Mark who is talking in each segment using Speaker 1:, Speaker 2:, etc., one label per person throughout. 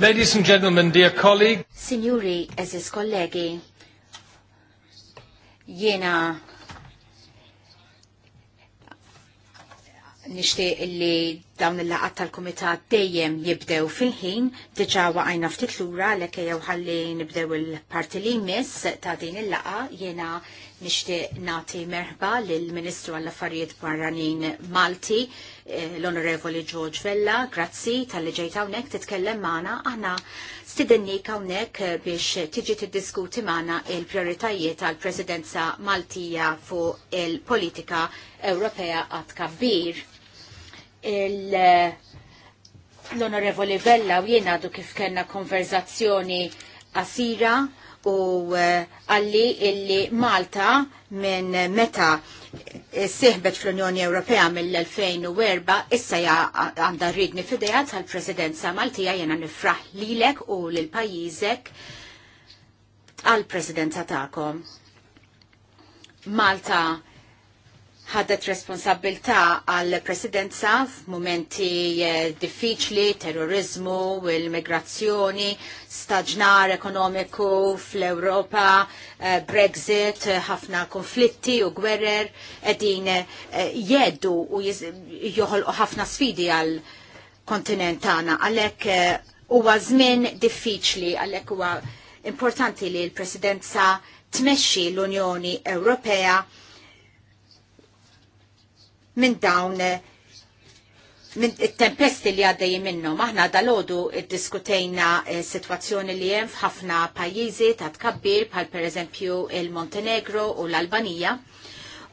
Speaker 1: Ladies and gentlemen, dear colleagues.
Speaker 2: Signori, eżis colleghi, jena nishtiq li dawn il-laqat tal-komitat dejjem jibdew fil-ħin, diġa waqajna ftit lura l jew ħalli nibdew il-parti li miss ta' din il-laqa jena nishtiq nati merħba lill-Ministru għall-Affarijiet Barranin Malti, eh, l-Onorevoli George Vella, grazzi tal-li ġejt hawnhekk titkellem magħna aħna stidennik hawnhekk biex tiġi tiddiskuti magħna il-prioritajiet tal-Presidenza Maltija fuq il-politika Ewropea għad kabbir l-Onorevoli Vella u jiena għadu kif kena konverzazzjoni asira u eh, għalli illi Malta minn meta eh, siħbet fl-Unjoni Ewropea mill-2004 issa ja għanda ridni fideja tal-presidenza Maltija jena nifraħ lilek u l-pajizek għal-presidenza ta'kom. Malta ħadet responsabilta għall presidenza f'momenti eh, diffiċli, terrorizmu, il-migrazzjoni, staġnar ekonomiku fl-Europa, eh, Brexit, eh, ħafna konflitti u gwerer, edin jeddu u joħolqu ħafna sfidi għal-kontinentana. Għalek huwa żmien diffiċli, għalek huwa importanti li l-presidenza tmexxi l-Unjoni Ewropea minn dawn minn tempesti li għaddej minnhom. Aħna dalodu diskutejna eh, situazzjoni li hemm f'ħafna pajjiżi ta' tkabbir per pereżempju il-Montenegro u l-Albanija.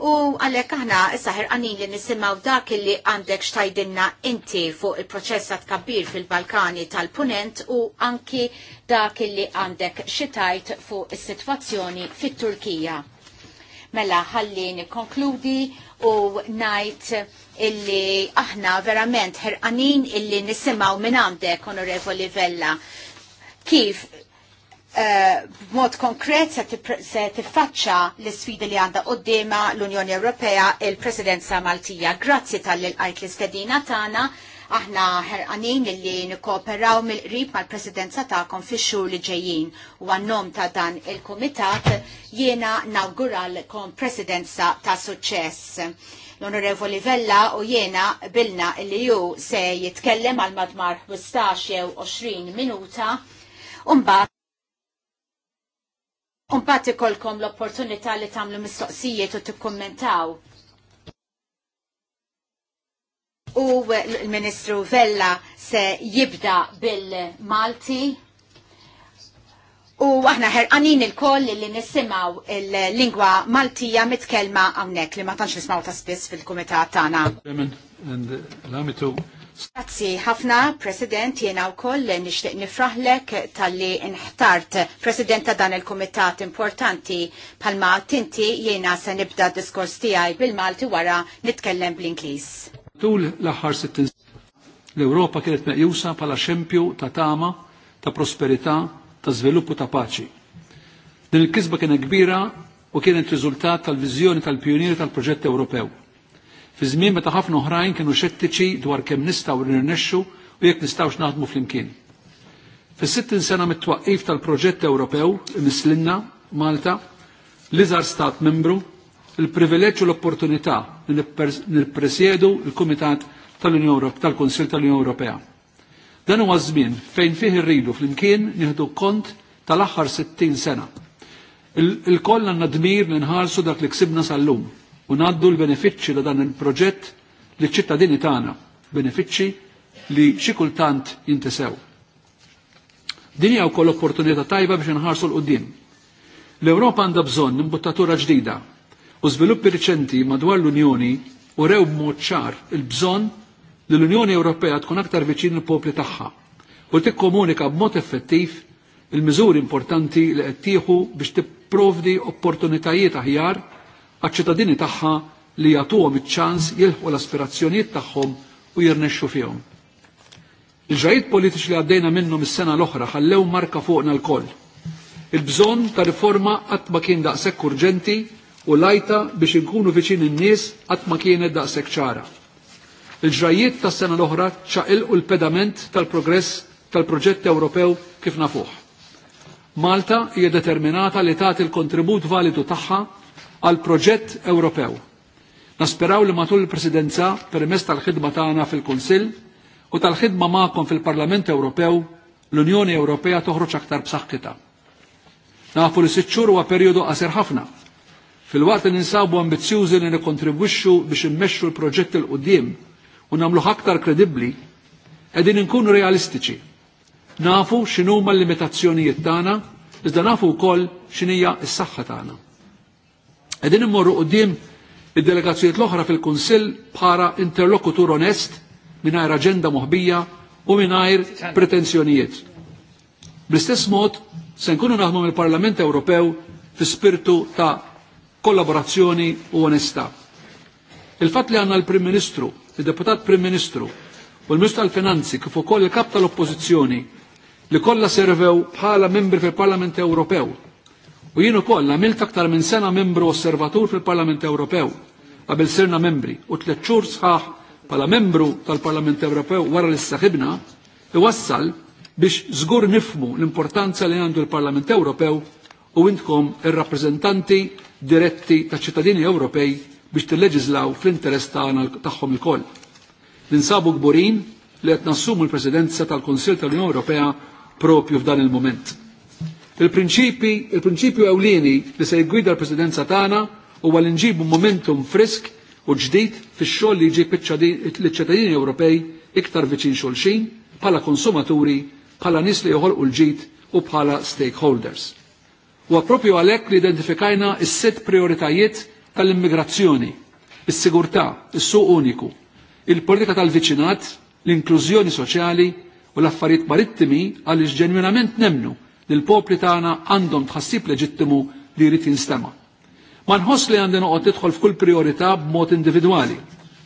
Speaker 2: U għalek aħna saħir għanin li nisimaw dak li għandek xtajdinna inti fuq il-proċess ta' tkabbir fil-Balkani tal-Punent u anki dak li għandek xitajt fuq is-sitwazzjoni fit-Turkija. Mela ħalli nikkonkludi u ngħid illi aħna verament ħerqanin illi nisimaw minn għandek Onorevoli Vella. Kif eh, b'mod konkret se tiffaċċa l-sfida li għandha qoddima l-Unjoni Ewropea il-Presidenza Maltija. Grazzi tal-ilqajt l-istedina tagħna Aħna ħerqanin li nikkooperaw mill-qrib mal-presidenza tagħkom fix-xhur li ġejjin u għannom ta' dan il-kumitat jiena nawguralkom presidenza ta' suċċess l-Onorevoli Vella u jiena bilna li ju se jitkellem għal madmar 15 jew 20 minuta umbat Umbat ikolkom l-opportunità li tamlu mistoqsijiet u t-kommentaw u eh, l-Ministru Vella se jibda bil-Malti. U aħna ħerqanin il-koll li nisimaw il-lingwa Maltija mitkelma għawnek li ma tantx nismaw ta' spiss fil-kumitat tagħna.
Speaker 1: Uh,
Speaker 2: Grazzi ħafna, President, jena u koll nishtiq nifraħlek tal-li nħtart President ta' dan il-Kumitat importanti palma tinti jena se nibda diskors tijaj bil-Malti wara nitkellem bl-Inglis.
Speaker 1: Tul l-aħħar 60 l-Ewropa kienet meqjusa bħala xempju ta' tama, ta' prosperità, ta' żviluppu ta' paċi. Din il-kisba kienet kbira u kienet riżultat tal-viżjoni tal-pjonieri tal-proġett Ewropew. Fi żmien meta ħafna oħrajn kienu xettiċi dwar kemm nistgħu nirnexxu u jekk nistgħux naħdmu flimkien. fis 60 sena mit-twaqqif tal-proġett Ewropew mislinna Malta l iżgħar stat membru il-privileġġ u l-opportunità li nippresjedu il-Kumitat tal konsil tal unjoni Ewropea. Dan huwa żmien fejn fih irridu flimkien nieħdu kont tal-aħħar 60 sena. Il-koll għandna dmir li nħarsu dak li ksibna sal-lum u ngħaddu l-benefiċċji ta' dan il-proġett li ċittadini tagħna, benefiċċji li xi kultant jintisew. Din hija wkoll opportunità tajba biex inħarsu l-qudiem. L-Ewropa għandha bżonn imbuttatura ġdida u żviluppi riċenti madwar l-Unjoni u rew moċċar ċar il-bżonn li l-Unjoni Ewropea tkun aktar viċin il-popli tagħha u tikkomunika b'mod effettiv il-miżuri importanti li qed tieħu biex tipprovdi opportunitajiet aħjar għaċ-ċittadini tagħha li jagħtuhom iċ-ċans jilħqu l-aspirazzjonijiet tagħhom u jirnexxu fihom. il ġajt politiċi li għaddejna minnhom is-sena l-oħra ħallew marka fuqna l-koll. Il-bżonn ta' riforma qatt ma kien daqshekk urġenti u lajta biex inkunu viċin in-nies qatt ma kienet daqshekk ċara. Il-ġrajiet tas-sena l-oħra ċaqilqu l-pedament tal-progress tal-proġett Ewropew kif nafuh. Malta hija determinata li tagħti l-kontribut validu tagħha għal proġett Ewropew. Nasperaw li matul il-Presidenza permess tal-ħidma tagħna fil-Kunsill u tal-ħidma magħkom fil-Parlament Ewropew l-Unjoni Ewropea toħroġ aktar b'saħħitha. Nafu li sitt xhur huwa perjodu qasir ħafna Fil-waqt li ninsabu ambizjużi li nikontribwixxu biex immexxu l-proġett il qudiem u nagħmlu aktar kredibbli, qegħdin inkunu realistiċi. Nafu x'inhuma l-limitazzjonijiet tagħna, iżda nafu wkoll x'inhija s-saħħa tagħna. Qegħdin immorru qudiem id-delegazzjoniet l-oħra fil-Kunsill bħala interlokutur onest mingħajr aġenda moħbija u mingħajr pretenzjonijiet. Bl-istess mod, se nkunu naħdmu mill-Parlament Ewropew fi spirtu ta' kollaborazzjoni u onestà. Il-fatt li għanna l-Prim Ministru, il-Deputat Prim Ministru u l-Ministru tal-Finanzi kif ukoll il-Kap tal-Oppożizzjoni li kollha servew bħala membri fil-Parlament Ewropew u jien ukoll għamilt aktar minn sena membru osservatur fil-Parlament Ewropew qabel serna membri u tliet xhur sħaħ bħala membru tal-Parlament Ewropew wara li saħibna iwassal biex żgur nifmu l-importanza li għandu l-Parlament Ewropew u intkom il rappreżentanti diretti ta' ċittadini Ewropej biex tilleġizlaw fl-interess tagħhom ilkoll. Ninsabu gburin li qed nassumu l-Presidenza tal-Kunsill tal-Unjoni Ewropea propju f'dan il mument Il-prinċipju il ewlieni li se jgwida l-Presidenza tagħna huwa li nġibu momentum frisk u ġdid fix-xogħol li jġib iċ ċittadini Ewropej iktar viċin xulxin bħala konsumaturi, bħala nies li joħolqu l-ġid u bħala stakeholders. U għapropju għalhekk li identifikajna s set prioritajiet tal-immigrazzjoni, il sigurtà il suq uniku, il-politika tal-viċinat, l-inklużjoni soċjali u l-affarijiet marittimi għaliex ġenwinament nemnu li l-popli tagħna għandhom tħassib leġittimu li jrid jinstema'. Ma nħoss li għandi noqgħod tidħol f'kull priorità b'mod individwali.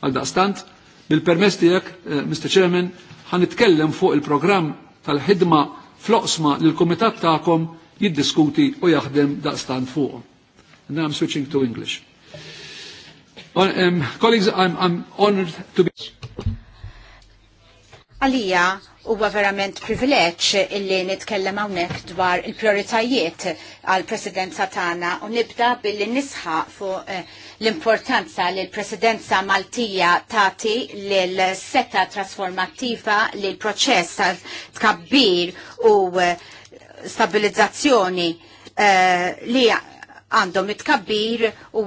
Speaker 1: Għal daqstant, bil-permess tiegħek, eh, Mr. Chairman, ħanitkellem fuq il-programm tal-ħidma fl-oqsma li l-Kumitat tagħkom jiddiskuti u jaħdem daqstan fuq. Now I'm switching to English. Um, colleagues, I'm, I'm honored to be...
Speaker 2: Alija, huwa verament privileġġ illi nitkellem hawnhekk dwar il-prioritajiet għal presidenza tagħna u nibda billi nisħa fuq eh, l-importanza li l-presidenza Maltija tati lil seta trasformattiva l proċess tkabbir u uh, stabilizzazzjoni eh, li għandhom it-kabbir u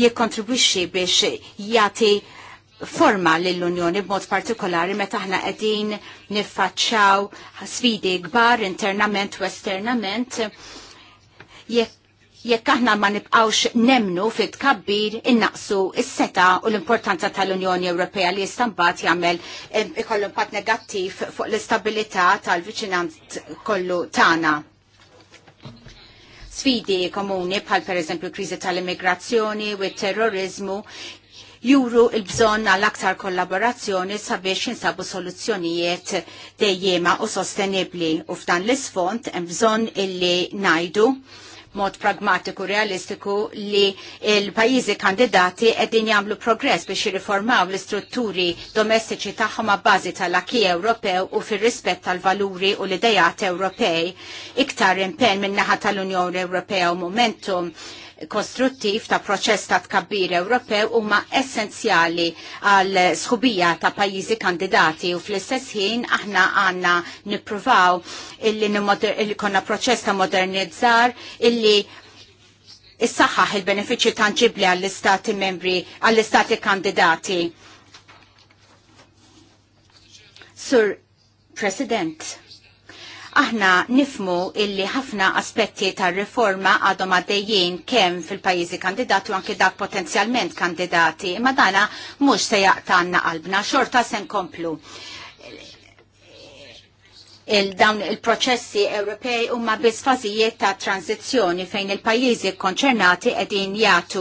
Speaker 2: jikontribwixxi biex jagħti forma lill-Unjoni b'mod partikolari meta aħna qegħdin niffaċċaw sfidi kbar internament u esternament jekk jekk aħna ma nibqawx nemnu fit tkabbir innaqsu is-seta u l-importanza tal-Unjoni Ewropea li jistambat jagħmel eh, ikollu impatt negattiv fuq l-istabilità tal-viċinant kollu tagħna. Sfidi komuni bħal pereżempju kriżi tal-immigrazzjoni u terrorizmu juru il-bżonn għall aktar kollaborazzjoni sabiex jinsabu soluzzjonijiet dejjema u sostenibli u f'dan l-isfond hemm bżonn illi ngħidu mod pragmatiku realistiku li il-pajizi kandidati edin jamlu progress biex jirriformaw l-istrutturi domestiċi tagħhom bażi tal-aki Ewropew u fir-rispett tal-valuri u l-idejat Ewropej. Iktar impenn min-naħa tal-Unjoni Ewropea u momentum kostruttiv ta' proċess ta' tkabbir Ewropew huma essenzjali għal sħubija ta' pajjiżi kandidati u fl-istess ħin aħna għandna nippruvaw illi, illi konna proċess ta' modernizzar illi issaħħaħ il-benefiċċju tanġibli għall-istati membri, għall-istati kandidati. Sur President, Aħna nifmu illi ħafna aspetti tar riforma għadhom għaddejjin kemm fil-pajjiżi kandidati u anke dak potenzjalment kandidati, ma dana mhux se jaqtanna qalbna xorta se nkomplu il-dawn il-proċessi Ewropej huma biss fażijiet ta' tranzizjoni fejn il-pajjiżi konċernati qegħdin jagħtu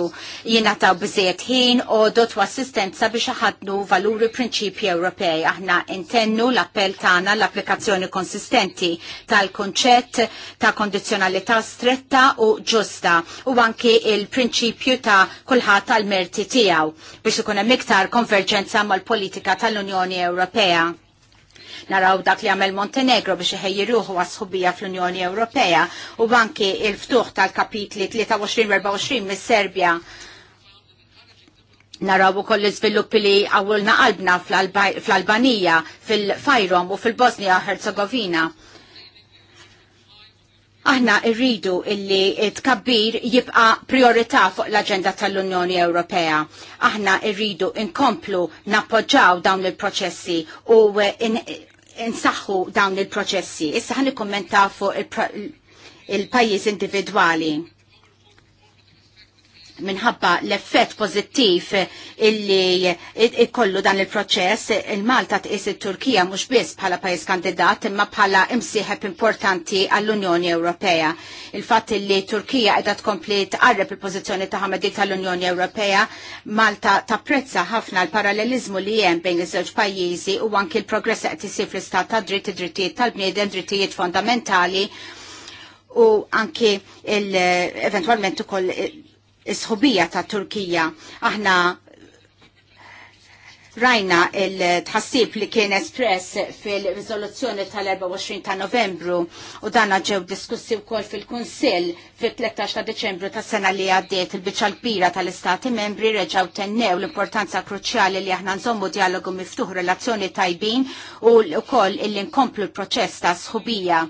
Speaker 2: jingħataw biżejjed ħin u u assistenza biex iħadnu valuri prinċipji Ewropej. Aħna intennu l-appell tagħna l-applikazzjoni konsistenti tal-konċett ta' kondizzjonalità stretta u ġusta u anki il-prinċipju ta' kulħadd tal-merti tiegħu biex ikun hemm iktar konverġenza mal-politika tal-Unjoni Ewropea naraw dak li għamel Montenegro biex iħejjiruħu għasħubija fl-Unjoni Ewropea u banki il-ftuħ tal-kapitli 23-24 mis-Serbja Naraw u koll l-izviluppi li għawulna qalbna fl-Albanija, fil-Fajrom u fil-Bosnia Herzegovina. Aħna irridu illi tkabbir jibqa priorità fuq l-agenda tal-Unjoni Ewropea. Aħna irridu inkomplu nappoġġaw dawn il-proċessi u insaħħu dawn il-proċessi. Issa ħan kommenta fuq il-pajjiż individwali minħabba l-effett pozittiv illi ikollu dan il-proċess, il-Malta tqis it-Turkija mhux biss bħala pajjiż kandidat imma bħala imsieħeb importanti għall-Unjoni Ewropea. Il-fatt illi Turkija qiegħda tkompli tqarreb il-pożizzjoni ta' ħamedi tal-Unjoni Ewropea, Malta tapprezza ħafna l-parallelizmu li hemm bejn iż-żewġ pajjiżi u anki l-progress qed isir fl-istat ta' dritt id-drittijiet tal-bniedem, drittijiet fondamentali u anki eventualment ukoll is sħubija ta' Turkija. Aħna rajna il-tħassib li kien espress fil-rizoluzzjoni tal-24 ta' novembru u danna ġew diskussi wkoll fil-Kunsill fil-13 ta' Deċembru ta' sena li għaddiet il-biċċa kbira tal-Istati membri reġaw tennew l-importanza kruċjali li aħna nżommu dialogu miftuħ relazzjoni tajbin u wkoll il-inkomplu l-proċess ta' sħubija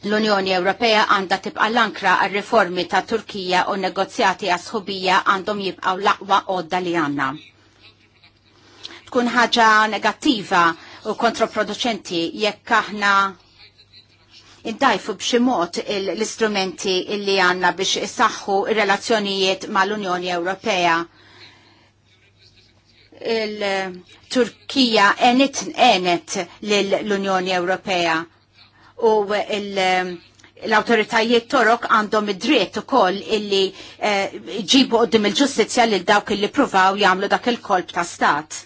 Speaker 2: L-Unjoni Ewropea għandha tibqa l-ankra għal riformi ta' Turkija u negozjati għasħubija għandhom jibqaw l-aqwa għodda li għanna. Tkun ħaġa negattiva u kontroproducenti jekk aħna indajfu b'ximot l-istrumenti illi għanna biex isaxħu relazzjonijiet relazzjonijiet mal-Unjoni Ewropea il-Turkija enet enet l-Unjoni Ewropea u il- l-autoritajiet torok għandhom id-dritt ukoll illi eh, ġibu u dim il-ġustizzja lil dawk illi provaw jagħmlu dak il-kolb ta' stat.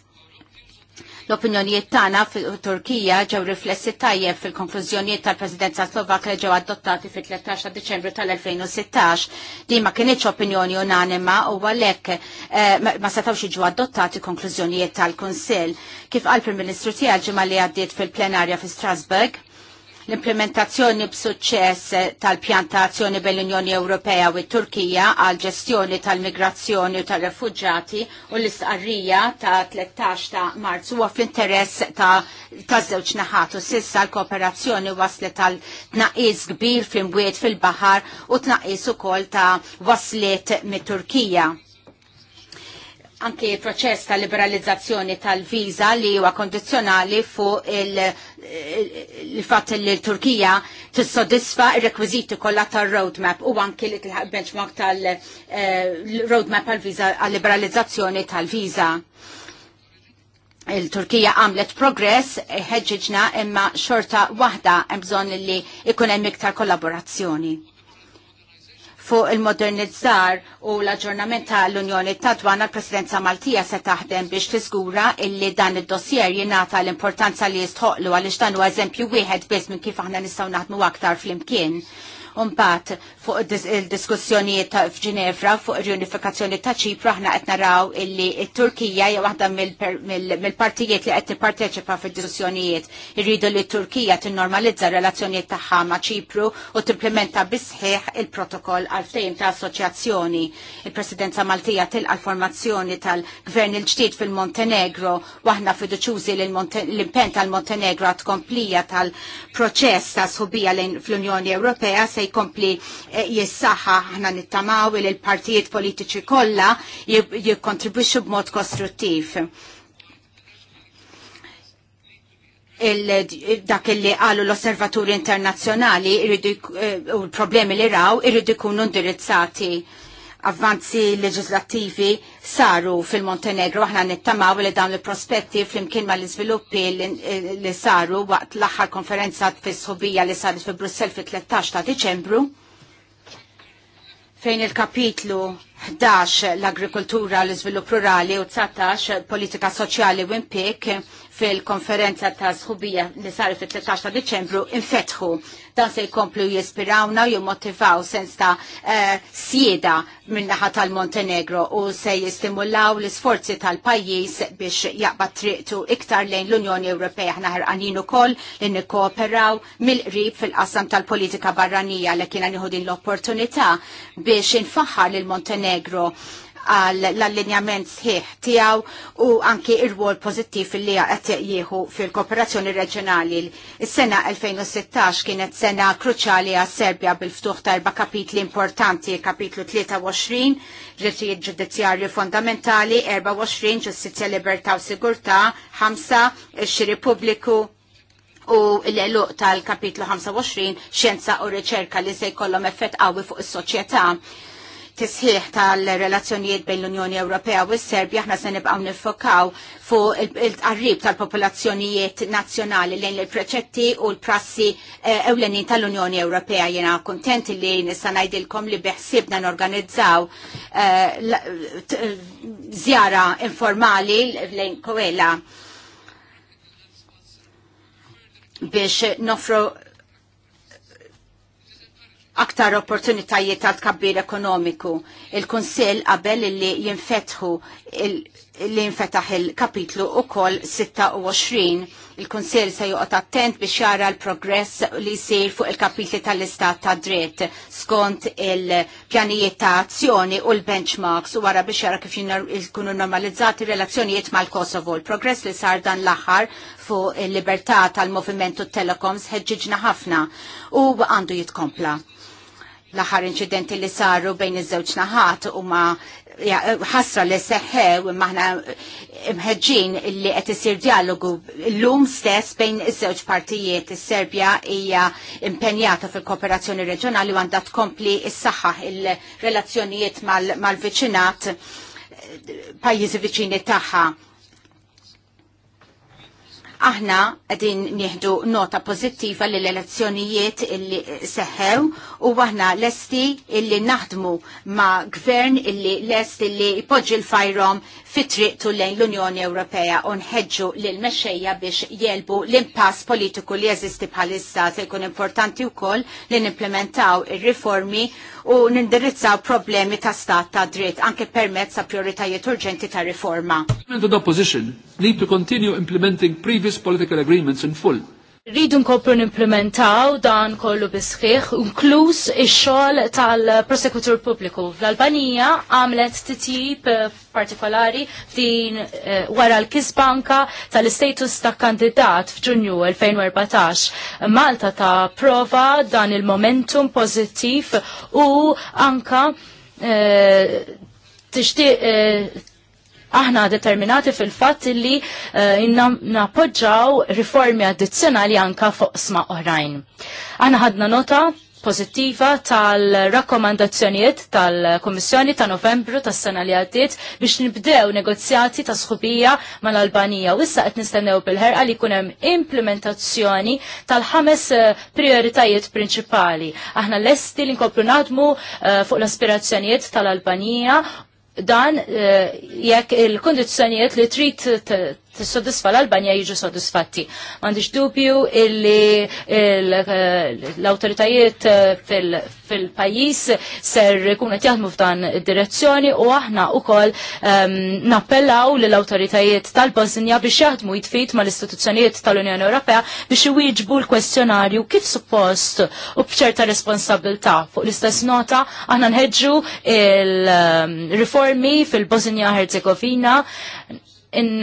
Speaker 2: L-opinjonijiet tagħna fil-Turkija ġew riflessi tajjeb fil-konklużjonijiet tal-Presidenza Slovak li ġew adottati fit-13 ta' Diċembru tal-2016. Din ma kienx opinjoni unanima u għalhekk eh, ma setgħux jiġu adottati konklużjonijiet tal-Kunsill. Kif qal prim Ministru tiegħi ġimgħa li għaddiet fil-plenarja fi Strasburg, L-implementazzjoni b'suċċess tal-pjantazzjoni bell-Unjoni Ewropea u Turkija għal ġestjoni tal-migrazzjoni u tal-refugġati u l-istqarrija ta' 13 ta' Marzu huwa fl-interess ta' żewġ naħat u sissa l-kooperazzjoni waslet tal-tnaqqis kbir fl-imwiet fil-baħar u tnaqqis ukoll ta' waslet mit-Turkija anke proċess ta' liberalizzazzjoni tal-viza li huwa kondizzjonali fuq il-fatt li l-Turkija tissodisfa il rekwiżiti kollha tar-roadmap u anke li tilħaq benchmark tal-roadmap eh, għal-viza għal-liberalizzazzjoni tal-viza il-Turkija għamlet progress, ħedġiġna imma xorta wahda bżonn li ikun hemm iktar kollaborazzjoni fuq il-modernizzar u l-aġġornament tal-Unjoni ta' Dwana l-Presidenza Maltija se taħdem biex tiżgura illi dan id-dossier jingħata l-importanza li jistħoqlu għaliex dan huwa eżempju wieħed biss minn kif aħna nistgħu naħdmu aktar flimkien. Umbat fuq il-diskussjonijiet ta' f'Ġinevra fuq il-unifikazzjoni ta' ċipru aħna qed naraw illi t-Turkija hija waħda mill-partijiet li qed tipparteċipa fid-diskussjonijiet. Irridu li t-Turkija tinnormalizza relazzjonijiet tagħha ma' ċipru u timplementa bisħiħ il-protokoll għal ftehim ta' assoċjazzjoni. Il-Presidenza Maltija tilqa' l formazzjoni tal-Gvern il-ġdid fil-Montenegro waħna fiduċjużi l impenn tal-Montenegro għat komplija tal-proċess ta' sħubija fl-Unjoni Ewropea se jkompli eh, jissaħħa aħna nittamaw il partijiet politiċi kollha jikkontribwixxu b'mod kostruttiv. dak li għalu l-osservaturi internazzjonali eh, u l-problemi li raw irridu jkunu indirizzati avvanzi leġislattivi saru fil-Montenegro aħna nittamaw li dawn il-prospetti flimkien ma l-izviluppi li saru waqt l-aħħar konferenza fis-sobija li saret fi Brussel fi 13 ta' Diċembru fejn il-kapitlu 11 l-agrikoltura l iżvilupp rurali u 19 politika soċjali u impik fil-konferenza ta' sħubija li sar fil-13 ta' Deċembru infetħu. Dan se jkomplu jispirawna u jimmotivaw sens ta' uh, sieda minnaħa tal-Montenegro u se jistimulaw l-sforzi tal-pajis biex jaqbad triqtu iktar lejn l-Unjoni Ewropea ħna ħarqanin ukoll li nikkooperaw mill-qrib fil-qasam tal-politika barranija li kiena nieħu din l-opportunità biex infaħħar lil Montenegro Negro l-allinjament sħiħ tijaw u anki ir-rwol pozittiv li għat jieħu fil-kooperazzjoni reġjonali. Is-sena 2016 kienet sena kruċali għas Serbja bil-ftuħ ta' erba kapitli importanti, kapitlu 23, ġirtijiet ġudizzjarju fondamentali, 24, ġustizja libertà u sigurtà, 5, xiri pubbliku, u l-eluq tal-kapitlu 25 xjenza u riċerka li se jkollhom effett qawwi fuq is-soċjetà tisħiħ tal-relazzjonijiet bejn l-Unjoni Ewropea u s-Serbja aħna se nibqgħu nifokaw fuq il-qarrib tal-popolazzjonijiet nazzjonali lejn il-preċetti u l-prassi eh, ewlenin tal-Unjoni Ewropea jiena kuntent li nista' ngħidilkom li biħsibna norganizzaw żjara eh, informali lejn Kowela biex nofru aktar opportunitajiet ta' tkabbir ekonomiku. Il-Kunsill qabel li jinfetħu li jinfetaħ il-kapitlu u kol 26. Il-Kunsill se juqot attent biex jara l-progress li jsir fuq il-kapitli tal-Istat ta' dritt skont il-pjanijiet ta' azzjoni u l-benchmarks u wara biex jara kif jkunu normalizzati relazzjonijiet mal-Kosovo. Il-progress li sar dan l-aħħar fuq il-libertà tal-movimentu telecoms ħeġġiġna ħafna u għandu jitkompla l-aħħar inċidenti li saru bejn iż-żewġ naħat huma ħasra li seħħew maħna imħeġġin li qed isir dialogu llum stess bejn iż-żewġ partijiet. Is-Serbja hija impenjata fil-kooperazzjoni reġjonali u għandha tkompli s-saħħaħ il-relazzjonijiet mal-viċinat pajjiżi viċini tagħha Aħna għedin nieħdu nota pozittiva li l-elezzjonijiet illi seħew u aħna lesti illi naħdmu ma' gvern illi lest illi ipoġġi l-fajrom fit-triq lejn l-Unjoni Ewropea u nħeġġu lil mexxejja biex jelbu l-impass politiku li jeżisti bħalissa se jkun importanti wkoll li nimplementaw ir-riformi u nindirizzaw problemi ta' stat ta' dritt anke permezz ta' prioritajiet urġenti ta' riforma.
Speaker 1: The opposition need to continue implementing previous political agreements in full
Speaker 3: Rridu nkopru n-implementaw dan kollu bisħiħ, inkluż ix-xogħol tal-prosekutur pubbliku. L-Albanija għamlet titjib eh, partikolari din eh, wara l-kisbanka tal-istatus ta' kandidat f'Ġunju 2014. Malta ta' prova dan il-momentum pożittiv u anka eh, tixtieq Aħna determinati fil-fatt li uh, napoġġaw riformi addizzjonali anka fuq sma oħrajn. Aħna ħadna nota pozittiva tal-rakkomandazzjonijiet tal-Komissjoni ta' Novembru tas sena li għaddiet biex nibdew negozjati ta' sħubija mal-Albanija. Wissa issa qed nistennew bil-ħerqa li jkun hemm implementazzjoni tal-ħames eh, prioritajiet prinċipali. Aħna lesti li nkomplu nadmu uh, eh, fuq l-aspirazzjonijiet tal-Albanija dan eh, jekk il-kondizjonijiet li trid tissodisfa l-Albanja jiġu sodisfatti. M'għandix dubju illi l-awtoritajiet eh, fil-pajjiż ser ikunu qed jaħdmu f'dan id-direzzjoni u aħna wkoll ehm, nappellaw lill awtoritajiet tal bosnia biex jaħdmu jitfit mal-istituzzjonijiet tal-Unjoni Ewropea biex jwieġbu l-kwestjonarju kif suppost u bċerta responsabilità. Fuq l-istess nota aħna nħeġġu il-riformi ehm, fil bosnia Herzegovina in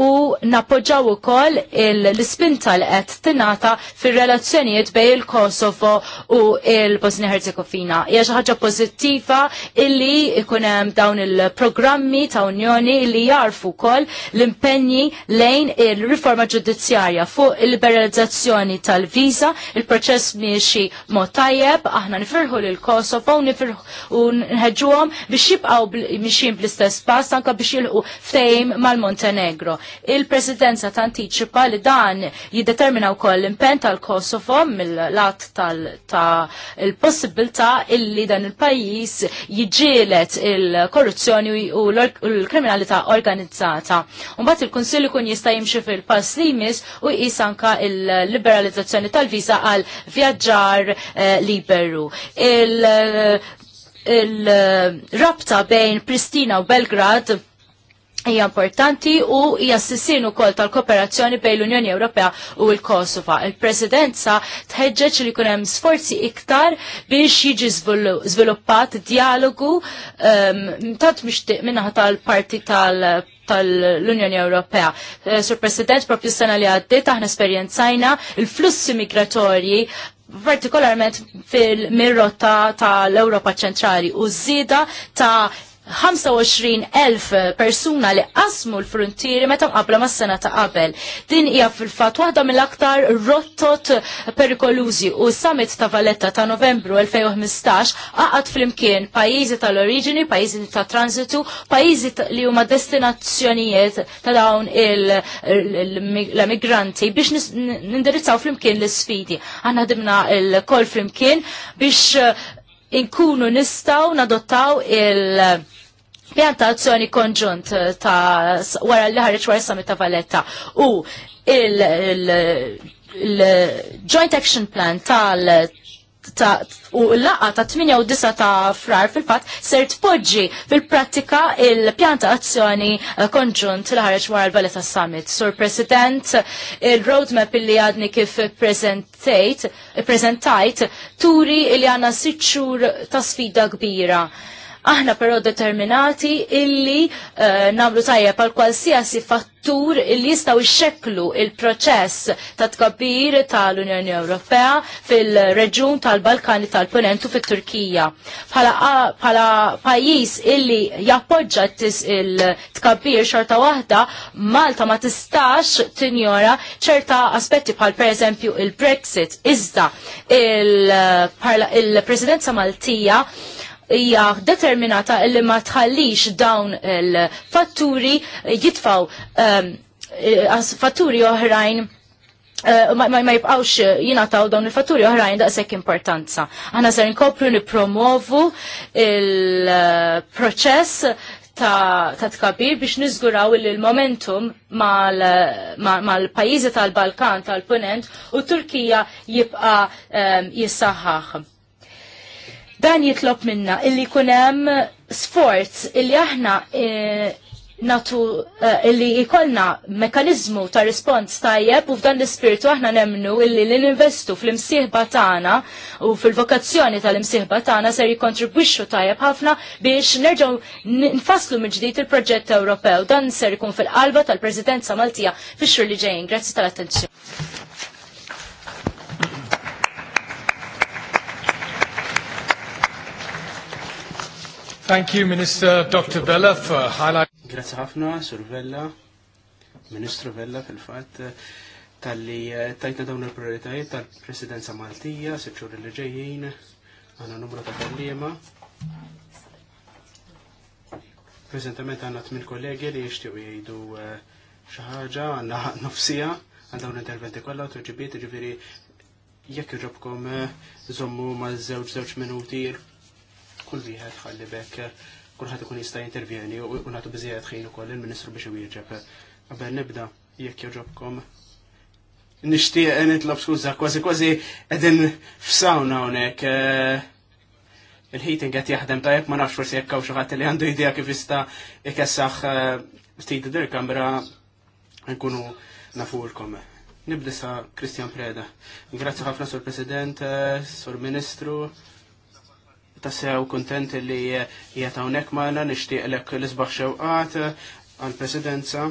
Speaker 3: u nappoġġaw ukoll l-ispinta li qed tingħata fir-relazzjonijiet bejn il-Kosovo u il-Bosnia Herzegovina. Hija xi ħaġa pożittiva illi ikun hemm dawn il-programmi ta' Unjoni li jarfu wkoll l-impenji lejn il-riforma ġudizzjarja fuq il-liberalizzazzjoni tal-viża, il-proċess miexi mod tajjeb, aħna nifirħu lil Kosovo u nħeġġuhom biex jibqgħu mixjin bl-istess pass anke biex jilħu ftejim mal-Montenegro. Montenegro. Il-presidenza tanticipa li dan jiddetermina wkoll l-impen tal-Kosovo mill-lat tal-possibilità illi dan il-pajjiż jiġielet il-korruzzjoni u l-kriminalità organizzata. Mbagħad il konsil kun jista' jimxi fil-pass limis u jqis il-liberalizzazzjoni tal visa għal vjaġġar eh, liberu. Il- il-rabta eh, bejn Pristina u Belgrad hija importanti u hija sissin ukoll tal-kooperazzjoni bejn l-Unjoni Ewropea u l-Kosova. Il-Presidenza tħeġġeġ li jkun hemm sforzi iktar biex jiġi żviluppat dialogu ehm, tant mixtieq minnaħa tal-parti tal tal-Unjoni Ewropea. Eh, Sur President, propju sena li għaddiet aħna esperjenzajna il-flussi migratorji partikolarment fil-mirrota tal-Europa ċentrali u żieda ta' 25,000 persuna li qasmu l-frontieri meta mqabla mas sena ta' qabel. Din hija fil-fatt waħda mill-aktar rottot perikolużi u summit ta' Valletta ta' Novembru 2015 għaqad flimkien pajjiżi tal-oriġini, pajjiżi ta' transitu, pajjiżi li huma destinazzjonijiet ta' dawn l-migranti biex nindirizzaw flimkien l-sfidi. Għanna dimna l-kol flimkien biex inkunu nistaw nadottaw il- azzjoni konġunt ta' wara li ħarġ wara summit ta' Valletta u il-Joint Action Plan tal ta' u l-laqa ta' 8 u 9 ta' frar fil-fat ser tpoġġi fil-prattika il-pjanta azzjoni eh, konġunt l ħarġ wara l-Valeta Summit. Sur President, il-roadmap li għadni kif prezentajt, turi li għanna sitxur ta' sfida kbira Aħna però determinati illi uh, namlu tajja pal kwalsiasi fattur illi jistaw ixxeklu il-proċess ta' tkabbir tal-Unjoni Ewropea fil-reġun tal-Balkani tal-Ponentu fit-Turkija. Pala pajis illi jappoġġa il-tkabbir xorta waħda, Malta ma tistax tinjora ċerta aspetti pal per eżempju il-Brexit. Iżda il-Presidenza Maltija hija determinata illi ma tħallix dawn il-fatturi jitfaw um, eh, fatturi oħrajn Uh, ma, ma, ma jibqawx jinataw dawn il-fatturi oħrajn daqshekk importanza. Aħna ser nkopru nippromovu il-proċess ta', tkabir biex niżguraw il momentum mal-pajjiżi mal, tal-Balkan tal-Punent u Turkija jibqa' um, jissaħħaħ. Dan jitlob minna illi kunem sforz illi aħna eh, natu eh, illi jkollna mekanizmu ta' rispons tajjeb u f'dan l-ispirtu aħna nemnu illi l-investu fl-imsieħba tagħna u fil-vokazzjoni tal-imsieħba tagħna ser jikontribwixxu tajjeb ħafna biex nerġgħu nfasslu minn ġdid il-proġett Ewropew. Dan ser ikun fil-qalba tal-Presidenza Maltija fix-xhur li ġejjin. Grazzi tal-attenzjoni.
Speaker 4: Thank you, Minister Dr. Vella, for highlighting. Grazie ħafna, Sur Vella, Ministru Vella, fil-fat, tal-li eh, tajtna dawn il-prioritajiet tal-Presidenza Maltija, s-ċur li ġejjien, għana numru ta' kallima. Prezentament għanna tmin kollegi li jishtiju jgħidu eh, xaħġa, għanna nofsija, għan dawn interventi kollha tuġibiet, ġifiri jekk irrobkom zommu eh, ma' zewġ zewġ minuti kull wieħed ħalli bekk kulħadd ikun jista' jintervjeni u nagħtu biżejjed ħin ukoll il-Ministru biex iwieġeb. Qabel nibda jekk joġobkom nixtieq nitlob skuża kważi kważi qegħdin f'sawna hawnhekk. Eh, il-heating qed jaħdem tajjeb ma nafx forsi jekk hawn xi ħadd li għandu idea kif jista' ikessaħ eh, ftit il kamra nkunu nafulkom. Nibda sa' Christian Preda. Grazzi ħafna sur President, eh, sur Ministru, tassew kontent li jgħat hawnhekk magħna nixtieq lek l izbaħ xewqat għall-presidenza.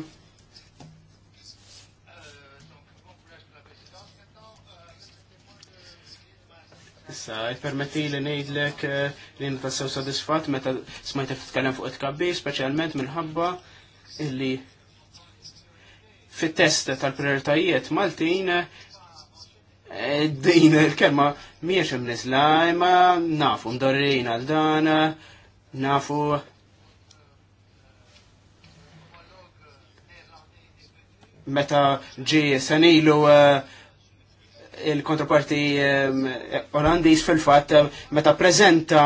Speaker 4: Issa, permetti li ngħidlek eh, li tassew sodisfatt meta t titkellem fuq it-kabbi, speċjalment minħabba illi fit-test tal-prioritajiet Maltin din il-kelma miex imnis lajma, nafu mdorrin għal dana nafu meta ġi sanilu eh, il-kontraparti eh, olandiż fil-fatt eh, meta prezenta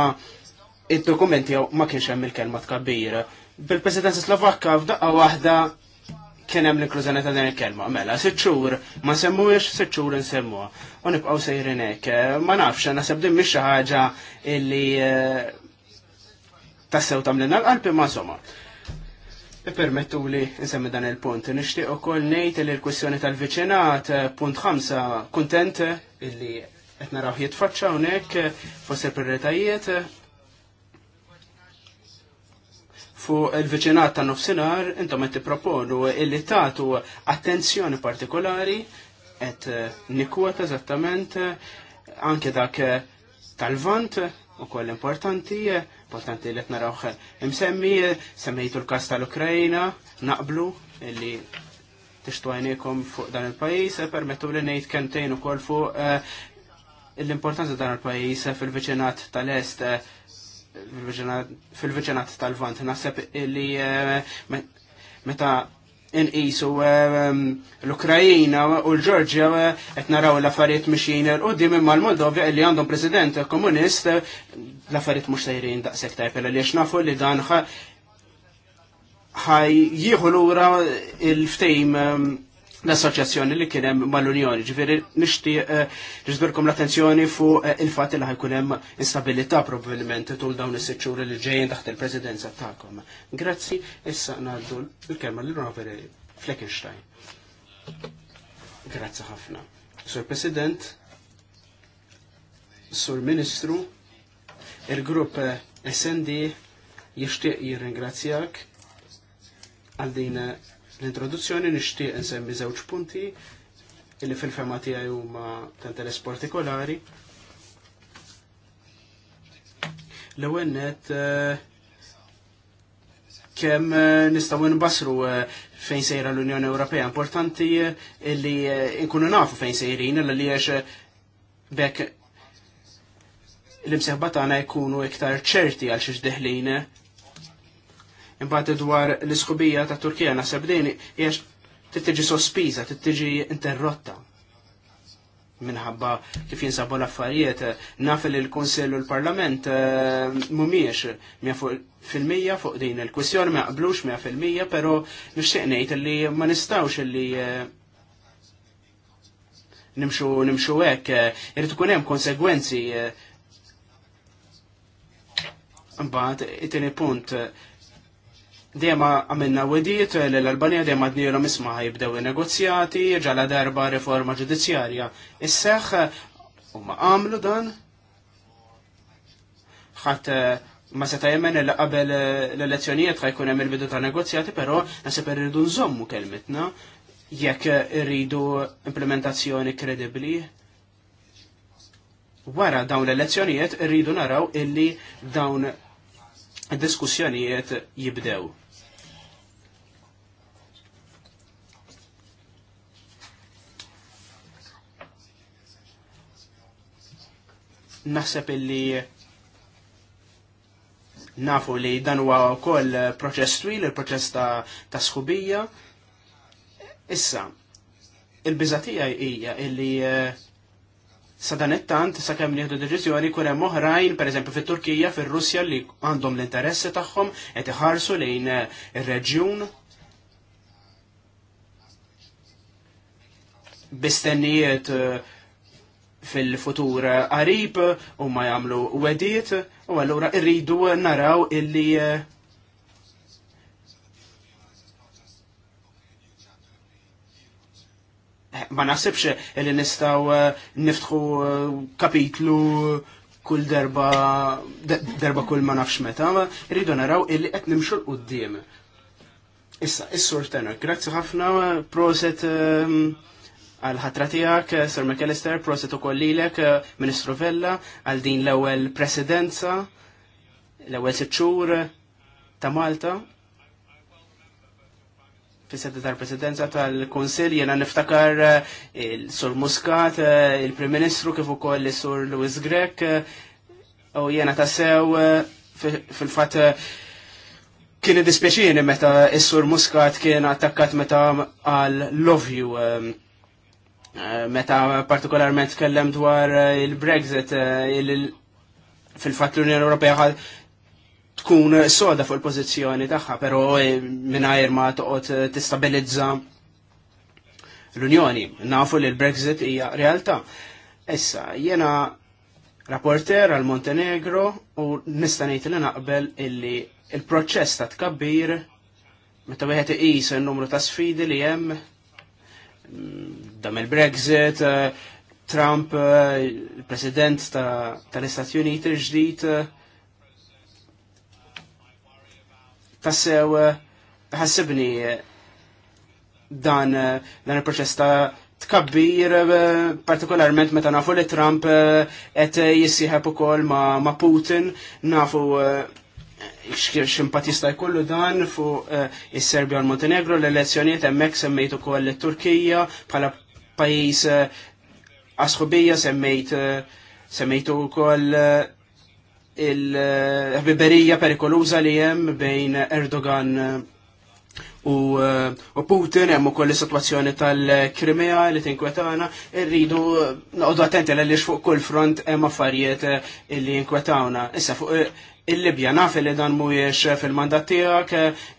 Speaker 4: id-dokumenti ma kienx hemm il-kelma tkabbir. Bil-Presidenza Slovakka f'daqqa waħda kien hemm l-inklużjoni ta' din il-kelma. Mela, sitt xhur ma semmuhiex sitt xhur insemmuha. U nibqgħu sejrin hekk. Ma nafx, naħseb din mhix xi ħaġa illi eh, tassew tagħmlilna l qalb imma somma. Permettu li dan il-punt. Nixtieq ukoll ngħid li l-kwistjoni tal-viċinat eh, punt ħamsa kuntent illi qed naraw jitfaċċa hawnhekk fost il-prioritajiet fuq il-viċinat ta' nofsinar, intom qed tipproponu illi tagħtu attenzjoni partikolari qed eh, nikwota eżattament eh, anke dak eh, tal-vant u koll importanti, importanti li t-narawħ imsemmi, semmejtu l-kas tal-Ukrajina, naqblu illi t-iġtwajnikom fuq dan il-pajis, permettu li nejt kentejn u koll fuq l-importanza dan il-pajis fil-vicinat tal-est fil vġenat tal-vant. Naseb li eh, meta inqisu eh, l-Ukrajina u l-Ġorġja eh, qed naraw l-affarijiet mixin l-qudiem imma l-Moldovja li għandhom president komunist l-affarijiet mhux sejrin daqshekk tajb li nafu li dan ħaj jieħu lura il-ftejm l-assoċjazzjoni li kien hemm mal-Unjoni. Ġifieri nixtieq eh, niġbirkom l-attenzjoni fuq eh, il-fatt li ħajkun hemm instabilità probabbilment tul dawn is-sitt li ġejjin taħt il-Presidenza tagħkom. Grazzi, issa ngħaddu l-kelma lil Robert Fleckenstein. Grazzi ħafna. Sur President, Sur Ministru, il-grupp SND jixtieq jirringrazzjak għal din l-introduzzjoni nixtieq nsemmi żewġ punti illi fil-fema tiegħi huma ta' interess partikolari. L-ewwel net eh, kemm eh, nistgħu nbassru eh, fejn sejra l-Unjoni Ewropea importanti illi nkunu nafu fejn sejrin li għax bekk l-imsieħba tagħna jkunu iktar ċerti għal xiex deħlin Imbagħad dwar l-isħubija ta' Turkija naħseb din hija tittiġi sospiża, tittiġi interrotta minħabba kif jinsabu l-affarijiet, naf li l u l-Parlament eh, mumiex fil-mija fuq din il-kwistjoni ma jaqblux mija fil-mija, pero nixtieq ngħid li ma nistgħux li eh, nimxu nimxu hekk, eh, irid ikun hemm konsegwenzi. Mbagħad it-tieni punt Dema għamilna wedijiet eh, l-Albanija dema għadni l isma jibdew negozjati ġala darba reforma ġudizzjarja. u eh, huma għamlu dan ħadd eh, ma seta jemmen li qabel l-elezzjonijiet ħajkun hemm il-bidu ta' negozjati, però nasib rridu nżommu kelmitna jekk rridu implementazzjoni kredibbli. Wara dawn l-elezzjonijiet irridu naraw illi dawn diskussjonijiet jibdew. naħseb illi nafu li dan huwa wkoll proċess twil, il-proċess ta', ta sħubija. Issa, il-biżatija hija illi eh, sa dan it-tant sa kemm nieħdu deċiżjoni kun hemm oħrajn, pereżempju fit-Turkija, fir-Russja li għandhom l-interessi tagħhom qed iħarsu lejn eh, ir-reġjun bistennijiet uh, fil-futur qarib u ma jagħmlu wedit u allura rridu naraw illi eh, eh, ma nasibx illi nistgħu eh, niftħu kapitlu kull darba darba kull ma nafx meta, rridu naraw illi qed nimxu l-qudiem. Issa, is-sur tenor, grazzi ħafna, proset ehm, għal-ħatra tijak, eh, Sir McAllister, prosit u kollilek, eh, Ministru Vella, għal din l ewwel presidenza, l ewwel sitxur eh, ta' Malta. Fissetta tal-presidenza tal-Konsil jena niftakar il-Sur Muscat, il-Prim Ministru kif ukoll il-Sur Louis Grek, u jena tassew fil-fat kien id-dispeċini meta il sur Muscat kien attakkat meta għal love you Eh, meta partikolarment tkellem dwar eh, il-Brexit, eh, fil-fat l-Unjoni Ewropea tkun soda fuq il-pozizjoni tagħha, però mingħajr ma toqgħod tistabilizza l-Unjoni. Nafu li l-Brexit hija realtà. Issa, jena rapporter għal Montenegro u nista' ngħid li naqbel illi il-proċess ta' tkabbir meta wieħed iqis in-numru ta' sfidi li hemm mm, dam il-Brexit, eh, Trump, eh, il-President tal-Istati Uniti ġdid, eh, tassew ħassibni dan dan il-proċess ta' tkabbir partikolarment meta nafu li Trump qed jissiħab ukoll ma, ma' Putin nafu ximpatista jkollu dan fuq is-Serbja u l-Montenegro l-elezzjonijiet hemmhekk semmejt ukoll l turkija bħala pajis eh, asħobija semmejt eh, semmejtu wkoll eh, il-ħbiberija perikoluża li hemm bejn Erdogan u, u Putin hemm ukoll is-sitwazzjoni tal-Krimea li tinkwetana, irridu noqogħdu attenti għaliex fuq kull front hemm affarijiet li jinkwetawna. Issa fuq il-Libja naf li dan mhuwiex fil-mandat tiegħek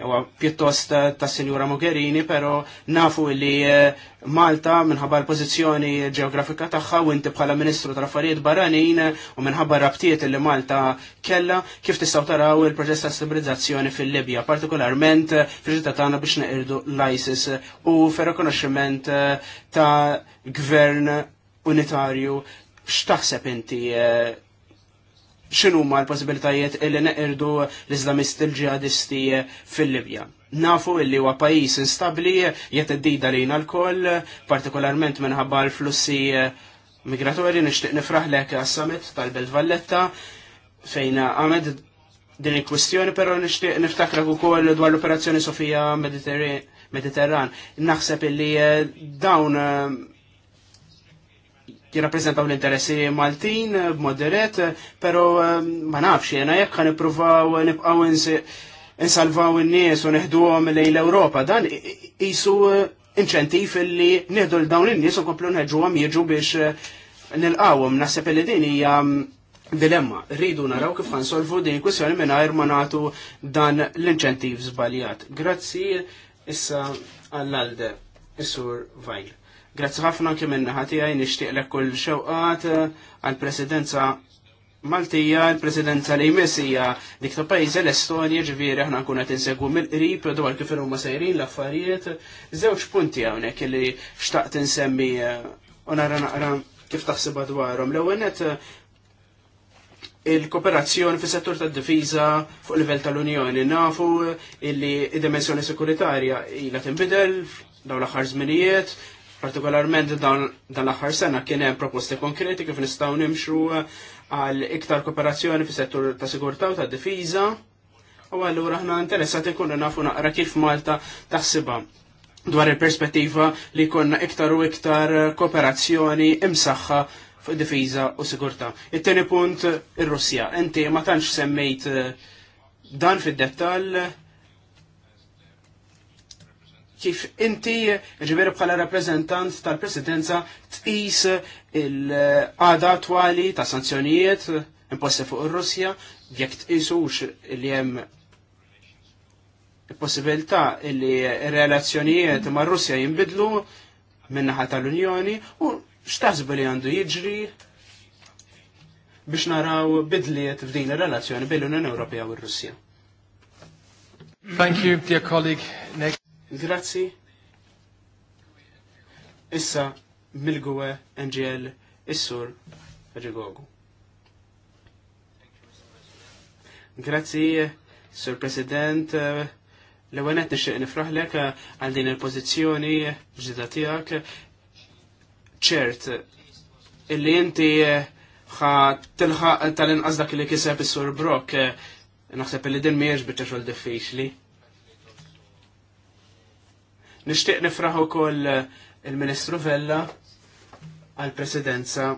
Speaker 4: huwa pjuttost eh, tas-Sinjura Mogherini, però nafu li eh, Malta minħabba l-pożizzjoni ġeografika tagħha u inti bħala Ministru tal-Affarijiet Barranin u minħabba rabtiet li Malta kella kif tistgħu taraw il-proċess ta' stabilizzazzjoni fil-Libja, partikolarment eh, fil-ġita tagħna biex neqirdu l-ISIS u fir-rikonoxximent ta' gvern unitarju x'taħseb inti xinu ma l-possibilitajiet illi neqirdu l-Islamist il-ġihadisti fil-Libja. Nafu illi huwa pajis instabli jett id-dida lejna l-koll, partikolarment minħabba l-flussi migratori nixtieq nifraħlek għas-summit tal-Belt Valletta fejn għamed din il-kwistjoni, pero nixtieq niftakrak ukoll dwar l-operazzjoni Sofija Mediterran. Naħseb illi dawn jirrappreżentaw l-interessi Maltin eh, b'moderet, eh, però eh, ma nafx jena jekk nippruvaw nibqgħu insalvaw in-nies u neħduhom lejn l-Ewropa dan isu inċentiv li nieħdu l dawn in-nies u komplu nħeġġuhom jiġu biex nilqawhom. Naħseb li din hija mm, dilemma. Rridu naraw kif ħansolvu din kwistjoni mingħajr ma nagħtu dan l-inċentiv żbaljat. Grazzi issa għall-alde, is-sur Vajl. Grazzi ħafna anke minn ħatijaj nixtieqlek kull xewqat eh, għall-presidenza Maltija, il-presidenza li hija dik ta' pajjiż l-Estonja ġifieri aħna nkun qed insegwu mill-qrib dwar kif huma sejrin l-affarijiet. Żewġ punti hawnhekk li xtaqt insemmi eh, u nara naqra kif taħsibha dwarhom. L-ewwel eh, il-kooperazzjoni fis settur tad difiża fuq livell tal-Unjoni. Nafu illi id-dimensjoni sekuritarja ilha tinbidel dawn l-aħħar żminijiet, partikolarment dan l-aħħar sena kien hemm proposti konkreti kif nistgħu nimxu eh, għal iktar kooperazzjoni fis-settur ta' sigurtà u ta' difiża. U allura aħna interessati kunna nafu naqra kif Malta taħsibha dwar il-perspettiva li konna iktar u iktar kooperazzjoni imsaħħa fuq difiża u sigurtà. It-tieni punt ir-Russja. Inti ma tantx semmejt eh, dan fid-dettall kif inti ġiveri bħala rappresentant tal-presidenza tqis il-għada twali ta' sanzjonijiet imposti fuq ir-Russja jekk tqisux li hemm il-possibilità li relazzjonijiet ma' Russja jinbidlu minnaħat tal-Unjoni u x'taħsbu li għandu jiġri biex naraw bidliet f'din ir-relazzjoni bil unjoni Ewropea u r-Russja. Thank you, dear colleague. Next. Grazzi. Issa milgwe gwe NGL Issur Rigogu. Grazzi, Sur President, l-ewenet nixtieq nifraħlek eh, għal din il-pożizzjoni ġdida tiegħek. Ċert, illi inti eh, ħa tilħa tal-inqas dak li kiseb is-Sur Brock, eh, naħseb li din mhijiex biċċa xogħol diffiċli. Nishtiq nifraħu kol eh, il-Ministru Vella għal-Presidenza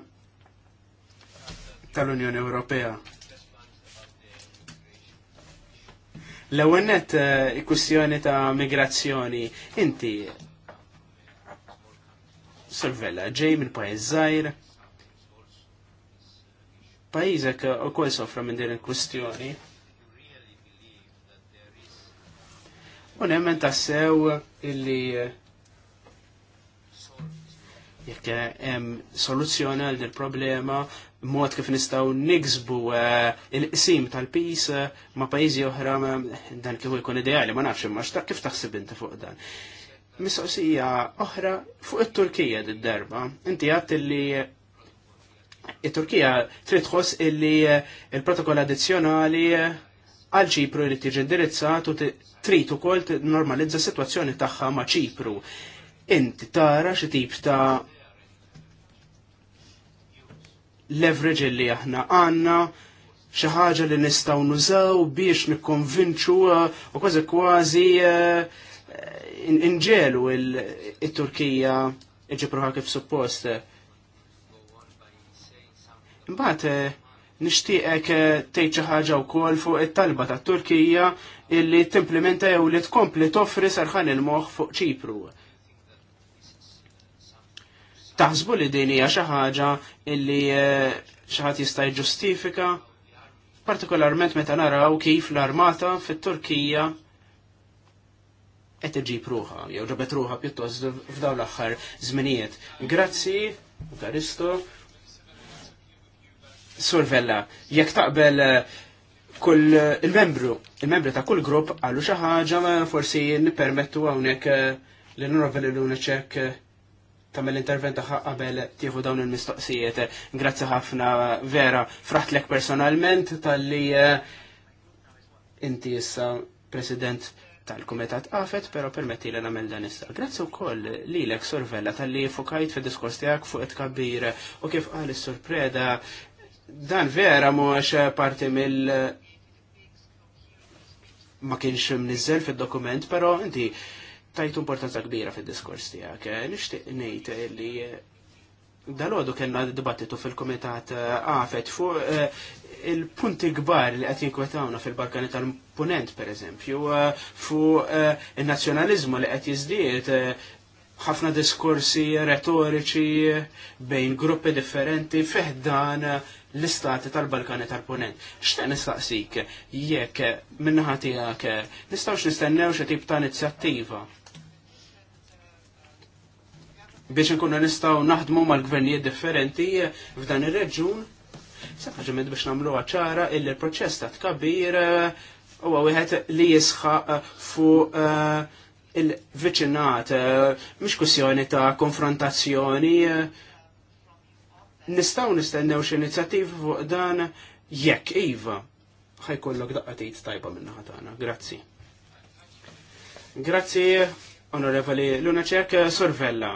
Speaker 4: tal-Unjoni Ewropea. L-ewennet eh, kwistjoni ta' migrazzjoni, inti Sorvella ġej minn pajjiż pajizek pajjiżek ukoll sofra minn din il-kwistjoni. U tassew sew illi eh, jekk eh, hemm soluzzjoni għal il problema mod kif nistgħu niksbu eh, il-qsim tal-pis ma' pajjiżi oħra dan kif jkun ideali, ma nafx imma x'taq kif taħseb inti fuq dan. Mistoqsija oħra fuq it-Turkija d-darba. Inti għadt li it-Turkija trid tħoss illi il-protokoll addizzjonali għal ċipru li tiġi indirizzat u trid ukoll normalizza s-sitwazzjoni tagħha ma' ċipru. Inti tara xi tip ta' leverage li aħna għandna xi ħaġa li nistgħu nużaw biex nikkonvinċu eh, u kważi kważi eh, inġelu il-Turkija iġibruħa kif suppost. Imbagħad eh, nishtiqek eh, tgħid xi ħaġa wkoll fuq it-talba tat-Turkija illi timplementa jew li tkompli toffri sarħan il-moħħ fuq Ċipru. Taħsbu li din hija xi ħaġa illi eh, xi ħadd jista' jġustifika, partikolarment meta naraw kif l-armata fit-Turkija qed iġib ruħha, jew ġabet ruħa pjuttost f'dawn l-aħħar żminijiet. Grazzi, Karisto. Survella, jekk taqbel eh, kull eh, il-membru, il-membru ta' kull grupp għallu xi ħaġa forsi nippermettu hawnhekk eh, li nurvel il-luneċek tagħmel intervent taħħa qabel tiħu dawn il-mistoqsijiet. Grazzi ħafna vera fraħtlek personalment talli inti issa President tal-Kumitat Afet, pero permetti li namel dan issa. Grazzi u koll li l-ek sorvella tal-li fukajt fil diskors tijak fuq it-kabbir u kif għal sorpreda dan vera mux parti mill ma kienx mnizzel fil-dokument, pero inti tajtu importanza kbira fil-diskors tijak. Nishtiq nejt li eh, dal-għodu kena dibattitu fil-komitat eh, għafet fuq eh, il-punti gbar li għatin jinkwetawna fil-Balkani tal-Punent, per eżempju, fuq il-nazjonalizmu li għat jizdiet ħafna diskorsi retoriċi bejn gruppi differenti feħdan l-istati tal-Balkani tal-Ponent. Xten nistaqsik jekk minnaħa tiegħek nistgħux nistennew xi tip ta' inizjattiva biex nkunu nistgħu naħdmu mal-gvernijiet differenti f'dan ir-reġjun sempliċement biex nagħmluha ċara illi l-proċess ta' tkabbir huwa wieħed li jisħaq fuq eh, il-viċinat, eh, mhux kwissjoni ta' konfrontazzjoni, eh, nistaw nistennew x'inizjattivi fuq dan jekk iva ħajkollok daqqatit tajba minna ħatana. Grazzi. Grazzi, onorevoli Lunaċek, eh, sorvella.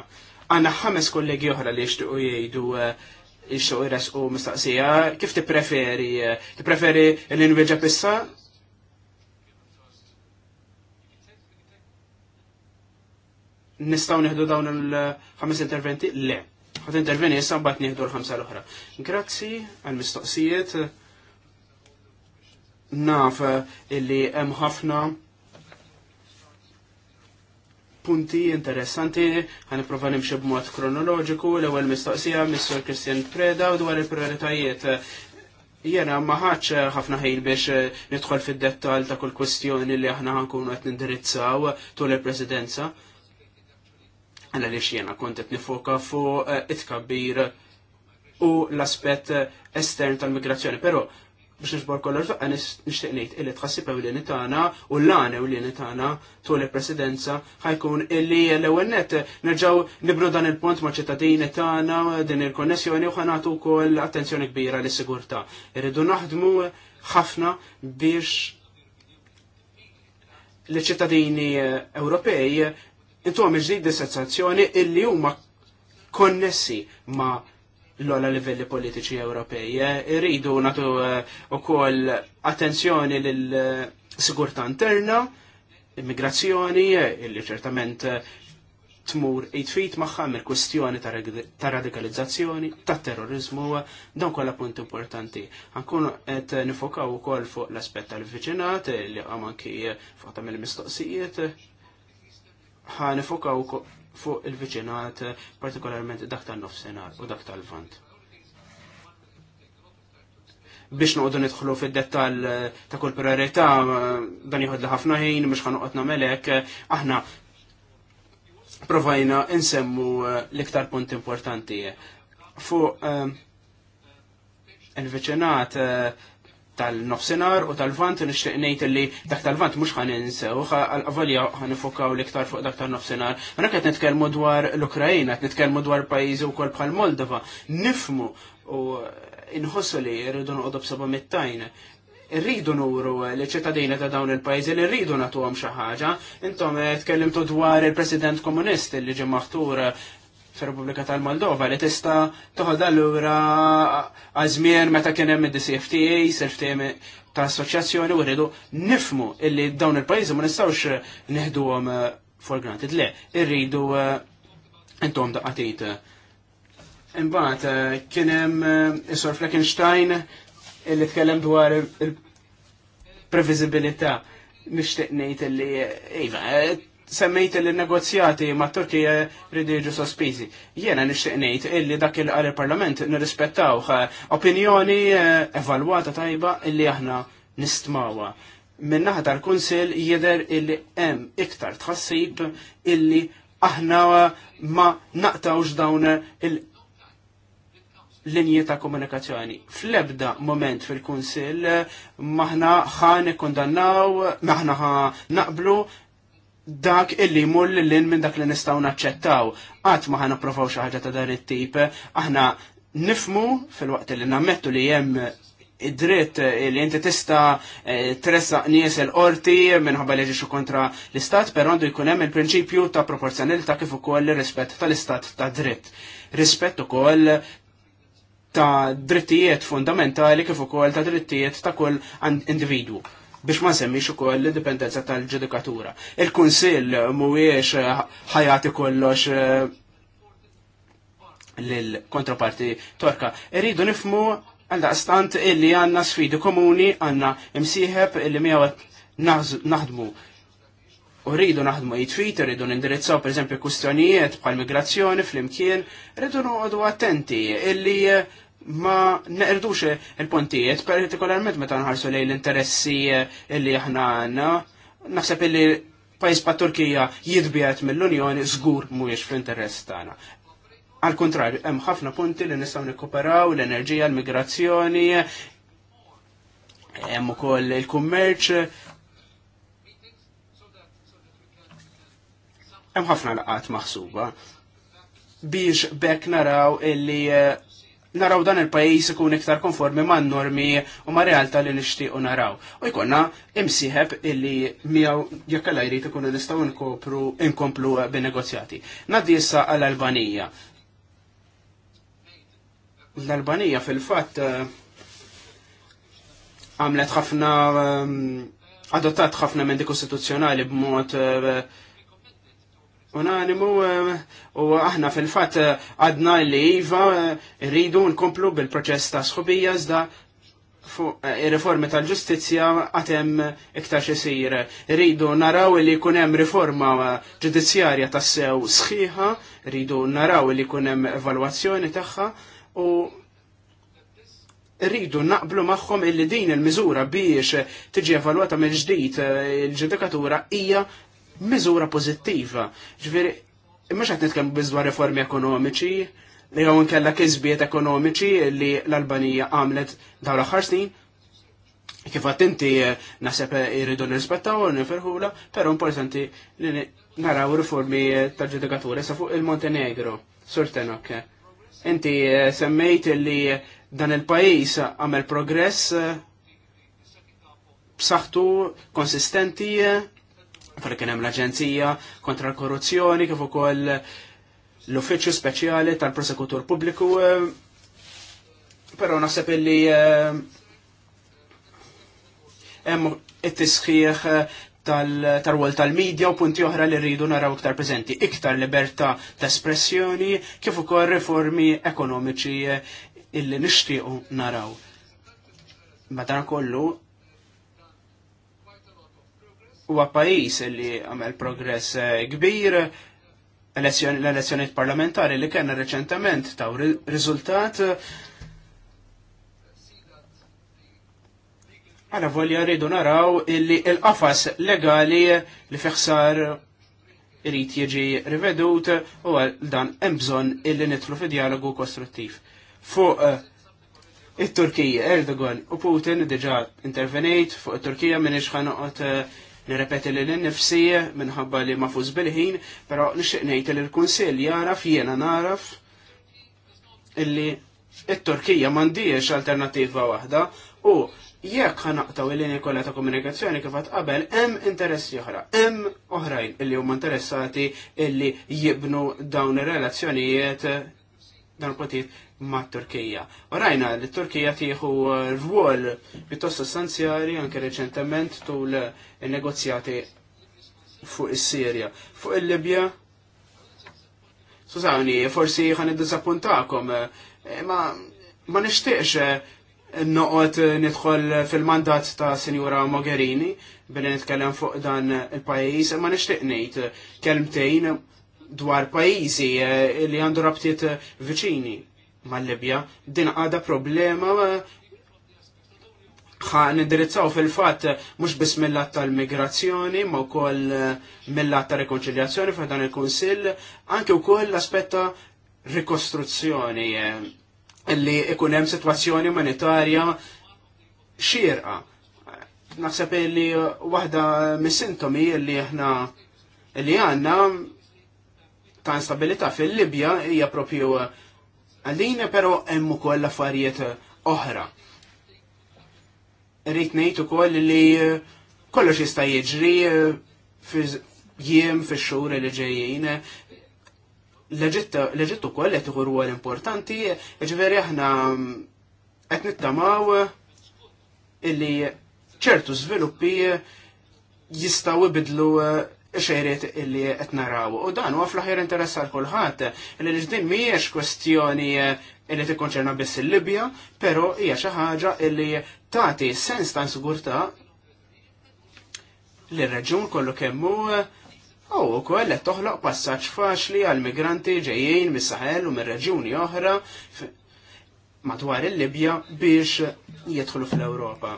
Speaker 4: Għanna ħames kollegi oħra li jishtuqu jgħidu jishtuqu jresqu mistaqsija, kif ti preferi? Ti preferi l-inveġa pissa nistaw neħdu dawn il-ħames interventi? Le. Għat interveni jessa bat neħdu l-ħamsa l-oħra. Grazzi għal-mistoqsijiet. Naf eh, illi hemm ħafna punti interessanti, għan iprofa nimxie b'mod kronologiku l ewwel mistoqsija mis-Sur Christian Preda u dwar il-prioritajiet. Jena maħħaċ ħafna ħajl biex eh, nidħol fid-dettal ta' kull kwestjoni li aħna ħankunu għet nindirizzaw tul il-presidenza għalla li xiena kontet nifoka fu eh, it-kabbir u l-aspet eh, estern tal-migrazzjoni, pero biex nxbor kollox daqqa nixtieq ngħid illi tħassib ewlieni tagħna u l-għana li tagħna tul il-presidenza ħajkun illi l-ewwel nett eh, nerġgħu nibnu dan il-pont ma' ċittadini tagħna din il-konnessjoni u ħanatu wkoll attenzjoni kbira lis sigurtà Irridu naħdmu ħafna biex l-ċittadini Ewropej intu għam iġdid sensazzjoni illi huma konnessi ma l-ola livelli politiċi Ewropej. Eh? Irridu natu eh, u kol attenzjoni l-sigurta interna, immigrazzjoni, eh, illi ċertament tmur it-fit maħħa mill kustjoni ta' radikalizzazzjoni, ta' terrorizmu, dawn kolla punt importanti. Ankun et nifokaw u kol fuq l aspetta tal-vicinat, li għamanki fuq ta' mill-mistoqsijiet, ħan u fuq il-viċinat, eh, partikolarment dak tan nofsena u dak tal-vant. Biex nuqdu nidħlu fid-dettal eh, ta' kull priorità, eh, dan jieħodli ħafna ħin, biex ħanoqgħod nagħmel hekk, aħna provajna insemmu l-iktar punt importanti. Fuq il vicinat uh, tal-nofsenar u tal-vant nishtiq ngħid li dak tal-vant mhux ħan u għal-qavalja ħan ifokaw l-iktar fuq dak tal nofsinhar Għandek qed nitkellmu dwar l ukrajina qed nitkellmu dwar pajjiżi wkoll bħal Moldova, nifmu u inħossu li rridu noqogħdu b'seba' mittajn. Irridu nuru li ċittadini ta' dawn il pajizi li rridu nagħtuhom xi ħaġa. Intom eh, tkellimtu dwar il-President Komunist li ġie Repubblika tal-Moldova li tista toħod allura għazmien meta kien hemm id-DCFTA, self-temi ta' assoċjazzjoni u rridu nifmu illi dawn il-pajjiżi ma nistgħux neħduhom eh, for granted. Le, irridu eh, intom daqatit. Imbagħad eh, kien hemm is-Sor Fleckenstein illi tkellem dwar il-previżibilità nixtieq ngħid illi iva semmejt li negozjati ma' Turkija ridiġu sospizi. Jena nixtieq ngħid illi dak il qal il-Parlament nirrispettaw eh, opinjoni eh, evalwata tajba illi aħna nistmawa. Minnaħa tal-Kunsil jidher illi hemm iktar tħassib illi aħna ma naqtawx dawn il- linji ta' komunikazzjoni. Flebda moment fil-Kunsil eh, maħna ħan ikkondannaw, maħna ħa naqblu dak illi jmur l-lin minn dak li nistaw naċċettaw. Għat ma profaw xaħġa ta' dar it-tip, aħna nifmu fil-waqt li nammettu li jem id-dritt li inti tista eh, tressa nies l-qorti minħabba li ġiġu kontra l-istat, per għandu jkun hemm il-prinċipju ta' proporzjonalità kif ukoll rispett tal-istat ta' dritt. Rispett ukoll ta' drittijiet fundamentali kif ukoll ta' drittijiet ta' kull individwu biex ma nsemmix ukoll l-indipendenza tal-ġudikatura. Il-Kunsill mhuwiex eh, ħajati kollox eh, l-kontraparti torka. Irridu nifmu għal-daqstant illi għanna sfidi komuni għanna imsieħeb illi miegħu naħdmu u rridu naħdmu jitfit, rridu nindirizzaw per eżempju kustjonijiet bħal migrazzjoni fl-imkien, urridu nuqodu attenti illi eh, ma neqrdux il puntijiet partikolarment meta nħarsu li l-interessi eh, illi aħna għanna. Naħseb illi pajis pa' Turkija jidbijat mill-Unjoni zgur mhuwiex fl-interess tagħna. Al kontrarju, hemm ħafna punti li nistgħu nikkuperaw l-enerġija, l-migrazzjoni, hemm ukoll il-kummerċ. Hemm ħafna laqat maħsuba biex bekk naraw illi eh, naraw dan il-pajis ikun iktar konformi ma' normi u ma' realta li nixtiequ naraw. U jkollna imsiħeb illi miaw jekk jrid ikunu nistgħu nkopru inkomplu bin-negozjati. Naddi issa għall-Albanija. L-Albanija fil-fatt eh, għamlet ħafna eh, adottat ħafna mendi kostituzzjonali b'mod eh, unanimu eh, u aħna fil-fat eh, għadna li Iva eh, rridu nkomplu bil-proċess ta' sħobija zda riformi tal-ġustizja għatem iktar xisir. Rridu naraw li kunem riforma ġudizzjarja tas sew sħiħa, rridu naraw li kunem evalwazzjoni tagħha u rridu naqblu magħhom illi din il-miżura biex tiġi evalwata mill ġdid il-ġudikatura hija miżura pożittiva. Ġifieri, imma xaħt nitkellmu bizwa reformi riformi ekonomiċi, li għawun kella kizbiet ekonomiċi li l-Albanija għamlet daw l axħar snin. Kif inti eh, nasepe eh, irridu nirrispettaw u nifirħula, pero importanti li naraw riformi eh, tal-ġudikatura sa fuq il-Montenegro, surtenok. Inti semmejt li dan il-pajis għamel progress b'saħħtu konsistenti Fali kien hemm l-Aġenzija kontra l-Korruzzjoni kif ukoll l-Uffiċċju Speċjali tal-Prosekutur Pubbliku. Eh, però naħseb illi eh, hemm it-tisħiħ eh, tal-rwol tal-medja u punti oħra li rridu naraw iktar preżenti, iktar libertà ta' espressjoni kif ukoll riformi ekonomiċi illi nixtiequ naraw. Madan kollu huwa pajjiż li għamel progress eh, kbir l-elezzjoniet parlamentari li kena reċentament taw riżultat għala volja rridu naraw illi il-qafas legali li fiħsar irrit jieġi rivedut u dan hemm bżonn illi nitlu fi dialogu kostruttiv. Fuq eh, it-Turkija, Erdogan u Putin diġa intervenejt fuq it-Turkija minn iġħan nirrepeti li l nifsija minħabba li ma fuż bil-ħin, pero nixtieq ngħid li l-Kunsill jaraf jena naraf illi it-Turkija mandiex alternattiva waħda u jekk ħanaqtaw il-linja kollha ta' komunikazzjoni kif qabel hemm interessi oħra, hemm oħrajn illi huma interessati illi jibnu dawn ir-relazzjonijiet dan potijiet ma' Turkija. U rajna li Turkija tieħu uh, rwol pjuttost sostanzjali anke reċentement tul uh, negozjati fuq is-Sirja. Fuq il-Libja, Sużawni, forsi ħan id dizappuntakom eh, ma, ma nishtiqx eh, noqot nidħol fil-mandat ta' Sinjura Mogherini, billi nitkellem fuq dan il-pajis, ma nishtiq nejt kelmtejn dwar pajizi eh, li għandu rabtiet viċini mal-Libja. Din għada problema ħa nindirizzaw fil-fat mux bis mill tal-migrazzjoni, ma wkoll mill eh, millat tal-rekonċiljazzjoni fa' dan il-Kunsill, anke wkoll l-aspetta rikostruzzjoni eh, li ikun hemm sitwazzjoni umanitarja xirqa. Naħseb li waħda mis-sintomi li aħna li għandna ta' instabilità fil-Libja hija propju Għallina pero hemm ukoll affarijiet oħra. Rrit ngħid ukoll li kollox jista' jiġri eh, jiem fix-xhur li ġejjin. Leġittu eġittu ukoll qed għal importanti, ġveri aħna qed nittamaw illi ċertu żviluppi jistaw ibidlu eh, xejriet illi qed naraw. U dan huwa fl-aħjar interess għal kulħadd li l-ġdin mhijiex kwestjoni eh, illi tikkonċerna biss il-Libja, però hija xi ħaġa illi tagħti sens ta' sigurtà lir-reġjun kollu kemm hu eh, u wkoll qed toħloq passaġġ faċli għal migranti ġejjin mis-Saħel u mir-reġjuni oħra madwar il-Libja biex jidħlu fl-Ewropa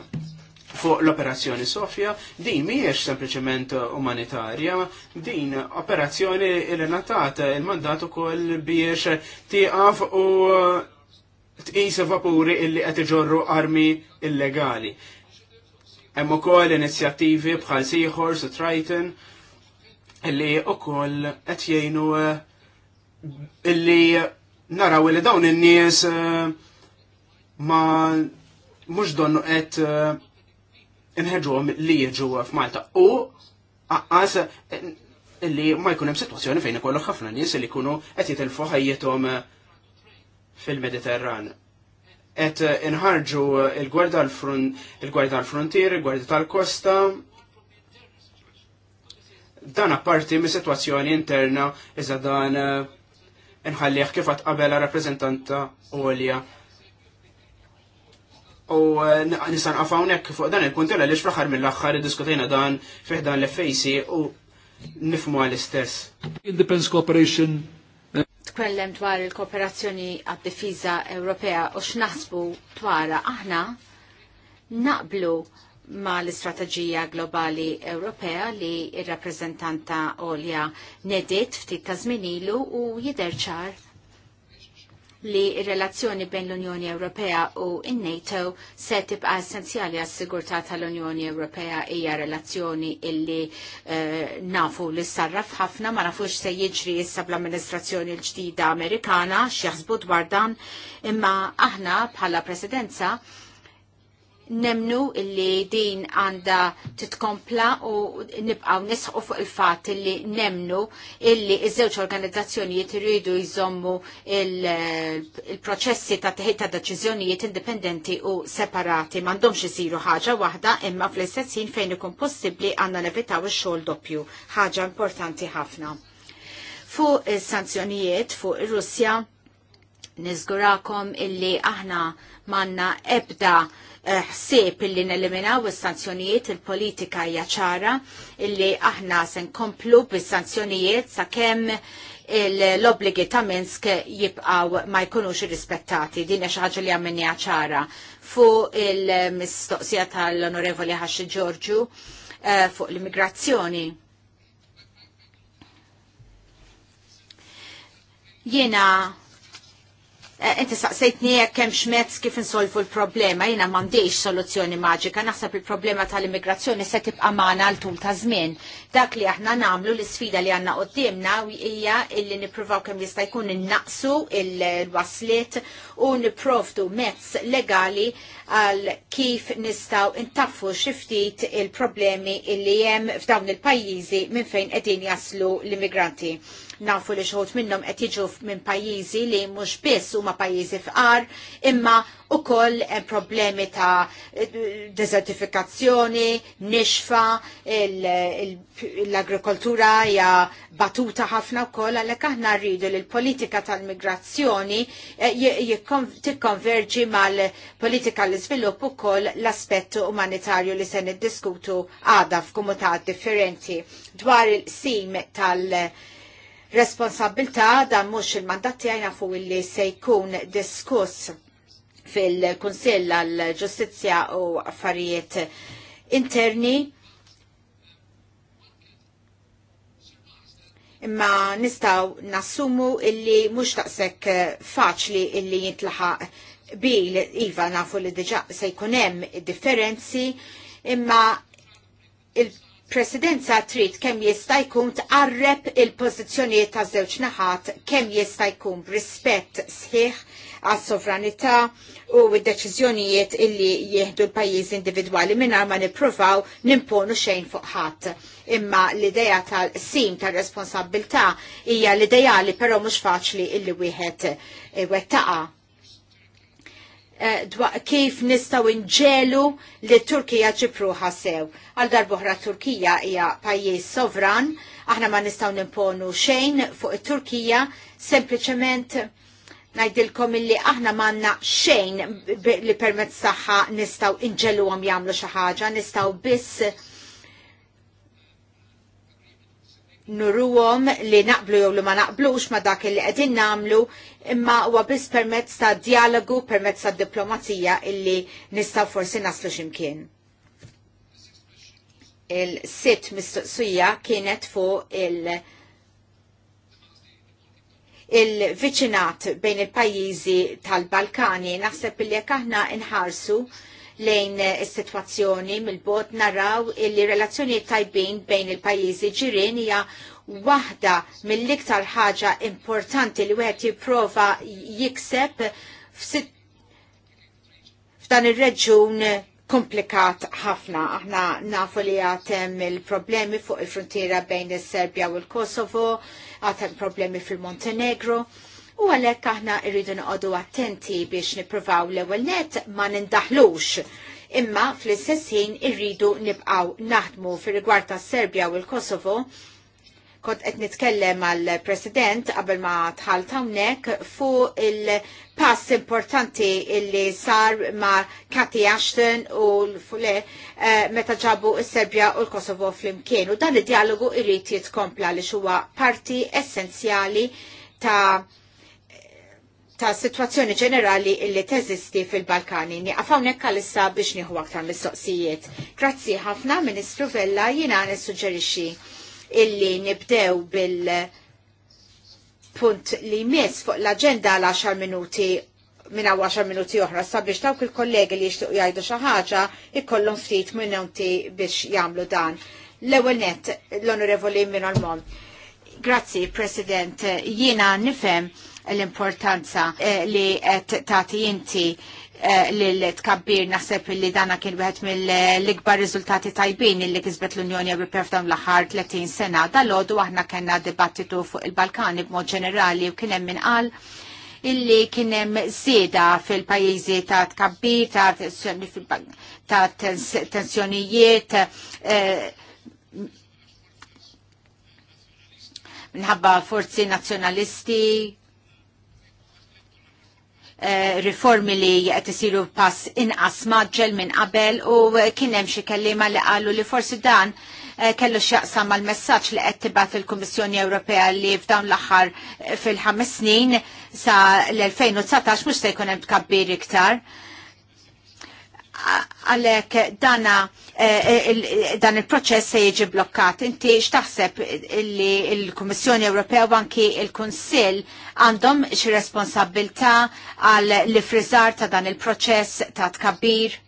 Speaker 4: fuq l-operazzjoni Sofja, din mhijiex sempliċement umanitarja, din operazzjoni il-natat il-mandat ukoll biex tieqaf u tqis vapuri illi qed iġorru armi illegali. Hemm ukoll inizjattivi bħal Seahorse u Triton illi ukoll qed jgħinu eh, illi naraw li dawn in-nies eh, ma mhux donnu qed eh, nħedġuhom li jiġu f'Malta. U għas eh, li ma jkun hemm sitwazzjoni fejn ikollu ħafna nies li jkunu qed jitilfu ħajjithom fil-Mediterran. Qed eh, inħarġu eh, il-gwerda l-frontier, il-gwerda tal-kosta. Dan apparti mis sitwazzjoni interna iżda dan inħallih kif qabel rappreżentanta għolja. U eh, nisan għafawnek fuq dan il-punt l għalix fl-axar mill-axar diskutajna dan fiħdan l-fejsi u nifmu għal-istess.
Speaker 1: Independence Cooperation.
Speaker 2: Tkellem dwar il-kooperazzjoni għad-difiża Ewropea u x'naħsbu twara aħna naqblu ma l-istrateġija globali Ewropea li ir-rappreżentanta Olja nedit ftit ta' ilu u jidher ċar li r-relazzjoni bejn l-Unjoni Ewropea u n-NATO se tibqa' essenzjali għas-sigurtà tal-Unjoni Ewropea hija relazzjoni illi eh, nafu li sarraf ħafna ma nafux se jiġri issa bl-amministrazzjoni l-ġdida Amerikana x'jaħsbu dwar dan imma aħna bħala presidenza nemnu illi din għanda titkompla u nibqaw nisħu fuq il-fat illi nemnu illi iż-żewġ organizzazzjonijiet iridu jżommu il-proċessi ta' teħid ta' deċiżjonijiet indipendenti u separati m'għandhomx isiru ħaġa waħda imma fl istessin fejn ikun possibbli għandna nevitaw ix-xogħol doppju, ħaġa importanti ħafna. Fu is-sanzjonijiet fuq ir-Russja Nizgurakom illi aħna manna ebda eh, ħsieb illi neliminaw is-sanzjonijiet il-politika hija ċara illi aħna se nkomplu bis-sanzjonijiet sakemm l-obligi ta' Minsk jibqaw ma jkunux irrispettati. Din hija xi ħaġa li għamminja ċara fuq il-mistoqsija tal-Onorevoli Ħaxi Ġorġu eh, fuq l-immigrazzjoni. Jiena Eh, inti saqsejtni jekk hemm kif insolvu l-problema, jiena m'għandix soluzzjoni maġika, naħseb il-problema tal-immigrazzjoni se tibqa' magħna għal tul ta' żmien. Dak li aħna nagħmlu l-isfida li għandna qudiemna hija illi nippruvaw kemm jista' jkun innaqsu il-wasliet u nipprovdu mezz legali għal kif nistaw intaffu xiftit il-problemi illi jem f'dawn il-pajjiżi minn fejn qegħdin jaslu l-immigranti. Nafu li xħut minnhom qed jiġu minn pajjiżi li mhux biss huma pajjiżi fqar imma u koll eh, problemi ta' eh, desertifikazzjoni, nixfa, l-agrikoltura ja batuta ħafna u koll, għalek aħna rridu li l-politika tal-migrazzjoni eh, tikkonverġi mal-politika l-izvilupp u koll l-aspett umanitarju li se niddiskutu għada f'komitat differenti dwar il-sim tal- responsabilta da mhux il-mandat tiegħi nafu illi se jkun diskuss fil-Kunsill għal ġustizzja u affarijiet interni. Imma nistaw nassumu illi mhux taqsek eh, faċli illi jintlaħaq bil iva nafu li diġa se jkun hemm differenzi imma il-presidenza trid kemm jista' jkun tqarreb il-pożizzjonijiet ta' żewġ naħat kemm jista' jkun rispett sħiħ għas sovranità u d-deċiżjonijiet illi jieħdu l-pajjiż individwali mingħajr ma nippruvaw nimponu xejn fuq ħadd. Imma l-idea tal-sim tal-responsabilità hija l-ideali però mhux faċli illi wieħed eh, wettaqa eh, kif nistaw inġelu li Turkija ġipruħa sew. Għal darbohra Turkija hija pajjiż sovran, aħna ma nistaw nimponu xejn fuq it-Turkija, sempliċement najdilkom illi aħna manna xejn li permezz saħħa nistaw inġellu għam jamlu xaħġa, nistaw biss nurruhom li naqblu jew li ma naqblux ma dak li qegħdin namlu imma huwa biss permezz ta' dialogu permezz ta' diplomazija illi nistaw forsi naslu x'imkien. Il-sitt mistoqsija kienet fuq il-, il-viċinat bejn il-pajjiżi tal-Balkani. Naħseb li jekk aħna nħarsu lejn is-sitwazzjoni mill-bot naraw li relazzjoni tajbin bejn il-pajjiżi ġirien hija waħda mill-iktar ħaġa importanti li wieħed jipprova jikseb f'dan ir-reġjun komplikat ħafna. Aħna nafu li għatem il-problemi fuq il-frontiera bejn is-Serbja u l-Kosovo, il għatem problemi fil-Montenegro, u għalek aħna irridu noqogħdu attenti biex nippruvaw l-ewwel net ma nindaħlux. Imma fl-istess ħin irridu nibqgħu naħdmu fir-rigward tas-Serbja u l-Kosovo kont qed nitkellem għal president qabel ma tħalt hawnhekk fuq il-pass importanti illi sar ma' Cathy Ashton u l-Fule uh, eh, meta ġabu s-Serbja u l-Kosovo flimkien. U dan id-dialogu irrid jitkompla li huwa parti essenzjali ta' ta' situazzjoni ġenerali illi teżisti fil-Balkani. Niqafawnek kalissa biex nieħu aktar mis-soqsijiet. Grazzi ħafna, Ministru Vella, jina nissuġġerixxi illi nibdew bil- punt li mis fuq l-agenda għal 10 minuti minna 10 minuti oħra sabiex dawk il-kollegi li jixtuq jgħidu xi ħaġa ikollhom ftit minuti biex jagħmlu dan. L-ewwel nett, l-Onorevoli Minol Mom. Grazzi, President. Jiena nifhem l-importanza eh, li qed tagħti inti Eh, l-tkabbir naħseb li dana kien wieħed mill-ikbar riżultati tajbin li kisbet l-Unjoni Ewropea f'dawn l-aħħar 30 sena. Dalodu aħna kellna dibattitu fuq il-Balkani b'mod ġenerali u kien hemm min qal illi hemm żieda fil pajjiżi ta' tkabbir ta' tensjonijiet, eh, minħabba forzi nazzjonalisti. Eh, riformi li qed isiru pass inqas maġġel minn qabel u eh, kien hemm xi kelliema li qalu li forsi dan eh, kellu x'jaqsam mal-messaġġ li qed tibgħat il-Kummissjoni Ewropea li f'dawn l-aħħar fil-ħames snin sa l-2019 mhux se jkun hemm tkabbir iktar għalek dana eh, eh, dan il-proċess se jiġi blokkat. Inti x'taħseb li l-Kummissjoni Ewropea u anki il-Kunsill għandhom xi responsabilità għal li friżar ta' dan il-proċess ta' tkabbir?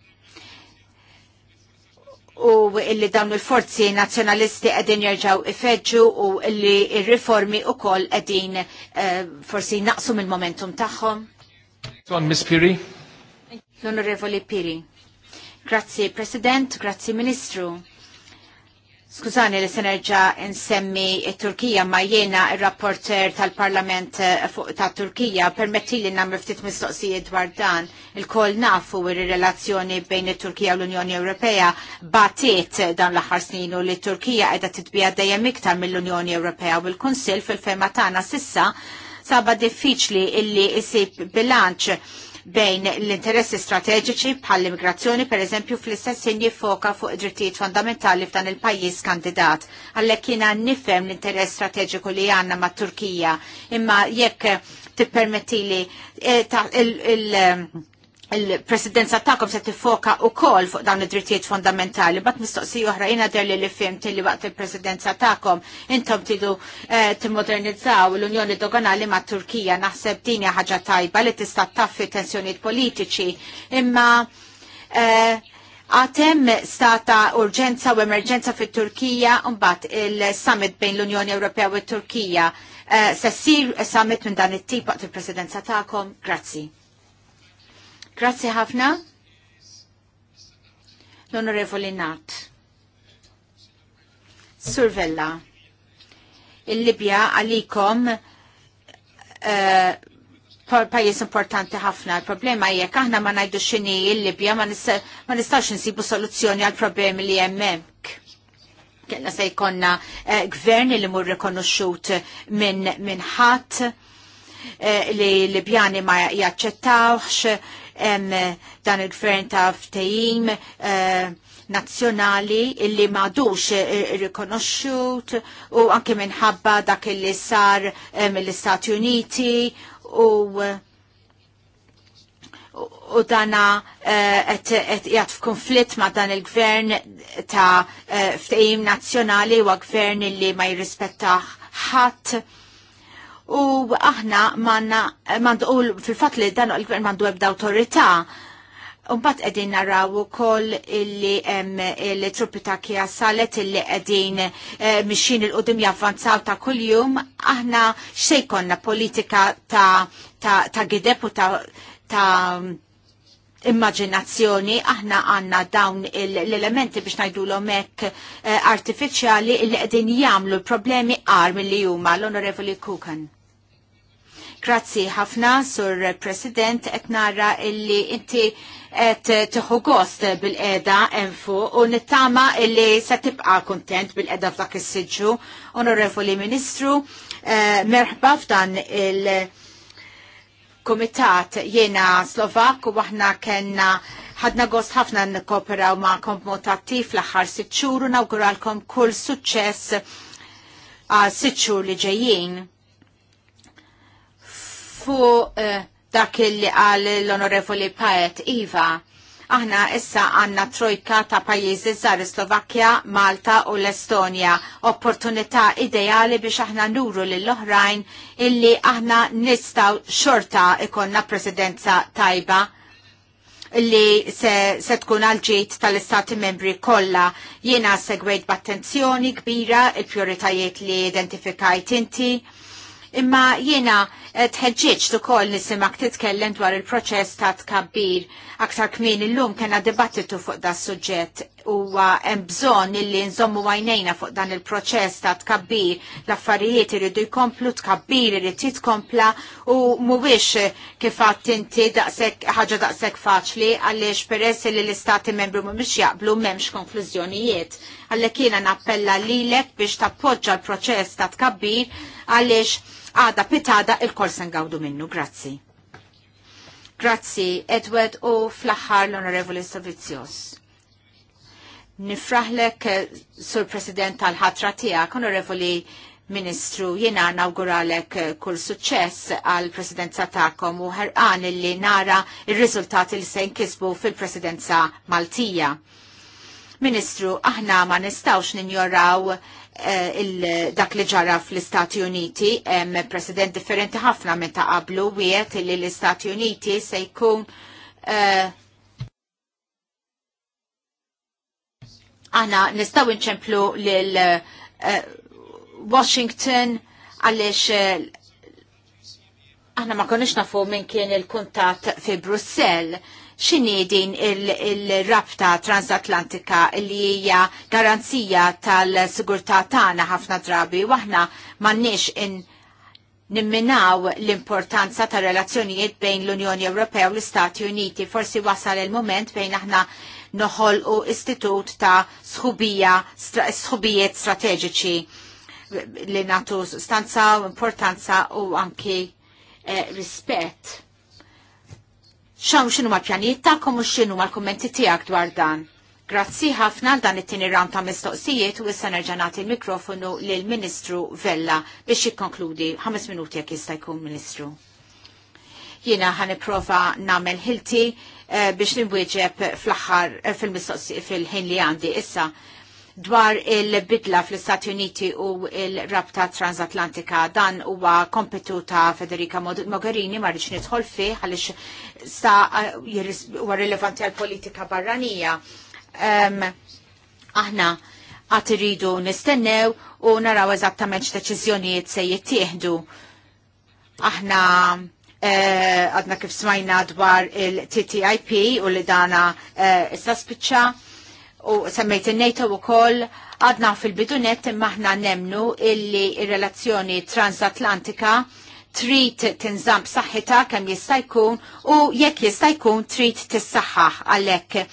Speaker 2: u illi dawn il-forzi nazjonalisti għedin jirġaw ifedġu u illi il-riformi u kol għedin eh, forsi naqsu il momentum taħħom. Miss Piri. L-Onorevoli Piri. Grazzi President, grazzi Ministru. Skużani li senerġa nsemmi il-Turkija ma jena il-rapporter tal-Parlament eh, ta' Turkija permetti li namr ftit mistoqsijiet dwar dan il-kol nafu ir relazzjoni bejn il-Turkija u l-Unjoni Ewropea batiet dan l-aħħar snin u li Turkija edha titbija dejjem iktar mill-Unjoni Ewropea u l-Kunsil fil-fema tagħna sissa saba diffiċli illi isib bilanċ bejn l-interessi strateġiċi bħall immigrazzjoni per eżempju fl-istess jifoka fuq drittijiet fondamentali f'dan il-pajjiż kandidat. Għallek jiena nifhem l-interess strateġiku li għandna ma' Turkija, imma jekk tippermettili eh, il- il-presidenza ta'kom se tifoka u kol fuq dawn id-drittijiet fondamentali, bat mistoqsi oħra jina der li fim li waqt il-presidenza ta'kom intom tidu eh, timmodernizzaw l-Unjoni Doganali ma' Turkija naħseb dinja ħaġa tajba li tista' taffi tensjoniet politiċi imma eh, għatem stata urġenza u emerġenza fit turkija mbagħad il-summit bejn l-Unjoni Ewropea u t Turkija. Eh, se summit minn dan it-tip waqt il-presidenza ta'kom. Grazzi. Grazzi ħafna. L-Onorevoli Nat. Survella. Il-Libja għalikom uh, pajis importanti ħafna. Il-problema jek aħna ma najdu xini il-Libja ma nistax nsibu soluzzjoni għal problemi li jemmek. Kena se jkonna uh, eh, gvern li mur rekonosciut minn min ħadd uh, li l-Libjani ma jaċċettawx Eh, dan il-gvern ta' ftehim eh, nazzjonali illi madux eh, rikonoxxut u anke minħabba dak illi sar mill-Istati Uniti u u dana jgħat f'konflitt ma dan il-gvern ta' ftehim nazzjonali u gvern illi ma jirrispettaħ ħadd u aħna manna mandu fil-fat li dan il-gvern mandu ebda autorità. Umbat edin naraw u koll illi il-truppi ta' kija salet illi edin eh, mixin il-qudim javvanzaw ta' kull-jum, aħna xejkonna politika ta', ta, ta gideb u ta', ta immaġinazzjoni, aħna għanna dawn l-elementi biex najdu l-omek eh, artificiali illi għedin jamlu l-problemi għar mill-li juma l-onorevoli Kukan. Grazzi ħafna, Sur President, et nara illi inti et tħu gost bil-eda enfu u nittama illi se tibqa kontent bil-eda f'dak is-siġġu. Onorevoli Ministru, eh, merħba f'dan il- Komitat jena Slovak u aħna kena ħadna gost ħafna n-kooperaw ma'kom mod attiv l-aħħar sitt xhur u nawguralkom kull suċċess għal sitt xhur li ġejjin fuq eh, dak li għal l-onorevoli Paet Iva. Aħna issa għanna trojka ta' pajjiżi żar Slovakkja, Malta u l-Estonja. Opportunità ideali biex aħna nuru lill-oħrajn illi aħna nistaw xorta ikonna presidenza tajba li se, se tkun għalġiet tal-istati membri kollha. Jiena segwejt b'attenzjoni kbira il-prioritajiet li identifikajt inti. Imma jiena tħeġġiġt ukoll nisimak titkellem dwar il-proċess ta' tkabbir aktar kmin il-lum kena dibattitu fuq da' suġġett u hemm bżonn illi nżommu għajnejna fuq dan il-proċess ta' tkabbir l-affarijiet irridu jkomplu tkabbir irrid jitkompla u mhuwiex kifat inti daqshekk ħaġa daqshekk faċli għaliex peress li l-istati membru mhumiex jaqblu m'hemmx konklużjonijiet għallek jiena nappella lilek biex tappoġġa l-proċess ta' tkabbir għaliex għada pitada il-korsen għawdu minnu. Grazzi. Grazzi, Edward u fl-axħar l-Onorevoli Savizzjos. Nifraħlek, eh, Sur President tal-ħatra tijak, Onorevoli Ministru, jena nawguralek eh, kull suċċess għal presidenza ta'kom u ħerqan illi nara il-rizultati li se nkisbu fil-presidenza Maltija. Ministru, aħna ma nistawx ninjoraw Eh, dak li ġara fl-Istati Uniti, hemm president differenti ħafna meta qablu wieħed li l-Istati Uniti se jkun eh, aħna nistgħu nċemplu lil eh, Washington għaliex aħna ma konniex nafu minn kien il-kuntat fi Brussell x'inhi din il-rabta il transatlantika li hija garanzija tal-sigurtà tagħna ħafna drabi waħna aħna m'għandniex in nimminaw l-importanza ta' relazzjonijiet bejn l-Unjoni Ewropea u l-Istati Uniti. Forsi wasal il-moment fejn aħna noħol u istitut ta' sħubijiet strateġiċi li natu stanza u importanza u anki eh, rispett xaw xinu ma pjanijiet ta'kom u xinu ma l-kommenti tijak dwar dan. Grazzi ħafna għal dan it-tieni ram ta' mistoqsijiet u issa nerġa' nagħti l-mikrofonu lil Ministru Vella biex jikkonkludi ħames minuti jekk jista' jkun Ministru. Jiena ħan nipprova nagħmel ħilti eh, biex nimwieġeb fl-aħħar eh, fil-mistoqsijiet fil-ħin li għandi issa dwar il-bidla fl-Istati Uniti u il-rabta transatlantika. Dan huwa kompetu ta' Federica Mogherini ma rridx nidħol fih għaliex sta uh, huwa rilevanti għal politika barranija. Um, aħna għat iridu nistennew u naraw eżattament x'deċiżjonijiet se jittieħdu. Aħna uh, għadna kif smajna dwar il-TTIP u li dana e, issa u semmejt il-NATO u koll għadna fil-bidunet maħna nemnu illi il-relazzjoni transatlantika trid tinżam b'saħħitha kemm jista' jkun u jekk jista' jkun trid tissaħħaħ għalhekk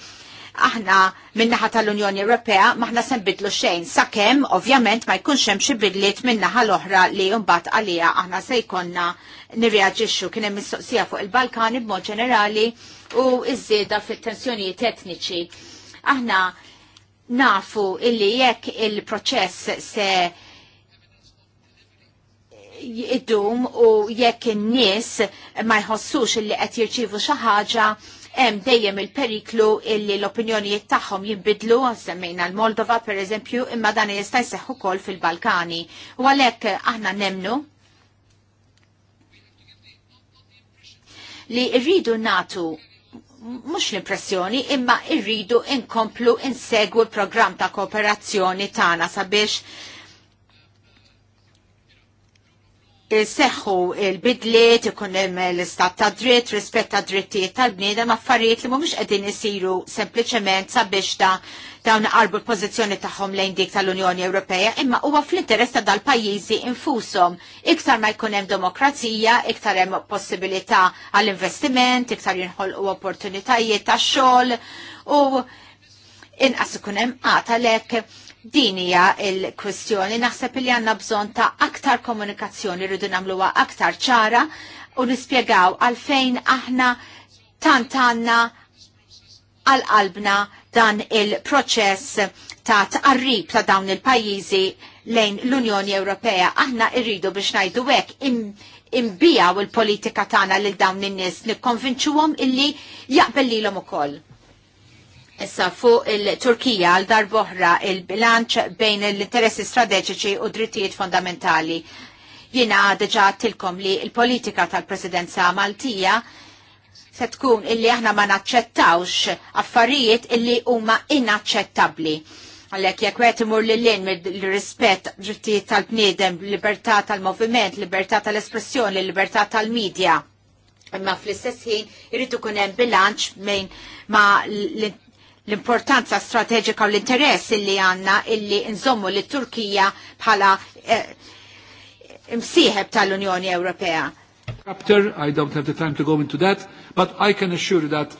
Speaker 2: aħna minnaħa tal-Unjoni Ewropea maħna sembidlu xejn sakemm ovvjament ma jkunx hemm xi bidliet minnaħa l-oħra li mbagħad għalija aħna se jkollna nirreaġixxu kien hemm mistoqsija fuq il-Balkani b'mod ġenerali u iż-żieda fit-tensjonijiet etniċi Aħna nafu illi jekk il-proċess se jiddum u jekk in-nies ma jħossux illi qed jirċievu xi ħaġa hemm dejjem il-periklu illi l-opinjonijiet tagħhom jinbidlu semmejna l-Moldova pereżempju imma dan jista' jseħħ ukoll fil-Balkani. U għalhekk aħna nemnu li rridu natu mux l-impressjoni imma irridu inkomplu insegwu l-programm ta' kooperazzjoni tagħna sabiex seħħu il-bidliet, ikun hemm l-istat ta' dritt, rispett ta' drittijiet tal-bniedem, affarijiet li mhumiex qegħdin isiru sempliċement sabiex ta' dawn qarbu l-pożizzjoni tagħhom lejn dik tal-Unjoni Ewropea, imma huwa fl-interess ta' dal-pajjiżi infushom. Iktar ma jkun hemm demokrazija, iktar hemm possibilità għall-investiment, iktar jinħolqu opportunitajiet tax xogħol u inqas ikun hemm għatalek Din hija l-kwestjoni naħseb li għandna bżonn ta' aktar komunikazzjoni rridu nagħmluha aktar ċara u nispjegaw għalfejn aħna tant għandna għal qalbna dan il-proċess ta' tqarrib ta' dawn il-pajjiżi lejn l-Unjoni Ewropea. Aħna rridu biex ngħidu hekk imbijaw il-politika tagħna lil dawn in-nies nikkonvinċuhom illi jaqbel lilhom ukoll. Issa fuq il-Turkija għal boħra il-bilanċ bejn l-interessi strateġiċi u drittijiet fondamentali. Jina deġa tilkom li il-politika tal-presidenza Maltija se tkun illi aħna ma naċċettawx affarijiet illi huma inaċċettabbli. Għalhekk jekk qed imur lil lejn mill rispet drittijiet tal-bniedem, libertà tal-moviment, libertà tal-espressjoni, libertà tal-medja imma fl-istess ħin irritu ikun hemm bilanċ l-interessi l-importanza strateġika u l-interess illi għanna illi nżommu li Turkija bħala eh, msieħeb tal-Unjoni Ewropea.
Speaker 1: Chapter, I don't have the time to go into that, but I can assure that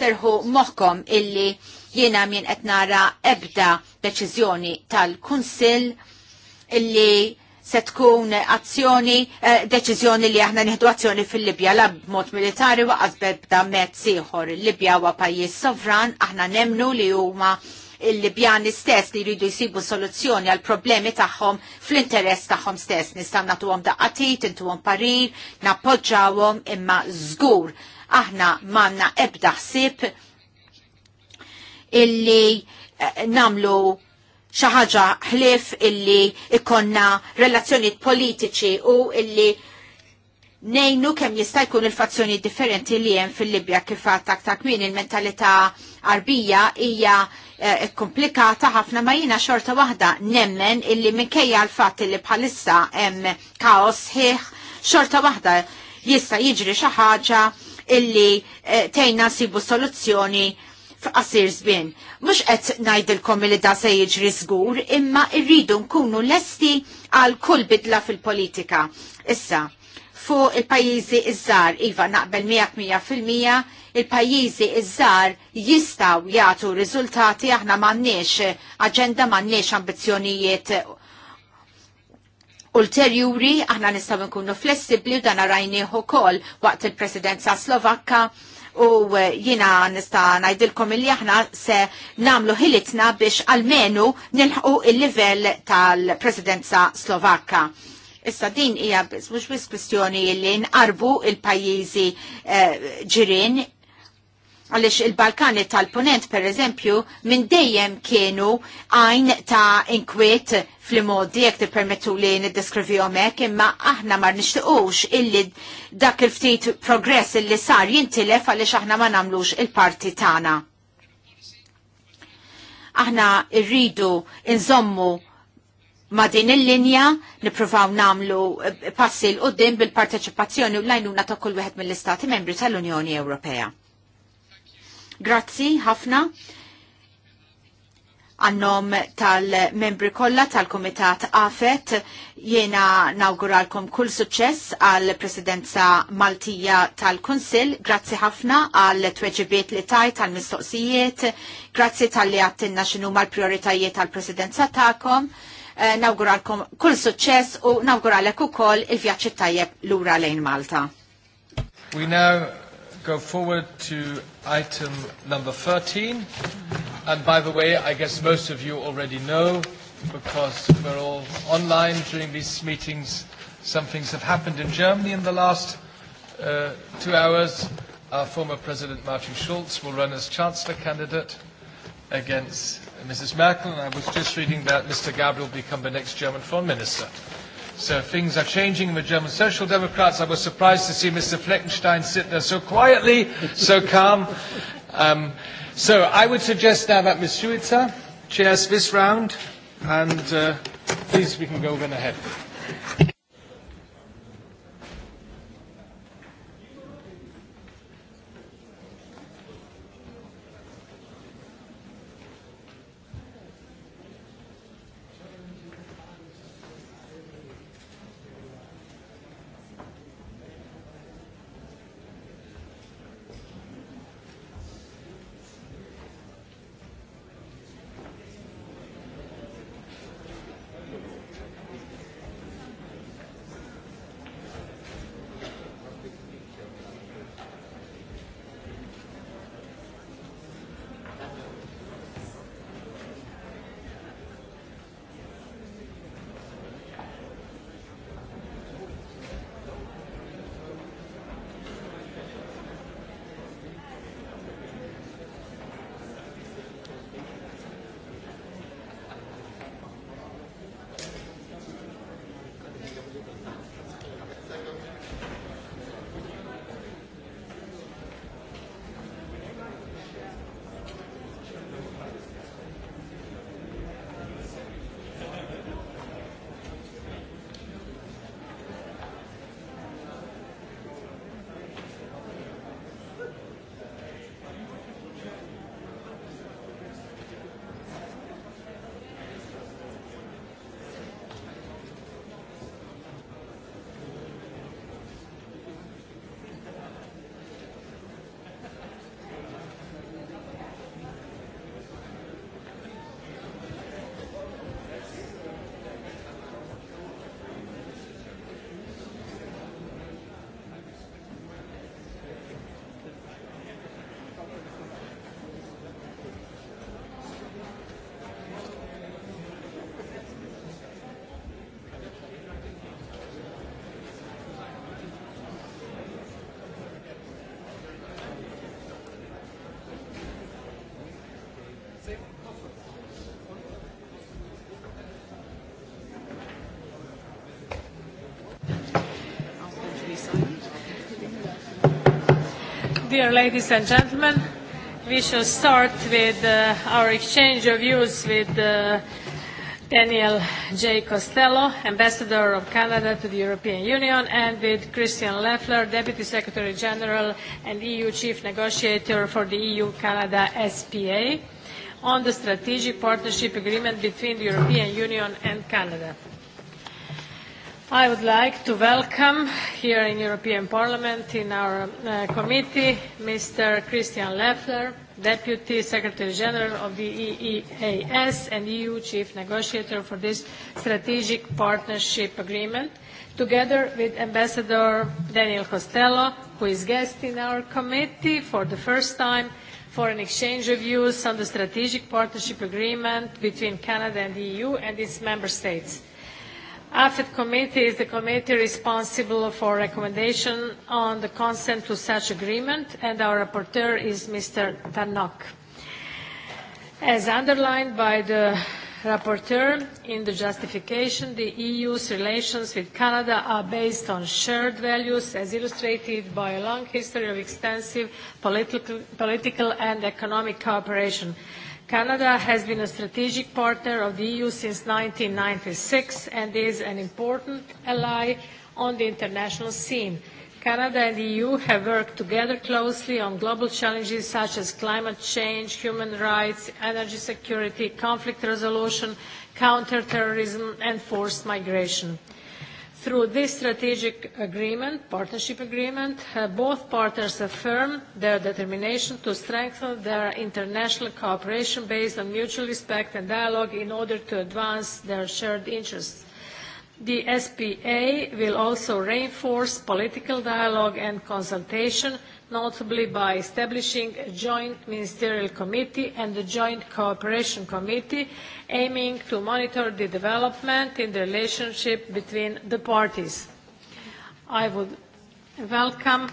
Speaker 2: Serħu moħkom illi jiena min qed nara ebda deċiżjoni tal kunsil illi se tkun azzjoni, eh, deċiżjoni li aħna nieħdu azzjoni fil-Libja la b'mod militari wa bebda mezz ieħor. Il-Libja huwa pajjiż sovran, aħna nemnu li huma il-Libjani stess li jridu jsibu soluzzjoni għal problemi tagħhom fl-interess tagħhom stess. Nista' nagħtuhom daqqatit, intuhom parir, nappoġġawhom imma żgur. Aħna m'għandna ebda ħsib illi eh, namlu xaħġa ħlif illi ikonna relazzjoniet politiċi u illi nejnu kem jista' jkun il-fazzjoni differenti li hemm fil-Libja kif tak tak min il-mentalità arbija hija eh, komplikata ħafna ma jina xorta waħda nemmen illi minkejja l-fatt illi bħalissa hemm kaos ħih, xorta waħda jista' jiġri xi ħaġa illi eh, tejna sibu soluzzjoni f'qasir żmien. Mhux qed ngħidilkom li da se jiġri żgur, imma rridu nkunu lesti għal kull bidla fil-politika. Issa, fuq il-pajjiżi iż żgħar iva naqbel miegħek 100% il-pajjiżi iż żgħar jistgħu jagħtu riżultati aħna m'għandniex aġenda m'għandniex ambizzjonijiet ulterjuri aħna nistgħu nkunu flessibbli u dan rajnieh ukoll waqt il-Presidenza Slovakka u eh, jina nista najdilkom il aħna se namlu ħilitna biex almenu nilħu il-livell tal-presidenza Slovakka. Issa din hija mhux biss kwistjoni li nqarbu il-pajjiżi eh, ġirin, għalix il-Balkani tal-Ponent, per eżempju, minn dejjem kienu għajn ta' inkwiet fl-modi, jek permettu li nid-deskrivi imma aħna mar nishtiqux illi dak il-ftit progress illi sar jintilef għalix aħna ma namlux il-parti tana. Aħna irridu inżommu ma din il-linja niprofaw namlu passi l-qoddim bil-parteċipazzjoni u l-lajnuna ta' kull wieħed mill-istati membri tal-Unjoni Ewropea. Grazzi ħafna għannom tal-membri kollha tal-Komitat AFET jiena nawguralkom kull suċċess għal presidenza Maltija tal-Kunsil. Grazzi ħafna għal tweġibiet li tajt għal mistoqsijiet grazzi tal-li għattinna xinu mal-prioritajiet tal-presidenza tagħkom, eh, nawguralkom kull suċċess u nawguralek ukoll il-vjaġġi tajjeb lura lejn Malta. We now go forward to item number 13. And by the way, I guess most of you already know,
Speaker 5: because we're all online during these meetings, some things have happened in Germany in the last uh, two hours. Our former President Martin Schulz will run
Speaker 1: as Chancellor candidate against Mrs. Merkel, and I was just reading that Mr.
Speaker 5: Gabriel will become the next German Foreign Minister. So things are changing in the German Social Democrats. I was surprised to see Mr. Fleckenstein sit there so quietly, so calm. Um, so I would suggest now that Ms. Schuitzer chairs this round, and
Speaker 6: uh, please we can go then ahead.
Speaker 7: Dear ladies and gentlemen, we shall start with uh, our exchange of views with uh, Daniel J. Costello, Ambassador of Canada to the European Union, and with Christian Leffler, Deputy Secretary General and EU Chief Negotiator for the EU-Canada SPA, on the Strategic Partnership Agreement between the European Union and Canada. I would like to welcome here in European Parliament, in our uh, committee, Mr. Christian Leffler, Deputy Secretary General of the EEAS and EU Chief Negotiator for this Strategic Partnership Agreement, together with Ambassador Daniel Costello, who is guest in our committee for the first time, for an exchange of views on the Strategic Partnership Agreement between Canada and the EU and its member states. AFET committee is the committee responsible for recommendation on the consent to such agreement and our rapporteur is Mr. Tannock. As underlined by the rapporteur in the justification, the EU's relations with Canada are based on shared values as illustrated by a long history of extensive political, political and economic cooperation. Canada has been a strategic partner of the EU since 1996 and is an important ally on the international scene. Canada and the EU have worked together closely on global challenges such as climate change, human rights, energy security, conflict resolution, counterterrorism and forced migration. Through this strategic agreement, partnership agreement, uh, both partners affirm their determination to strengthen their international cooperation based on mutual respect and dialogue in order to advance their shared interests. The SPA will also reinforce political dialogue and consultation notably by establishing a joint ministerial committee and a joint cooperation committee aiming to monitor the development in the relationship between the parties. I would welcome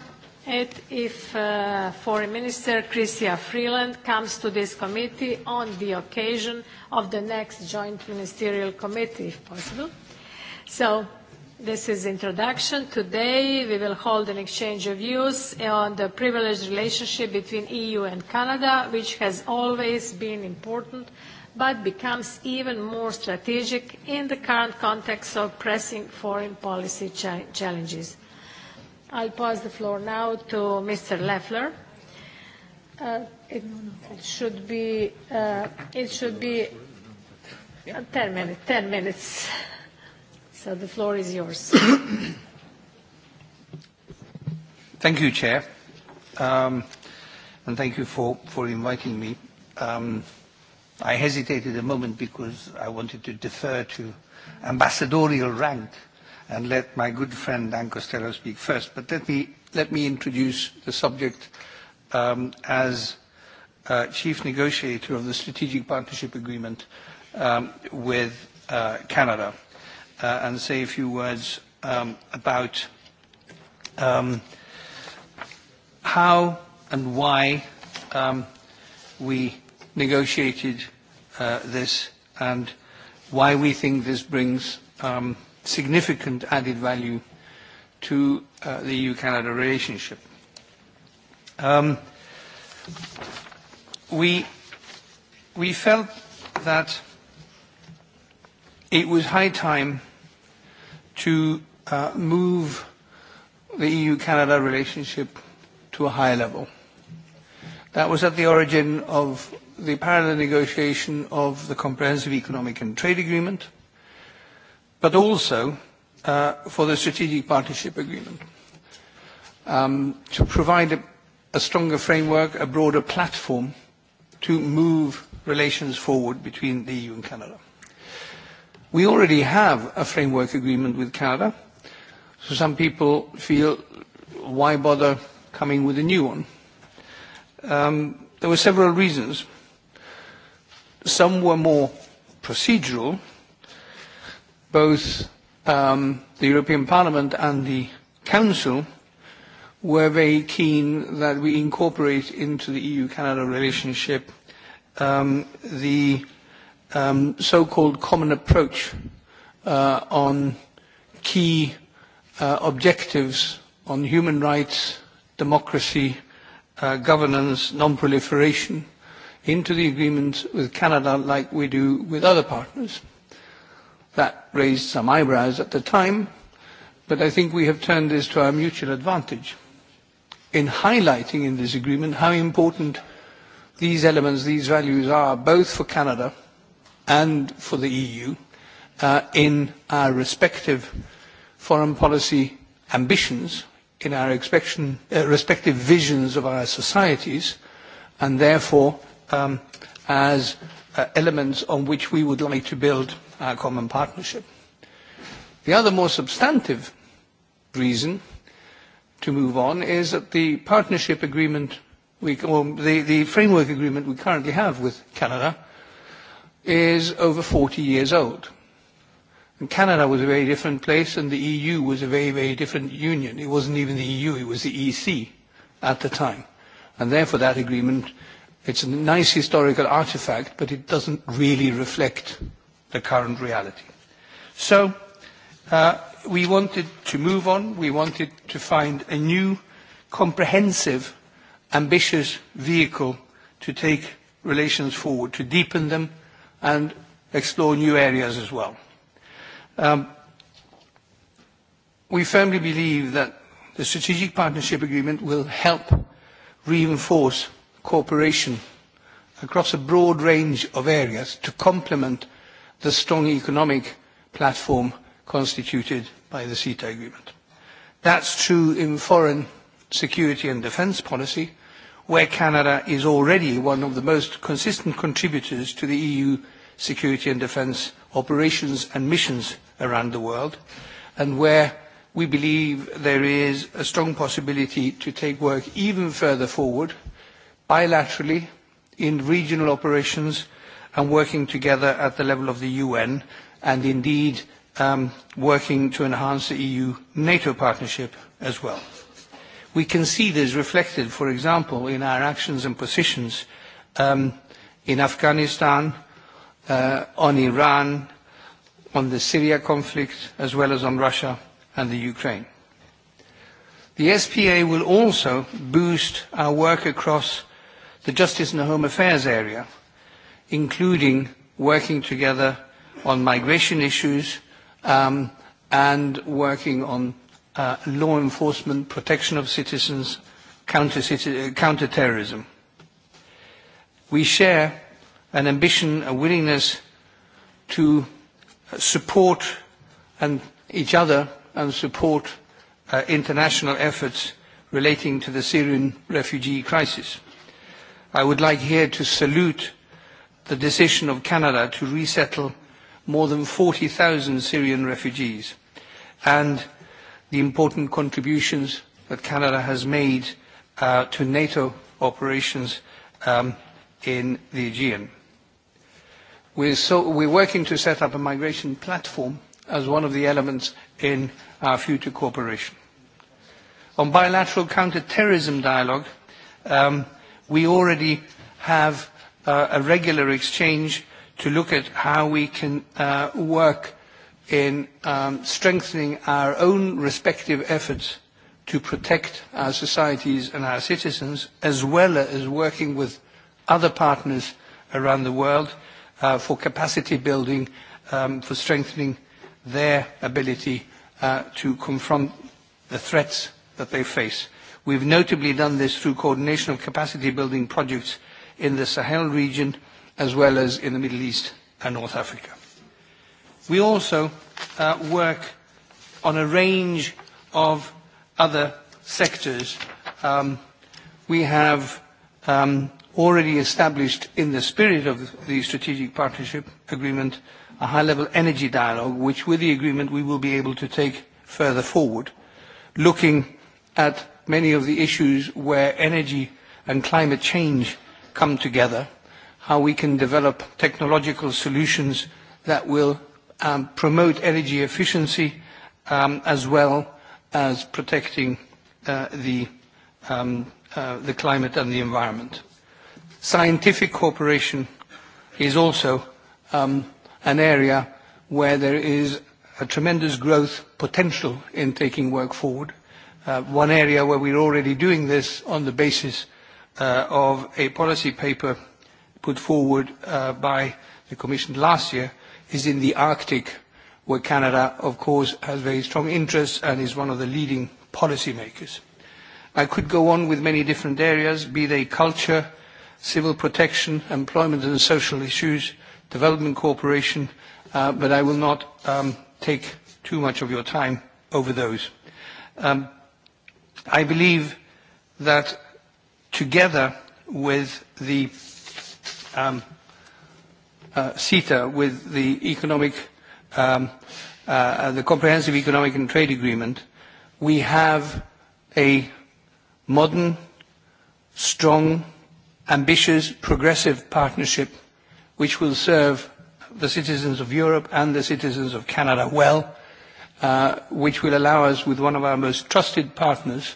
Speaker 7: it if uh, Foreign Minister Chrystia Freeland comes to this committee on the occasion of the next joint ministerial committee, if possible. So This is introduction. Today we will hold an exchange of views on the privileged relationship between EU and Canada, which has always been important but becomes even more strategic in the current context of pressing foreign policy cha challenges. I'll pass the floor now to Mr. Leffler. Uh, it should be, uh, it should be uh, 10 minutes, 10 minutes. So the floor is yours.
Speaker 5: thank you, Chair. Um, and thank you for, for inviting me. Um, I hesitated a moment because I wanted to defer to ambassadorial rank and let my good friend Dan Costello speak first. But let me, let me introduce the subject um, as uh, Chief Negotiator of the Strategic Partnership Agreement um, with uh, Canada uh, and say a few words um, about um, how and why um, we negotiated uh, this and why we think this brings um, significant added value to uh, the EU-Canada relationship. Um, we, we felt that it was high time to uh, move the EU-Canada relationship to a higher level. That was at the origin of the parallel negotiation of the Comprehensive Economic and Trade Agreement, but also uh, for the Strategic Partnership Agreement, um, to provide a, a stronger framework, a broader platform to move relations forward between the EU and Canada. We already have a framework agreement with Canada, so some people feel why bother coming with a new one? Um, there were several reasons. Some were more procedural. Both um, the European Parliament and the Council were very keen that we incorporate into the EU-Canada relationship um, the um, so-called common approach uh, on key uh, objectives on human rights, democracy, uh, governance, non-proliferation into the agreement with Canada like we do with other partners. That raised some eyebrows at the time, but I think we have turned this to our mutual advantage in highlighting in this agreement how important these elements, these values are, both for Canada – and for the EU uh, in our respective foreign policy ambitions, in our uh, respective visions of our societies, and therefore um, as uh, elements on which we would like to build our common partnership. The other more substantive reason to move on is that the partnership agreement, we, or the, the framework agreement we currently have with Canada is over 40 years old. And Canada was a very different place and the EU was a very, very different union. It wasn't even the EU, it was the EC at the time. And therefore that agreement, it's a nice historical artifact, but it doesn't really reflect the current reality. So uh, we wanted to move on. We wanted to find a new, comprehensive, ambitious vehicle to take relations forward, to deepen them, and explore new areas as well. Um, we firmly believe that the Strategic Partnership Agreement will help reinforce cooperation across a broad range of areas to complement the strong economic platform constituted by the CETA agreement. That's true in foreign security and defence policy, where Canada is already one of the most consistent contributors to the EU security and defence operations and missions around the world, and where we believe there is a strong possibility to take work even further forward, bilaterally, in regional operations, and working together at the level of the UN, and indeed um, working to enhance the EU-NATO partnership as well. We can see this reflected, for example, in our actions and positions um, in Afghanistan, uh, on Iran, on the Syria conflict, as well as on Russia and the Ukraine. The SPA will also boost our work across the Justice and Home Affairs area, including working together on migration issues um, and working on Uh, law enforcement, protection of citizens, counter uh, counter-terrorism. We share an ambition, a willingness to support and each other and support uh, international efforts relating to the Syrian refugee crisis. I would like here to salute the decision of Canada to resettle more than 40,000 Syrian refugees and the important contributions that Canada has made uh, to NATO operations um, in the Aegean. We're, so, we're working to set up a migration platform as one of the elements in our future cooperation. On bilateral counter-terrorism dialogue, um, we already have uh, a regular exchange to look at how we can uh, work in um, strengthening our own respective efforts to protect our societies and our citizens, as well as working with other partners around the world uh, for capacity building, um, for strengthening their ability uh, to confront the threats that they face. We've notably done this through coordination of capacity building projects in the Sahel region, as well as in the Middle East and North Africa. We also uh, work on a range of other sectors. Um, we have um, already established, in the spirit of the Strategic Partnership Agreement, a high-level energy dialogue, which with the agreement we will be able to take further forward, looking at many of the issues where energy and climate change come together, how we can develop technological solutions that will um, promote energy efficiency um, as well as protecting uh, the, um, uh, the climate and the environment. Scientific cooperation is also um, an area where there is a tremendous growth potential in taking work forward. Uh, one area where we're already doing this on the basis uh, of a policy paper put forward uh, by the Commission last year is in the Arctic, where Canada, of course, has very strong interests and is one of the leading policymakers. I could go on with many different areas, be they culture, civil protection, employment and social issues, development cooperation, uh, but I will not um, take too much of your time over those. Um, I believe that together with the um, Uh, CETA with the economic, um, uh, uh, the comprehensive economic and trade agreement, we have a modern, strong, ambitious, progressive partnership which will serve the citizens of Europe and the citizens of Canada well, uh, which will allow us, with one of our most trusted partners,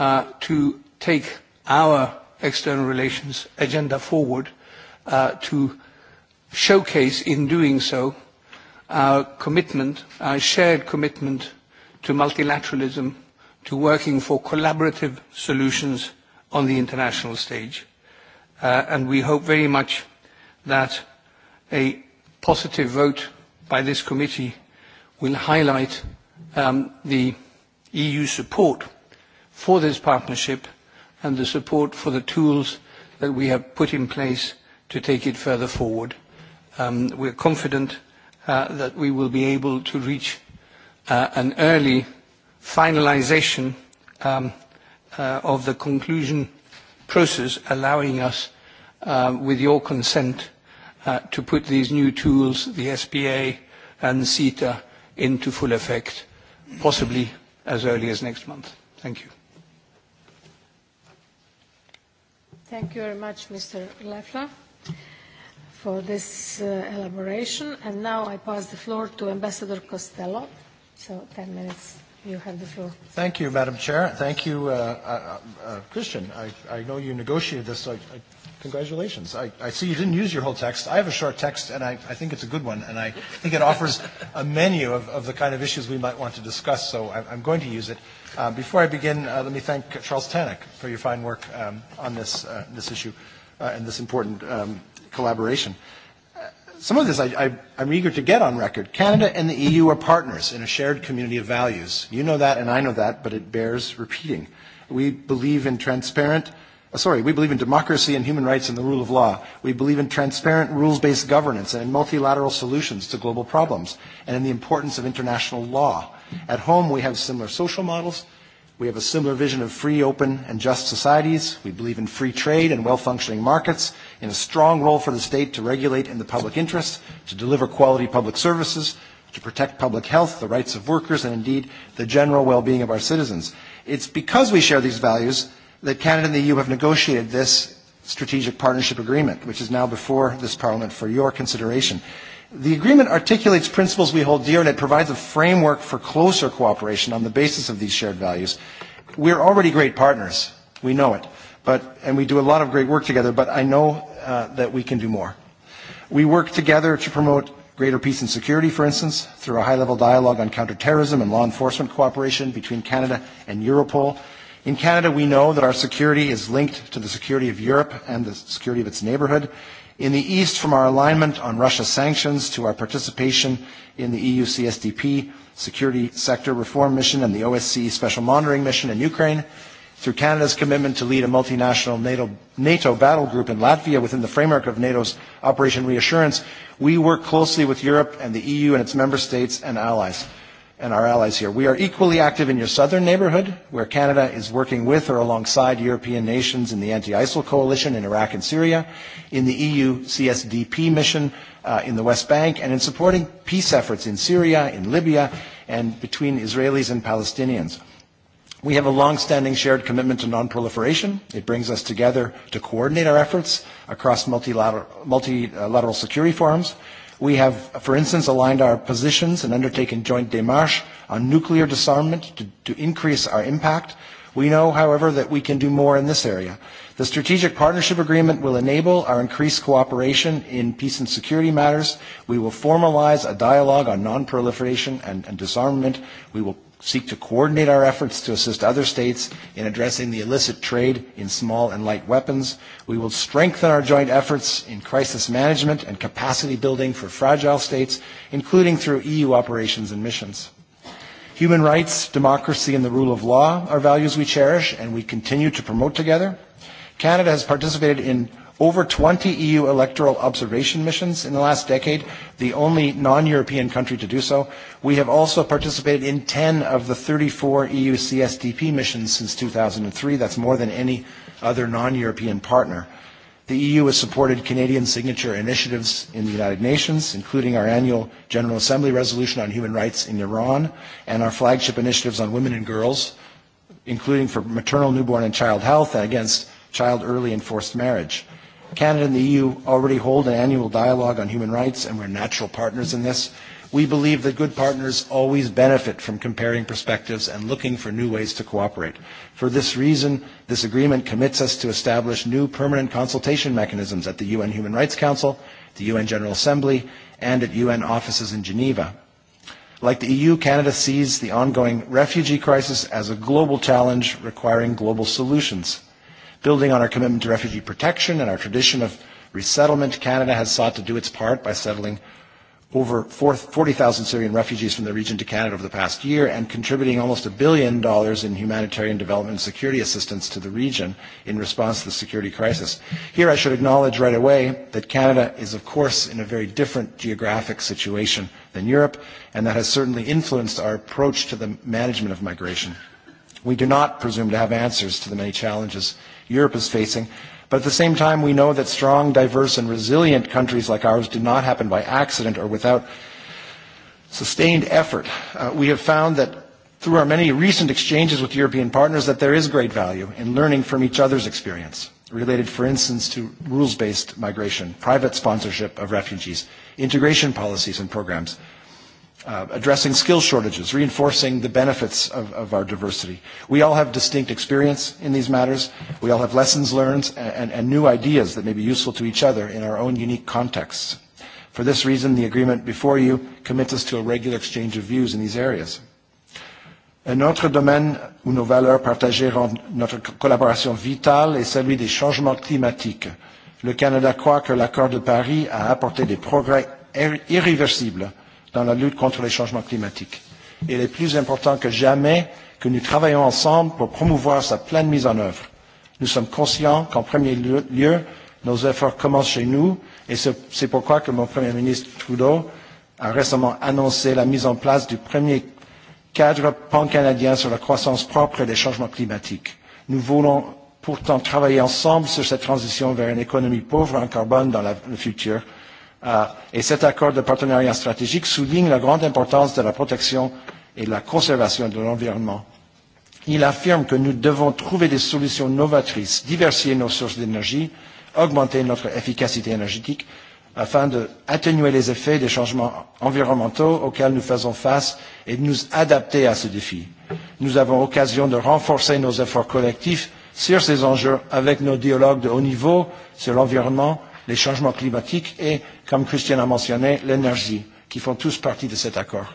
Speaker 5: uh, to take our external relations agenda forward uh, to showcase in doing so our commitment, our shared commitment to multilateralism, to working for collaborative solutions on the international stage. Uh, and we hope very much that a positive vote by this committee will highlight um, the EU support for this partnership and the support for the tools that we have put in place to take it further forward. Um, we're confident uh, that we will be able to reach uh, an early finalization um, uh, of the conclusion process, allowing us, with your consent, to put these new tools, the SPA and CETA, into full effect, possibly as early as next month. Thank you.
Speaker 7: Thank you very much, Mr. Lefla for this uh, elaboration. And now I pass the floor to Ambassador Costello. So 10 minutes, you have the floor.
Speaker 8: Thank you, Madam Chair. Thank you, uh, uh, uh, Christian. I, I know you negotiated this, so I, I, congratulations. I, I see you didn't use your whole text. I have a short text, and I, I think it's a good one, and I think it offers a menu of, of the kind of issues we might want to discuss, so I, I'm going to use it. Uh, before I begin, uh, let me thank Charles Tannock for your fine work um, on this, uh, this issue uh, and this important um, collaboration. Some of this I, I, I'm eager to get on record. Canada and the EU are partners in a shared community of values. You know that and I know that, but it bears repeating. We believe in transparent, uh, sorry, we believe in democracy and human rights and the rule of law. We believe in transparent rules-based governance and in multilateral solutions to global problems and in the importance of international law. At home, we have similar social models, We have a similar vision of free, open, and just societies. We believe in free trade and well-functioning markets, in a strong role for the state to regulate in the public interest, to deliver quality public services, to protect public health, the rights of workers, and indeed the general well-being of our citizens. It's because we share these values that Canada and the EU have negotiated this strategic partnership agreement, which is now before this Parliament for your consideration. The agreement articulates principles we hold dear and it provides a framework for closer cooperation on the basis of these shared values. We're already great partners. We know it. But, and we do a lot of great work together, but I know uh, that we can do more. We work together to promote greater peace and security, for instance, through a high-level dialogue on counterterrorism and law enforcement cooperation between Canada and Europol. In Canada, we know that our security is linked to the security of Europe and the security of its neighborhood. In the East, from our alignment on Russia sanctions to our participation in the EU CSDP security sector reform mission and the OSCE special monitoring mission in Ukraine, through Canada's commitment to lead a multinational NATO, NATO battle group in Latvia within the framework of NATO's Operation Reassurance, we work closely with Europe and the EU and its member states and allies and our allies here. We are equally active in your southern neighborhood, where Canada is working with or alongside European nations in the anti-ISIL coalition in Iraq and Syria, in the EU CSDP mission uh, in the West Bank, and in supporting peace efforts in Syria, in Libya, and between Israelis and Palestinians. We have a long-standing shared commitment to non-proliferation. It brings us together to coordinate our efforts across multilateral, multilateral security forums. We have, for instance, aligned our positions and undertaken joint démarches on nuclear disarmament to, to increase our impact. We know, however, that we can do more in this area. The Strategic Partnership Agreement will enable our increased cooperation in peace and security matters. We will formalize a dialogue on non-proliferation and, and disarmament. We will seek to coordinate our efforts to assist other states in addressing the illicit trade in small and light weapons. We will strengthen our joint efforts in crisis management and capacity building for fragile states, including through EU operations and missions. Human rights, democracy, and the rule of law are values we cherish and we continue to promote together. Canada has participated in over 20 EU electoral observation missions in the last decade, the only non-European country to do so. We have also participated in 10 of the 34 EU CSDP missions since 2003. That's more than any other non-European partner. The EU has supported Canadian signature initiatives in the United Nations, including our annual General Assembly resolution on human rights in Iran and our flagship initiatives on women and girls, including for maternal, newborn, and child health and against child early and forced marriage. Canada and the EU already hold an annual dialogue on human rights, and we're natural partners in this. We believe that good partners always benefit from comparing perspectives and looking for new ways to cooperate. For this reason, this agreement commits us to establish new permanent consultation mechanisms at the UN Human Rights Council, the UN General Assembly, and at UN offices in Geneva. Like the EU, Canada sees the ongoing refugee crisis as a global challenge requiring global solutions. Building on our commitment to refugee protection and our tradition of resettlement, Canada has sought to do its part by settling over 40,000 Syrian refugees from the region to Canada over the past year and contributing almost a billion dollars in humanitarian development and security assistance to the region in response to the security crisis. Here I should acknowledge right away that Canada is of course in a very different geographic situation than Europe and that has certainly influenced our approach to the management of migration We do not presume to have answers to the many challenges Europe is facing, but at the same time we know that strong, diverse, and resilient countries like ours do not happen by accident or without sustained effort. Uh, we have found that through our many recent exchanges with European partners that there is great value in learning from each other's experience, related, for instance, to rules-based migration, private sponsorship of refugees, integration policies and programs, uh, addressing skill shortages, reinforcing the benefits of, of our diversity. We all have distinct experience in these matters. We all have lessons learned and, and, and new ideas that may be useful to each other in our own unique contexts. For this reason, the agreement before you commits us to a regular exchange of views in these areas. Un autre domaine où nos valeurs partagées rendent notre collaboration vitale est celui des changements climatiques. Le Canada croit que l'accord de Paris a apporté des progrès irréversibles dans la lutte contre les changements climatiques. Il est plus important que jamais que nous travaillons ensemble pour promouvoir sa pleine mise en œuvre. Nous sommes conscients qu'en premier lieu, nos efforts commencent chez nous et c'est pourquoi que mon Premier ministre Trudeau a récemment annoncé la mise en place du premier cadre pan-canadien sur la croissance propre et les changements climatiques. Nous voulons pourtant travailler ensemble sur cette transition vers une économie pauvre en carbone dans la, le futur et cet accord de partenariat stratégique souligne la grande importance de la protection et de la conservation de l'environnement. Il affirme que nous devons trouver des solutions novatrices, diversifier nos sources d'énergie, augmenter notre efficacité énergétique afin d'atténuer les effets des changements environnementaux auxquels nous faisons face et de nous adapter à ce défi. Nous avons occasion de renforcer nos efforts collectifs sur ces enjeux avec nos dialogues de haut niveau sur l'environnement les changements climatiques et, comme Christian a mentionné, l'énergie, qui font tous partie de cet accord.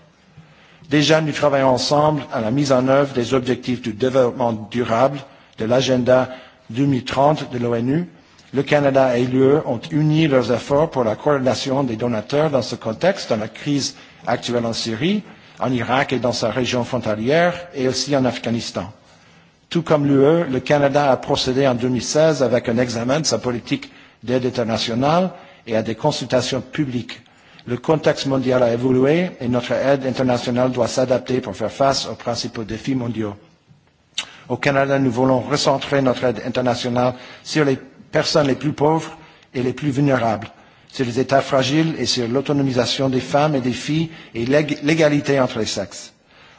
Speaker 8: Déjà, nous travaillons ensemble à la mise en œuvre des objectifs du développement durable de l'agenda 2030 de l'ONU. Le Canada et l'UE ont uni leurs efforts pour la coordination des donateurs dans ce contexte, dans la crise actuelle en Syrie, en Irak et dans sa région frontalière, et aussi en Afghanistan. Tout comme l'UE, le Canada a procédé en 2016 avec un examen de sa politique d'aide internationale et à des consultations publiques. Le contexte mondial a évolué et notre aide internationale doit s'adapter pour faire face aux principaux défis mondiaux. Au Canada, nous voulons recentrer notre aide internationale sur les personnes les plus pauvres et les plus vulnérables, sur les États fragiles et sur l'autonomisation des femmes et des filles et l'égalité entre les sexes.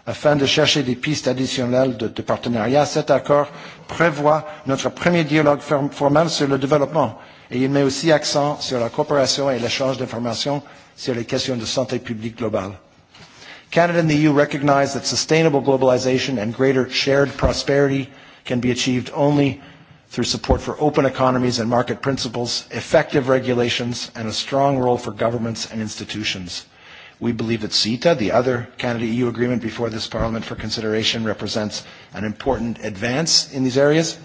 Speaker 8: Afin de chercher des pistes additionnelles de, de partenariat, cet accord prévoit notre premier dialogue formel sur le développement et il met aussi accent sur la coopération et l'échange d'informations sur les questions de santé publique globale. Canada and the EU recognize that sustainable globalization and greater shared prosperity can be achieved only through support for open economies and market principles, effective regulations, and a strong role for governments and institutions. We believe that CETA, the other Canada-EU agreement before this Parliament for consideration, represents an important advance in these areas,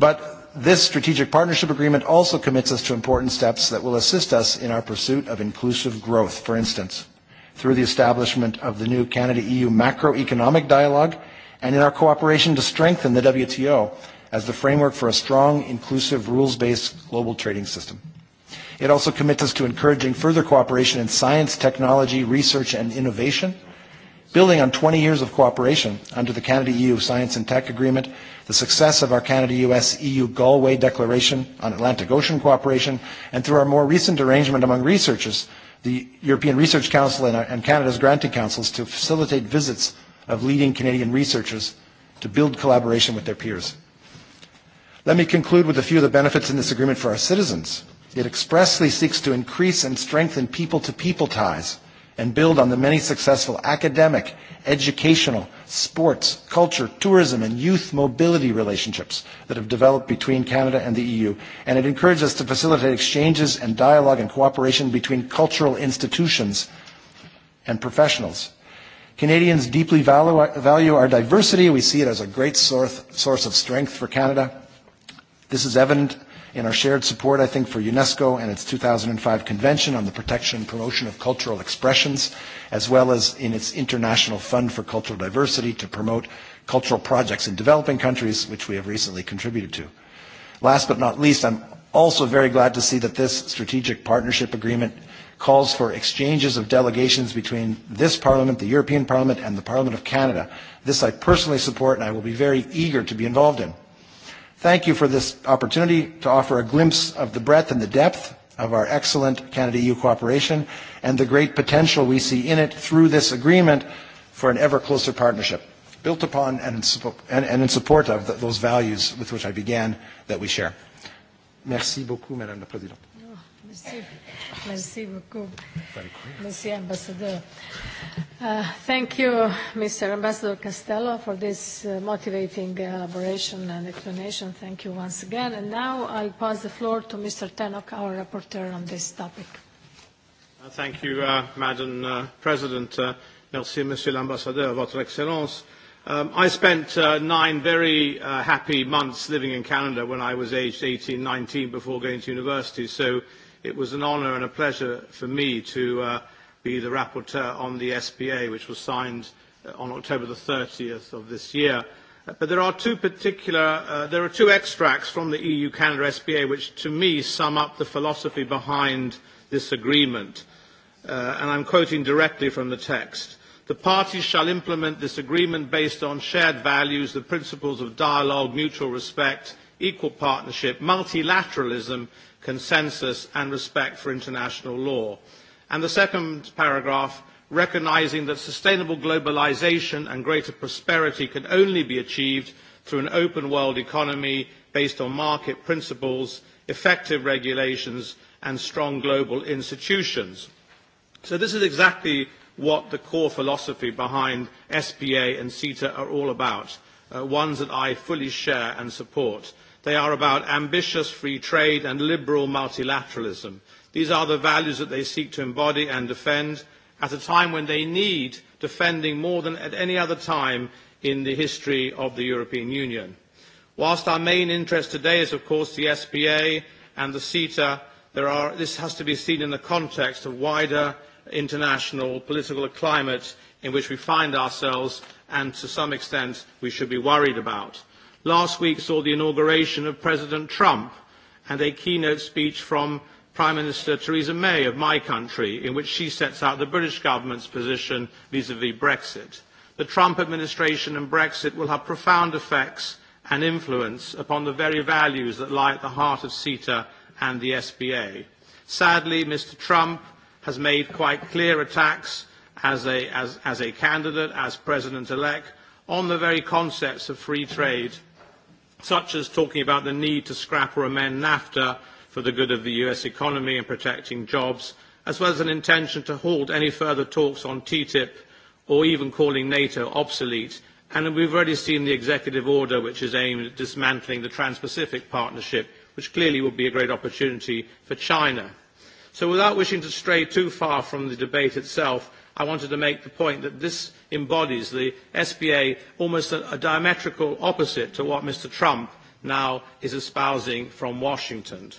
Speaker 8: but this strategic partnership agreement also commits us to important steps that will assist us in our pursuit of inclusive growth, for instance, through the establishment of the new Canada-EU macroeconomic dialogue and in our cooperation to strengthen the WTO as the framework for a strong, inclusive, rules-based global trading system. It also commits us to encouraging further cooperation in science, technology, research, and innovation – Building on 20 years of cooperation under the Canada-EU Science and Tech Agreement, the success of our Canada-US-EU Galway Declaration on Atlantic Ocean Cooperation, and through our more recent arrangement among researchers, the European Research Council and, Canada's granting councils to facilitate visits of leading Canadian researchers to build collaboration with their peers. Let me conclude with a few of the benefits in this agreement for our citizens. It expressly seeks to increase and strengthen people-to-people -people ties and build on the many successful academic, educational, sports, culture, tourism, and youth mobility relationships that have developed between Canada and the EU. And it encourages us to facilitate exchanges and dialogue and cooperation between cultural institutions and professionals. Canadians deeply value, value our diversity. We see it as a great source, source of strength for Canada. This is evident in our shared support, I think, for UNESCO and its 2005 Convention on the Protection and Promotion of Cultural Expressions, as well as in its International Fund for Cultural Diversity to promote cultural projects in developing countries, which we have recently contributed to. Last but not least, I'm also very glad to see that this strategic partnership agreement calls for exchanges of delegations between this Parliament, the European Parliament, and the Parliament of Canada. This I personally support and I will be very eager to be involved in. Thank you for this opportunity to offer a glimpse of the breadth and the depth of our excellent Canada-EU cooperation and the great potential we see in it through this agreement for an ever closer partnership built upon and in, support, and, and in support of the, those values with which I began that we share. Merci beaucoup, Madame la Présidente.
Speaker 7: Oh, merci. Merci beaucoup, Monsieur Ambassador. Uh, thank you, Mr. Ambassador Castello, for this uh, motivating uh, elaboration and explanation. Thank you once again. And now I'll pass the floor to Mr. Tannock, our rapporteur on this topic.
Speaker 6: Uh, thank you, uh, Madam uh, President. Uh, merci, Monsieur l'Ambassadeur, Votre Excellence. Um, I spent uh, nine very uh, happy months living in Canada when I was aged 18, 19 before going to university, so It was an honour and a pleasure for me to uh, be the rapporteur on the SPA, which was signed uh, on October the 30th of this year. Uh, but there are two particular, uh, there are two extracts from the EU-Canada SPA which to me sum up the philosophy behind this agreement. Uh, and I'm quoting directly from the text. The parties shall implement this agreement based on shared values, the principles of dialogue, mutual respect, equal partnership, multilateralism consensus and respect for international law. And the second paragraph, recognising that sustainable globalisation and greater prosperity can only be achieved through an open world economy based on market principles, effective regulations and strong global institutions. So this is exactly what the core philosophy behind SPA and CETA are all about, uh, ones that I fully share and support. They are about ambitious free trade and liberal multilateralism. These are the values that they seek to embody and defend at a time when they need defending more than at any other time in the history of the European Union. Whilst our main interest today is, of course, the SPA and the CETA, there are, this has to be seen in the context of wider international political climate in which we find ourselves and to some extent we should be worried about. Last week saw the inauguration of President Trump and a keynote speech from Prime Minister Theresa May of my country, in which she sets out the British government's position vis-à-vis -vis Brexit. The Trump administration and Brexit will have profound effects and influence upon the very values that lie at the heart of CETA and the SBA. Sadly, Mr. Trump has made quite clear attacks as a, as, as a candidate, as president-elect, on the very concepts of free trade such as talking about the need to scrap or amend NAFTA for the good of the US economy and protecting jobs, as well as an intention to halt any further talks on TTIP or even calling NATO obsolete. And we've already seen the executive order, which is aimed at dismantling the Trans-Pacific Partnership, which clearly would be a great opportunity for China. So without wishing to stray too far from the debate itself, I wanted to make the point that this embodies the SPA almost a, a diametrical opposite to what Mr. Trump now is espousing from Washington.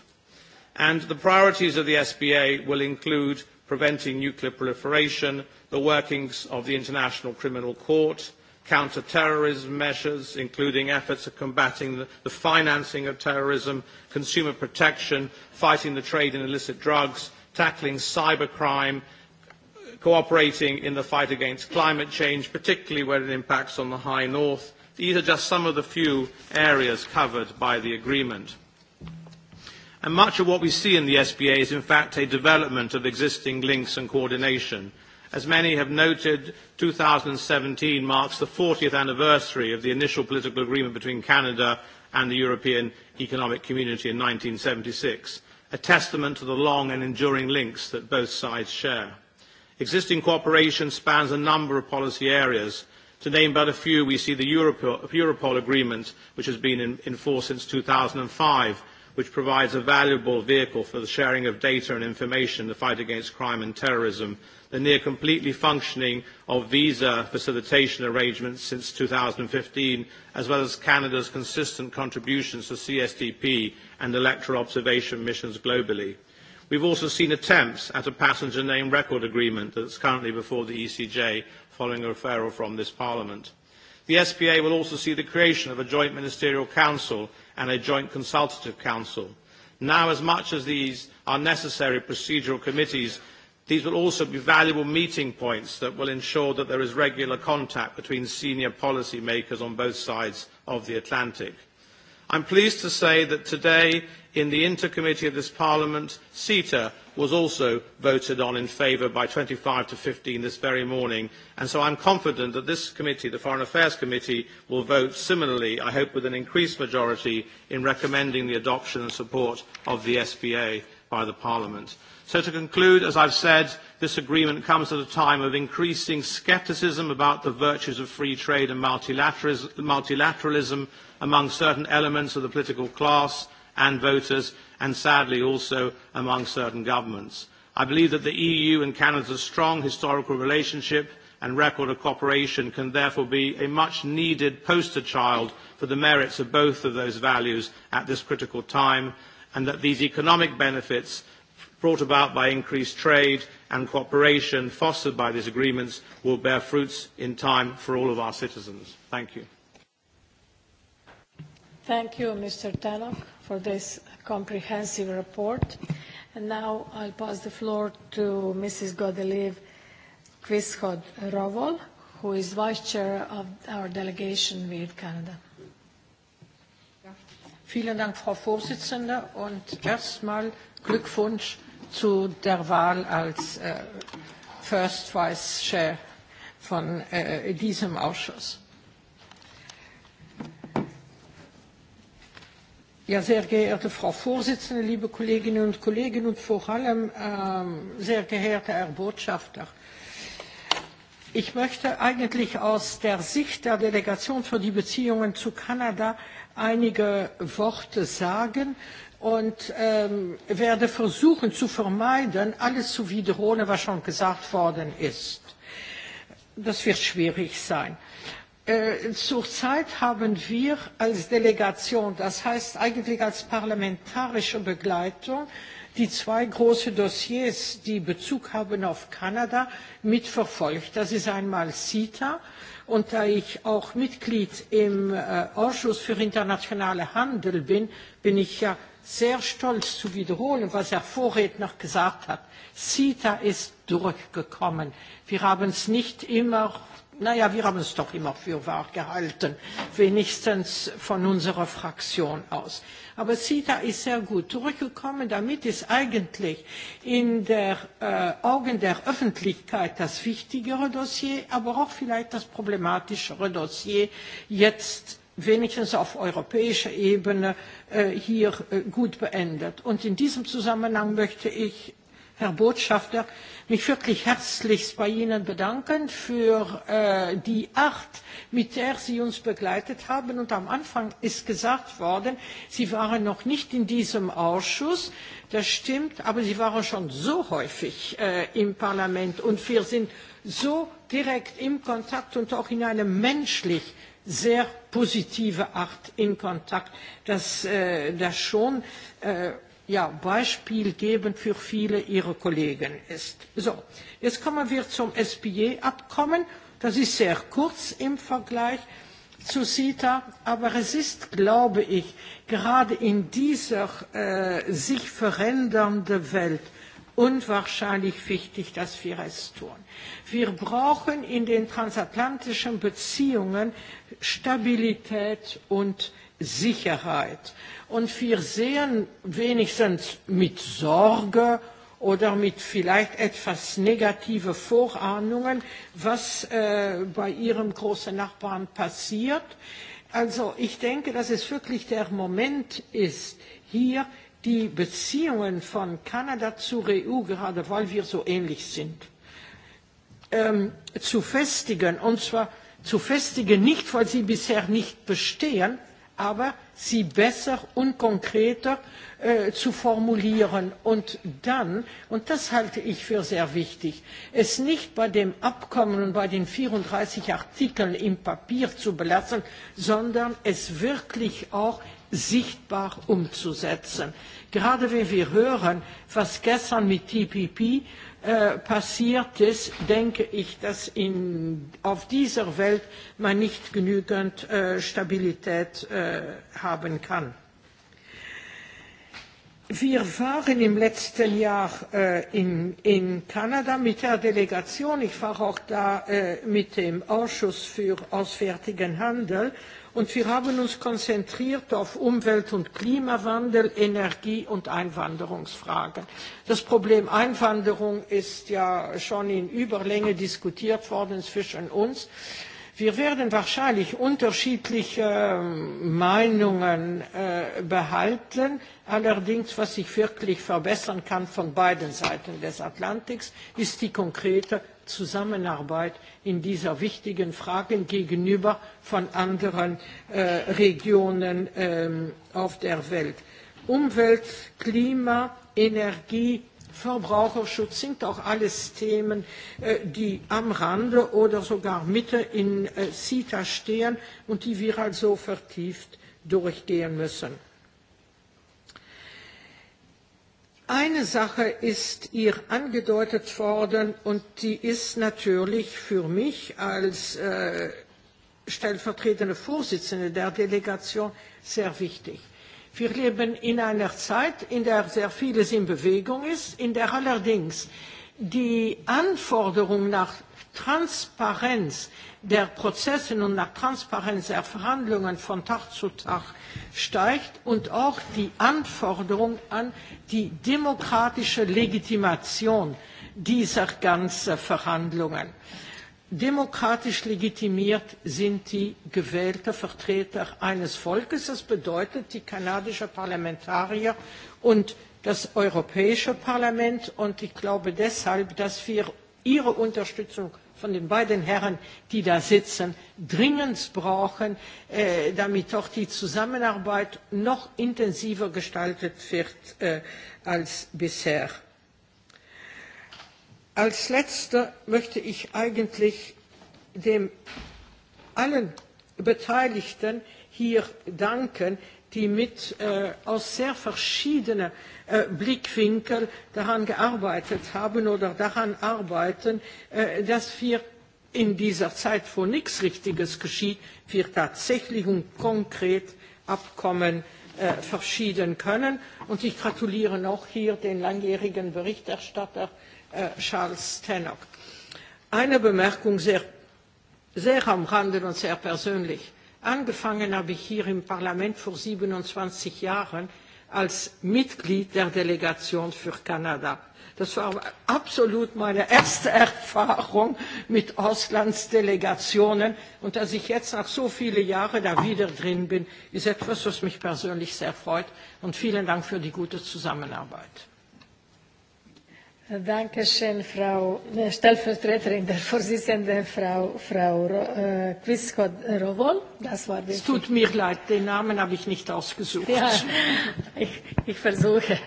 Speaker 6: And the priorities of the SBA will include preventing nuclear proliferation, the workings of the International Criminal Court, counter-terrorism measures, including efforts of combating the, the financing of terrorism, consumer protection, fighting the trade in illicit drugs, tackling cybercrime, cooperating in the fight against climate change, particularly where it impacts on the high north. These are just some of the few areas covered by the agreement. And much of what we see in the SPA is in fact a development of existing links and coordination. As many have noted, 2017 marks the 40th anniversary of the initial political agreement between Canada and the European Economic Community in 1976, a testament to the long and enduring links that both sides share. Existing cooperation spans a number of policy areas. To name but a few, we see the Europol, Europol agreement, which has been in, in force since 2005, which provides a valuable vehicle for the sharing of data and information in the fight against crime and terrorism, the near completely functioning of visa facilitation arrangements since 2015, as well as Canada's consistent contributions to CSDP and electoral observation missions globally. We have also seen attempts at a passenger name record agreement that is currently before the ECJ following a referral from this Parliament. The SPA will also see the creation of a joint ministerial council and a joint consultative council. Now, as much as these are necessary procedural committees, these will also be valuable meeting points that will ensure that there is regular contact between senior policy makers on both sides of the Atlantic. I am pleased to say that today in the intercommittee of this parliament, CETA was also voted on in favour by twenty five to fifteen this very morning. And so I am confident that this committee, the Foreign Affairs Committee, will vote similarly, I hope with an increased majority, in recommending the adoption and support of the SPA by the Parliament. So to conclude, as I have said, this agreement comes at a time of increasing scepticism about the virtues of free trade and multilateralism, multilateralism among certain elements of the political class and voters, and sadly also among certain governments. I believe that the EU and Canada's strong historical relationship and record of cooperation can therefore be a much needed poster child for the merits of both of those values at this critical time, and that these economic benefits brought about by increased trade and cooperation fostered by these agreements will bear fruits in time for all of our citizens. Thank you.
Speaker 7: Thank you, Mr. Tannock, for this comprehensive report. And now I'll pass the floor to Mrs. Godeliv Kvishod Rovol, who is Vice Chair of our delegation with Canada.
Speaker 9: Vielen Dank, Frau Vorsitzende, und erstmal Glückwunsch zu der Wahl als äh, First Vice Chair von äh, diesem Ausschuss. Ja, sehr geehrte Frau Vorsitzende, liebe Kolleginnen und Kollegen und vor allem ähm, sehr geehrter Herr Botschafter. Ich möchte eigentlich aus der Sicht der Delegation für die Beziehungen zu Kanada einige Worte sagen und ähm, werde versuchen zu vermeiden, alles zu wiederholen, was schon gesagt worden ist. Das wird schwierig sein. Äh, Äh, zurzeit haben wir als Delegation, das heißt eigentlich als parlamentarische Begleitung, die zwei große Dossiers, die Bezug haben auf Kanada, mitverfolgt. Das ist einmal CETA und da ich auch Mitglied im äh, Ausschuss für internationale Handel bin, bin ich ja sehr stolz zu wiederholen, was Herr Vorredner gesagt hat. CETA ist durchgekommen. Wir haben es nicht immer naja, wir haben es doch immer für wahr gehalten, wenigstens von unserer Fraktion aus. Aber CETA ist sehr gut zurückgekommen. Damit ist eigentlich in den äh, Augen der Öffentlichkeit das wichtigere Dossier, aber auch vielleicht das problematischere Dossier jetzt wenigstens auf europäischer Ebene äh, hier äh, gut beendet. Und in diesem Zusammenhang möchte ich Herr Botschafter, mich wirklich herzlichst bei Ihnen bedanken für äh, die Art, mit der Sie uns begleitet haben. Und am Anfang ist gesagt worden, Sie waren noch nicht in diesem Ausschuss. Das stimmt, aber Sie waren schon so häufig äh, im Parlament und wir sind so direkt im Kontakt und auch in einem menschlich sehr positive Art in Kontakt, dass äh, das schon äh, ja, beispielgebend für viele ihrer Kollegen ist. So, jetzt kommen wir zum SPA-Abkommen. Das ist sehr kurz im Vergleich zu CETA, aber es ist, glaube ich, gerade in dieser äh, sich verändernden Welt unwahrscheinlich wichtig, dass wir es tun. Wir brauchen in den transatlantischen Beziehungen Stabilität und Sicherheit. Und wir sehen wenigstens mit Sorge oder mit vielleicht etwas negative Vorahnungen, was äh, bei ihrem großen Nachbarn passiert. Also ich denke, dass es wirklich der Moment ist, hier die Beziehungen von Kanada zur EU, gerade weil wir so ähnlich sind, ähm, zu festigen. Und zwar zu festigen nicht, weil sie bisher nicht bestehen, aber sie besser und konkreter äh, zu formulieren und dann, und das halte ich für sehr wichtig, es nicht bei dem Abkommen und bei den 34 Artikeln im Papier zu belassen, sondern es wirklich auch sichtbar umzusetzen. Gerade wenn wir hören, was gestern mit TPP äh, passiert ist, denke ich, dass in, auf dieser Welt man nicht genügend äh, Stabilität äh, haben kann. Wir waren im letzten Jahr äh, in, in Kanada mit der Delegation. Ich war auch da äh, mit dem Ausschuss für Auswärtigen Handel. Und wir haben uns konzentriert auf Umwelt- und Klimawandel, Energie- und Einwanderungsfragen. Das Problem Einwanderung ist ja schon in Überlänge diskutiert worden zwischen uns. Wir werden wahrscheinlich unterschiedliche ähm, Meinungen äh, behalten. Allerdings, was sich wirklich verbessern kann von beiden Seiten des Atlantiks, ist die konkrete Zusammenarbeit in dieser wichtigen Frage gegenüber von anderen äh, Regionen ähm, auf der Welt. Umwelt, Klima, Energie, Verbraucherschutz sind auch alles Themen, äh, die am Rande oder sogar Mitte in äh, CETA stehen und die wir also vertieft durchgehen müssen. Eine Sache ist hier angedeutet worden und die ist natürlich für mich als äh, stellvertretende Vorsitzende der Delegation sehr wichtig. Wir leben in einer Zeit, in der sehr vieles in Bewegung ist, in der allerdings die Anforderung nach Transparenz der Prozesse und nach Transparenz der Verhandlungen von Tag zu Tag steigt und auch die Anforderung an die demokratische Legitimation dieser ganzen Verhandlungen. Demokratisch legitimiert sind die gewählten Vertreter eines Volkes. Das bedeutet die kanadischen Parlamentarier und das Europäische Parlament. Und ich glaube deshalb, dass wir Ihre Unterstützung von den beiden Herren, die da sitzen, dringend brauchen, äh, damit auch die Zusammenarbeit noch intensiver gestaltet wird äh, als bisher. Als letzter möchte ich eigentlich dem allen Beteiligten hier danken, die mit äh, aus sehr verschiedenen Äh, Blickwinkel daran gearbeitet haben oder daran arbeiten, äh, dass wir in dieser Zeit, wo nichts Richtiges geschieht, wir tatsächlich und konkret Abkommen äh, verschieden können. Und ich gratuliere auch hier den langjährigen Berichterstatter äh, Charles Tannock. Eine Bemerkung sehr, sehr am Rande und sehr persönlich. Angefangen habe ich hier im Parlament vor 27 Jahren als Mitglied der Delegation für Kanada. Das war absolut meine erste Erfahrung mit Auslandsdelegationen. Und dass ich jetzt nach so vielen Jahren da wieder drin bin, ist etwas, was mich persönlich sehr freut. Und vielen Dank für die gute Zusammenarbeit.
Speaker 7: Dankeschön, Frau äh, Stellvertreterin der Vorsitzenden, Frau, Frau äh, Quiskot-Rowol. Das war es tut
Speaker 9: mir leid, den Namen habe ich nicht
Speaker 7: ausgesucht. Ja, ich, ich versuche.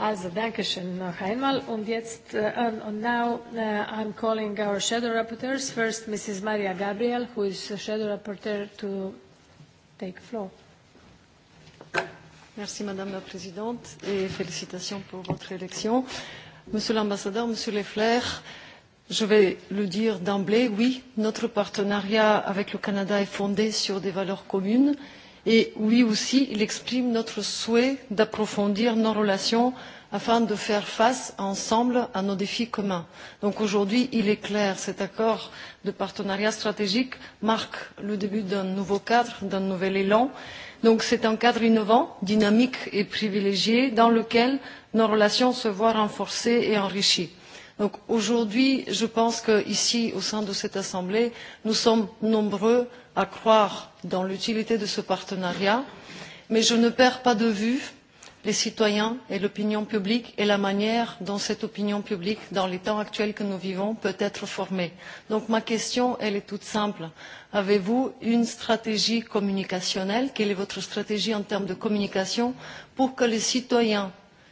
Speaker 7: Also, danke schön noch einmal. Und jetzt, uh, äh, and, and now uh, I'm calling our shadow rapporteurs. First, Mrs. Maria Gabriel, who is a shadow rapporteur, to take floor.
Speaker 10: Merci Madame la Présidente et félicitations pour votre élection. Monsieur l'ambassadeur, Monsieur Leffler, je vais le dire d'emblée, oui, notre partenariat avec le Canada est fondé sur des valeurs communes et oui aussi, il exprime notre souhait d'approfondir nos relations afin de faire face ensemble à nos défis communs. Donc aujourd'hui, il est clair, cet accord de partenariat stratégique marque le début d'un nouveau cadre, d'un nouvel élan Donc c'est un cadre innovant, dynamique et privilégié dans lequel nos relations se voient renforcées et enrichies. Donc aujourd'hui, je pense qu'ici, au sein de cette Assemblée, nous sommes nombreux à croire dans l'utilité de ce partenariat, mais je ne perds pas de vue les citoyens et l'opinion publique et la manière dont cette opinion publique, dans les temps actuels que nous vivons, peut être formée. Donc ma question, elle est toute simple. Avez-vous une stratégie communicationnelle Quelle est votre stratégie en termes de communication pour que les citoyens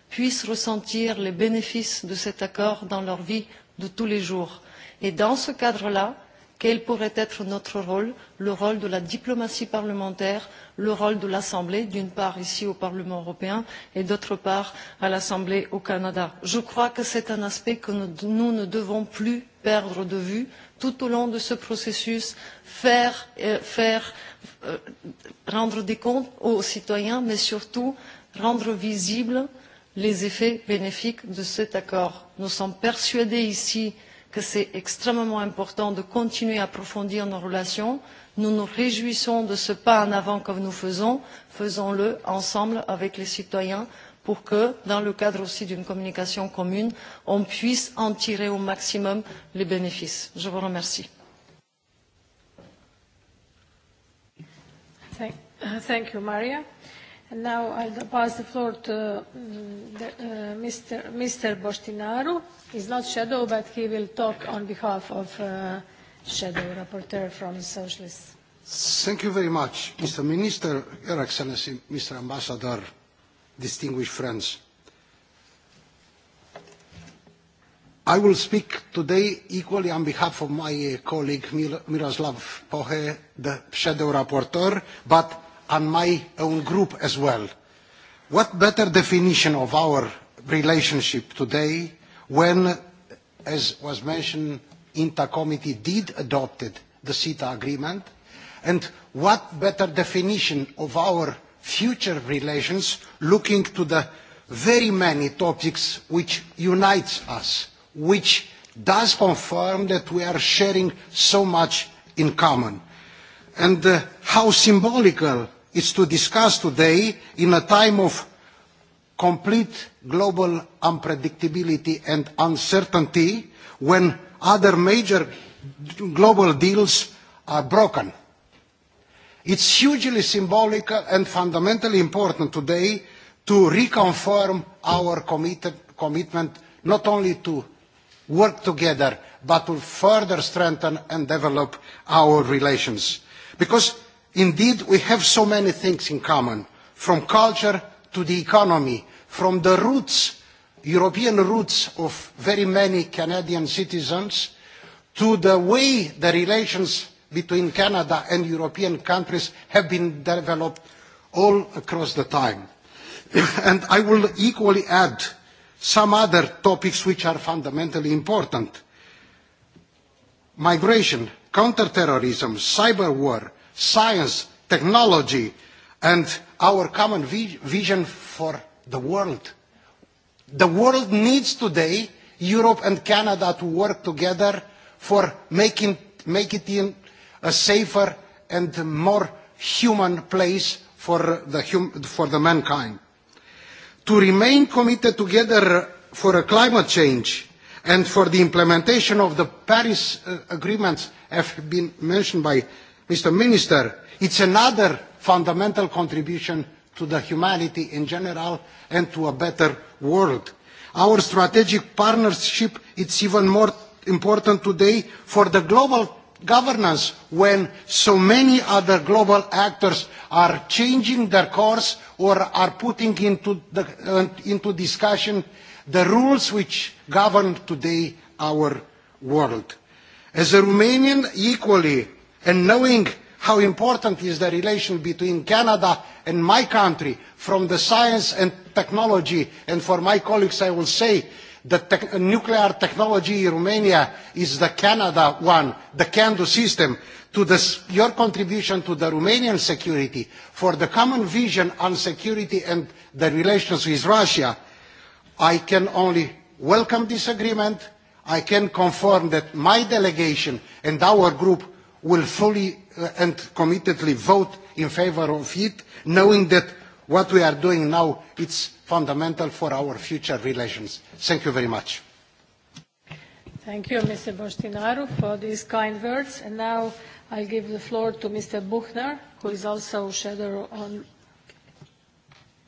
Speaker 10: puissent ressentir les bénéfices de cet accord dans leur vie de tous les jours Et dans ce cadre-là, Quel pourrait être notre rôle, le rôle de la diplomatie parlementaire, le rôle de l'Assemblée, d'une part ici au Parlement européen et d'autre part à l'Assemblée au Canada Je crois que c'est un aspect que nous ne devons plus perdre de vue tout au long de ce processus, faire, euh, faire euh, rendre des comptes aux citoyens, mais surtout rendre visibles les effets bénéfiques de cet accord. Nous sommes persuadés ici euh, que c'est extrêmement important de continuer à approfondir nos relations. Nous nous réjouissons de ce pas en avant que nous faisons. Faisons-le ensemble avec les citoyens pour que, dans le cadre aussi d'une communication commune, on puisse en tirer au maximum les bénéfices. Je vous remercie.
Speaker 7: Thank, uh, thank you, Maria. Now I'll pass the floor to mm, the, uh, Mr. Mr. Bostinaru. He's not shadow, but he will talk on behalf of uh, shadow rapporteur from Socialists.
Speaker 11: Thank you very much, Mr. Minister, Your Excellency, Mr. Ambassador, distinguished friends. I will speak today equally on behalf of my uh, colleague Miroslav Pohe, the shadow rapporteur, but on my own group as well. What better definition of our relationship today when, as was mentioned, INTA committee did adopted the CETA agreement, and what better definition of our future relations looking to the very many topics which unites us, which does confirm that we are sharing so much in common. And uh, how symbolical is to discuss today in a time of complete global unpredictability and uncertainty when other major global deals are broken. It's hugely symbolic and fundamentally important today to reconfirm our committed, commitment not only to work together but to further strengthen and develop our relations. Because Indeed, we have so many things in common, from culture to the economy, from the roots, European roots of very many Canadian citizens, to the way the relations between Canada and European countries have been developed all across the time. and I will equally add some other topics which are fundamentally important. Migration, counterterrorism, cyber war, science, technology, and our common vi vision for the world. The world needs today Europe and Canada to work together for making, make it in a safer and more human place for the, hum for the mankind. To remain committed together for a climate change and for the implementation of the Paris uh, agreements have been mentioned by Mr. Minister, it's another fundamental contribution to the humanity in general and to a better world. Our strategic partnership is even more important today for the global governance when so many other global actors are changing their course or are putting into, the, uh, into discussion the rules which govern today our world. As a Romanian, equally And knowing how important is the relation between Canada and my country from the science and technology, and for my colleagues I will say that te nuclear technology in Romania is the Canada one, the CANDU system, to this, your contribution to the Romanian security, for the common vision on security and the relations with Russia, I can only welcome this agreement. I can confirm that my delegation and our group will fully and committedly vote in favor of it, knowing that what we are doing now is fundamental for our future relations. Thank you very much.
Speaker 7: Thank you, Mr. Bostinaru, for these kind words. And now I give the floor to Mr. Buchner, who is also shadow on,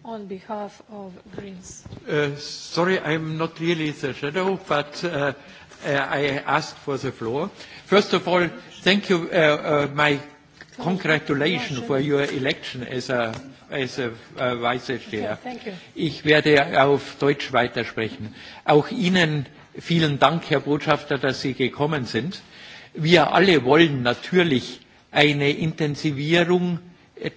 Speaker 7: on behalf of Greens.
Speaker 12: Uh, sorry, I'm not really the shadow, but uh, uh I asked for the floor. First of all, Thank you. Uh, uh, my congratulations for your election as a, as a uh, Vice Chair. Okay, thank you. Ich werde auf Deutsch weitersprechen. Auch Ihnen vielen Dank, Herr Botschafter, dass Sie gekommen sind. Wir alle wollen natürlich eine Intensivierung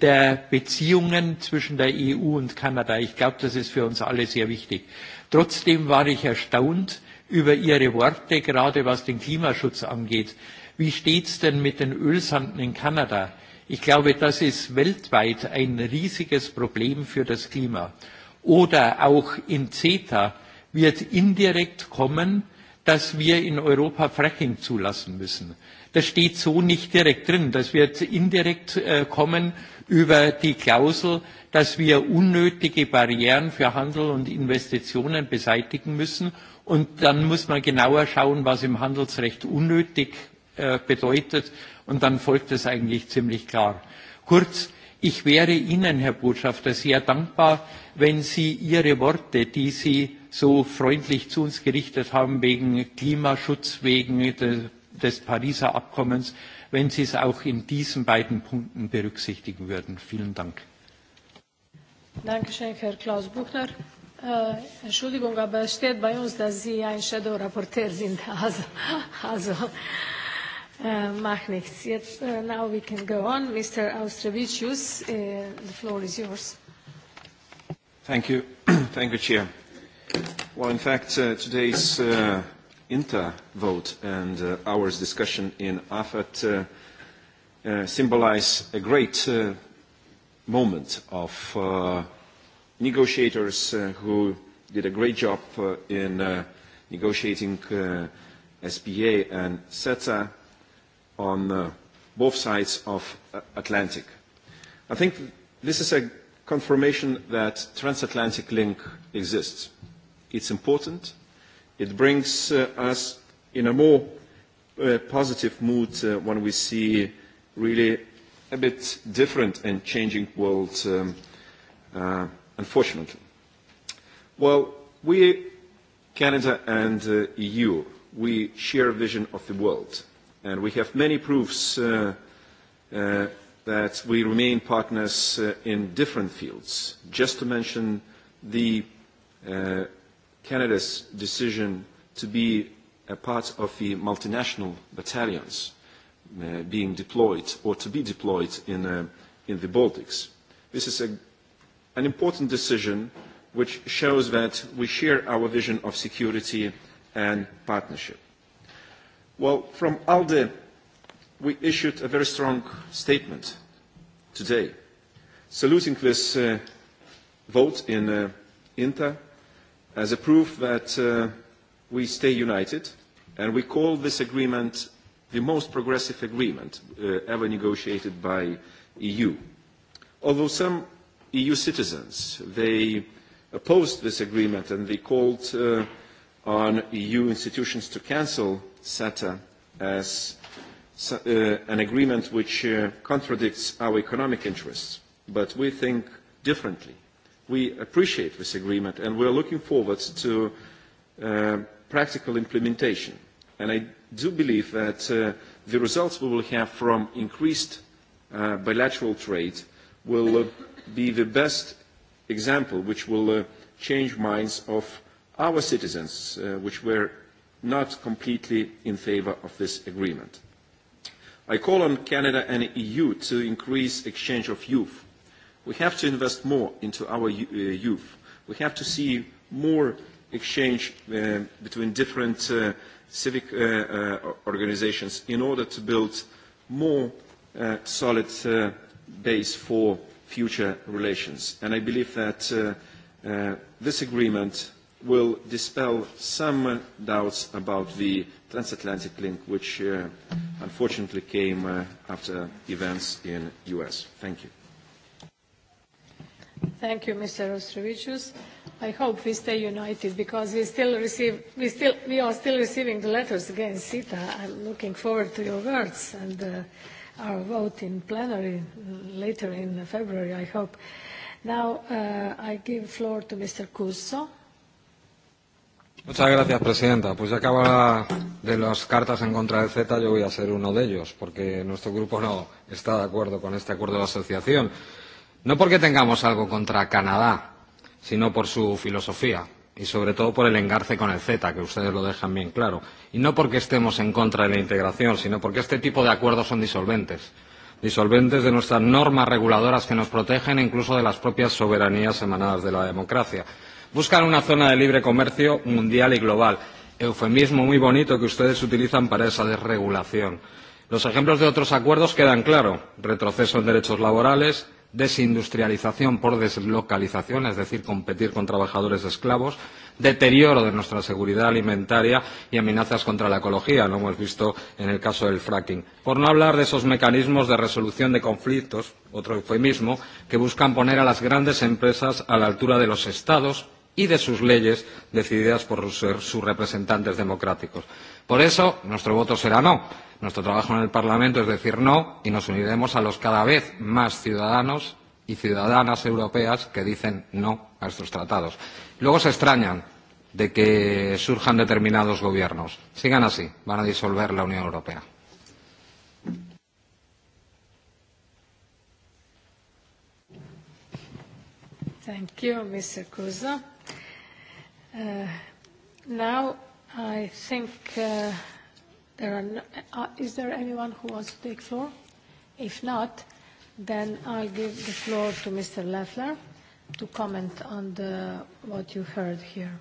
Speaker 12: der Beziehungen zwischen der EU und Kanada. Ich glaube, das ist für uns alle sehr wichtig. Trotzdem war ich erstaunt über Ihre Worte, gerade was den Klimaschutz angeht. Wie steht es denn mit den Ölsanden in Kanada? Ich glaube, das ist weltweit ein riesiges Problem für das Klima. Oder auch in CETA wird indirekt kommen, dass wir in Europa Fracking zulassen müssen. Das steht so nicht direkt drin. Das wird indirekt äh, kommen über die Klausel, dass wir unnötige Barrieren für Handel und Investitionen beseitigen müssen. Und dann muss man genauer schauen, was im Handelsrecht unnötig Äh, bedeutet. Und dann folgt es eigentlich ziemlich klar. Kurz, ich wäre Ihnen, Herr Botschafter, sehr dankbar, wenn Sie Ihre Worte, die Sie so freundlich zu uns gerichtet haben wegen Klimaschutz, wegen de, des Pariser Abkommens, wenn Sie es auch in diesen beiden Punkten berücksichtigen würden. Vielen Dank.
Speaker 7: Dankeschön, Herr Klaus Buchner. Äh, Entschuldigung, aber es steht bei uns, dass Sie ein Shadow-Rapporteur sind. Also, also Uh, Mach uh, now we can go on. Mr. Austrevicius, uh, the floor is yours.
Speaker 13: Thank you. Thank you, Chair. Well, in fact, uh, today's uh, INTA vote and uh, our discussion in AFAT uh, uh, symbolize a great uh, moment of uh, negotiators uh, who did a great job uh, in uh, negotiating uh, SPA and CETA on uh, both sides of uh, Atlantic. I think this is a confirmation that transatlantic link exists. It's important. It brings uh, us in a more uh, positive mood uh, when we see really a bit different and changing world, um, uh, unfortunately. Well, we, Canada and uh, EU, we share a vision of the world And we have many proofs uh, uh, that we remain partners uh, in different fields. Just to mention the uh, Canada's decision to be a part of the multinational battalions uh, being deployed or to be deployed in, uh, in the Baltics. This is a, an important decision which shows that we share our vision of security and partnership. Well, from ALDE, we issued a very strong statement today, saluting this uh, vote in uh, INTA as a proof that uh, we stay united, and we call this agreement the most progressive agreement uh, ever negotiated by EU. Although some EU citizens, they opposed this agreement and they called uh, on EU institutions to cancel CETA as uh, an agreement which uh, contradicts our economic interests, but we think differently. We appreciate this agreement and we are looking forward to uh, practical implementation. And I do believe that uh, the results we will have from increased uh, bilateral trade will uh, be the best example which will uh, change minds of our citizens, uh, which were not completely in favour of this agreement. I call on Canada and the EU to increase exchange of youth. We have to invest more into our uh, youth. We have to see more exchange uh, between different uh, civic uh, uh, organizations in order to build more uh, solid uh, base for future relations. And I believe that uh, uh, this agreement will dispel some doubts about the transatlantic link, which uh, unfortunately came uh, after events in U.S. Thank you.
Speaker 7: Thank you, Mr. Ostrovicius. I hope we stay united because we still receive, we still, we are still receiving the letters against CETA. I'm looking forward to your words and uh, our vote in plenary uh, later in February, I hope. Now uh, I give floor to Mr. Cusso
Speaker 14: Muchas gracias, Presidenta. Pues ya acaba de las cartas en contra del CETA, yo voy a ser uno de ellos, porque nuestro grupo no está de acuerdo con este acuerdo de asociación. No porque tengamos algo contra Canadá, sino por su filosofía y sobre todo por el engarce con el CETA, que ustedes lo dejan bien claro. Y no porque estemos en contra de la integración, sino porque este tipo de acuerdos son disolventes. Disolventes de nuestras normas reguladoras que nos protegen e incluso de las propias soberanías emanadas de la democracia buscan una zona de libre comercio mundial y global. Eufemismo muy bonito que ustedes utilizan para esa desregulación. Los ejemplos de otros acuerdos quedan claros. Retroceso en derechos laborales, desindustrialización por deslocalización, es decir, competir con trabajadores esclavos, deterioro de nuestra seguridad alimentaria y amenazas contra la ecología, lo hemos visto en el caso del fracking. Por no hablar de esos mecanismos de resolución de conflictos, otro eufemismo, que buscan poner a las grandes empresas a la altura de los estados y de sus leyes decididas por sus representantes democráticos. Por eso, nuestro voto será no. Nuestro trabajo en el Parlamento es decir no y nos uniremos a los cada vez más ciudadanos y ciudadanas europeas que dicen no a estos tratados. Luego se extrañan de que surjan determinados gobiernos. Sigan así, van a disolver la Unión Europea.
Speaker 7: Thank you, Mr. Cousin. Uh, now, I think uh, there are. No, uh, uh, is there anyone who wants to take floor? If not, then I'll give the floor to Mr. Leffler to comment on the, what you heard here.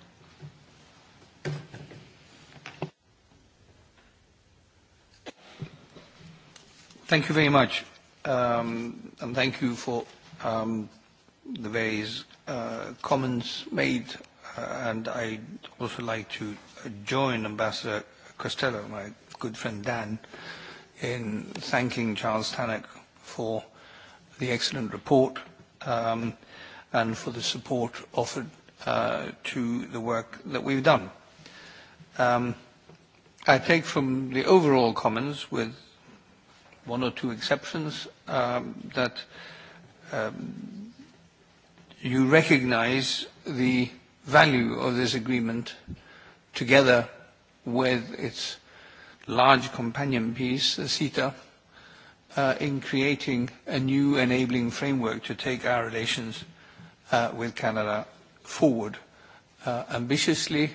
Speaker 5: Thank you very much, um, and thank you for um, the various uh, comments made and I'd also like to join Ambassador Costello, my good friend Dan, in thanking Charles Tannock for the excellent report um, and for the support offered uh, to the work that we've done. Um, I take from the overall comments, with one or two exceptions, um, that um, you recognize the value of this agreement together with its large companion piece, CETA, uh, in creating a new enabling framework to take our relations uh, with Canada forward uh, ambitiously,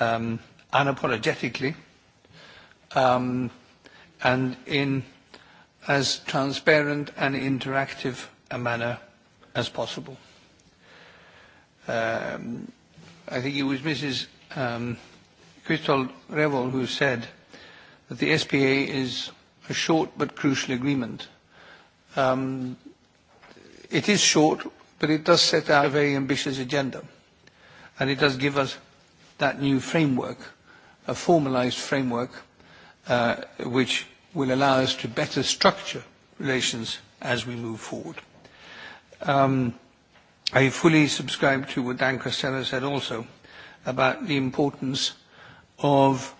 Speaker 5: um, unapologetically, um, and in as transparent and interactive a manner as possible um, I think it was Mrs. Um, Crystal Revel who said that the SPA is a short but crucial agreement. Um, it is short, but it does set out a very ambitious agenda. And it does give us that new framework, a formalized framework, uh, which will allow us to better structure relations as we move forward. Um, I fully subscribe to what Dan Costello said also about the importance of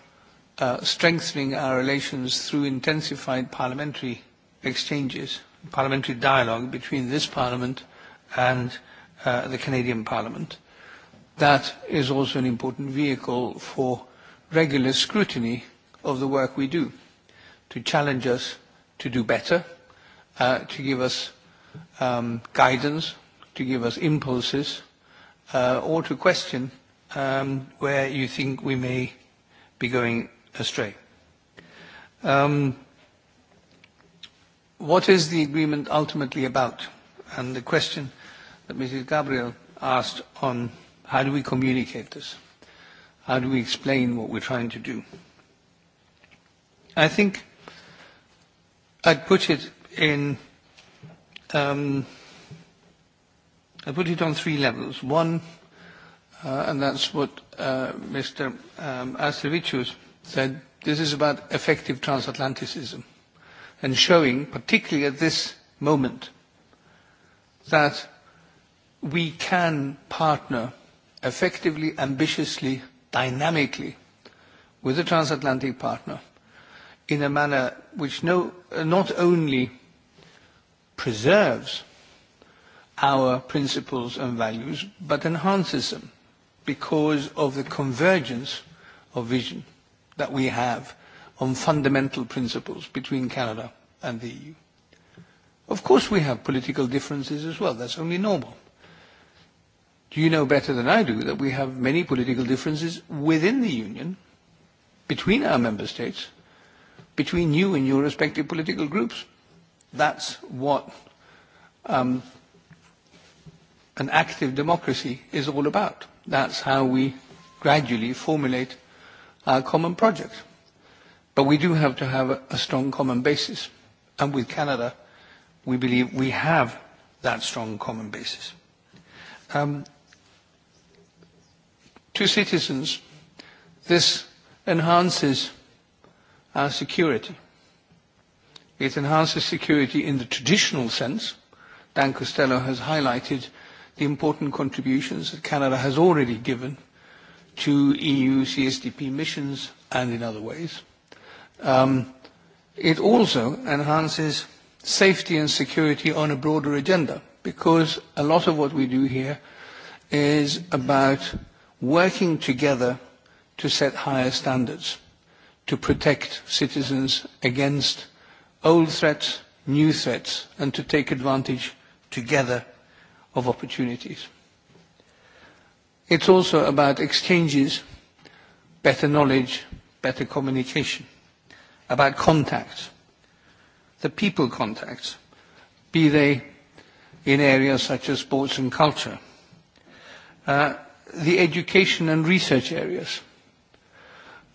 Speaker 5: uh, strengthening our relations through intensified parliamentary exchanges, parliamentary dialogue between this parliament and uh, the Canadian parliament. That is also an important vehicle for regular scrutiny of the work we do, to challenge us to do better, uh, to give us um, guidance to give us impulses uh, or to question um, where you think we may be going astray. Um, what is the agreement ultimately about? And the question that Mrs. Gabriel asked on how do we communicate this? How do we explain what we're trying to do? I think I'd put it in um, I put it on three levels. One, uh, and that's what uh, Mr. Um, Asevichus said, this is about effective transatlanticism and showing, particularly at this moment, that we can partner effectively, ambitiously, dynamically with a transatlantic partner in a manner which no, uh, not only preserves – our principles and values, but enhances them because of the convergence of vision that we have on fundamental principles between Canada and the EU. Of course we have political differences as well, that's only normal. Do you know better than I do that we have many political differences within the Union, between our member states, between you and your respective political groups? That's what um, an active democracy is all about. That's how we gradually formulate our common project. But we do have to have a, strong common basis. And with Canada, we believe we have that strong common basis. Um, to citizens, this enhances our security. It enhances security in the traditional sense. Dan Costello has highlighted the important contributions that Canada has already given to EU CSDP missions and in other ways. Um, it also enhances safety and security on a broader agenda because a lot of what we do here is about working together to set higher standards, to protect citizens against old threats, new threats, and to take advantage together of opportunities. It's also about exchanges, better knowledge, better communication, about contacts, the people contacts, be they in areas such as sports and culture, uh, the education and research areas,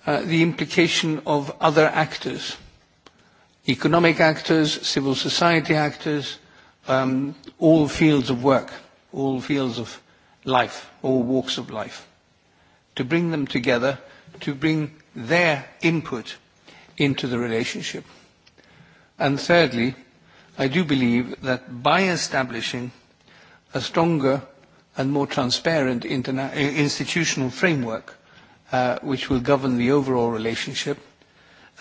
Speaker 5: uh, the implication of other actors, economic actors, civil society actors, um, all fields of work, all fields of life, all walks of life, to bring them together, to bring their input into the relationship. And thirdly, I do believe that by establishing a stronger and more transparent institutional framework uh, which will govern the overall relationship,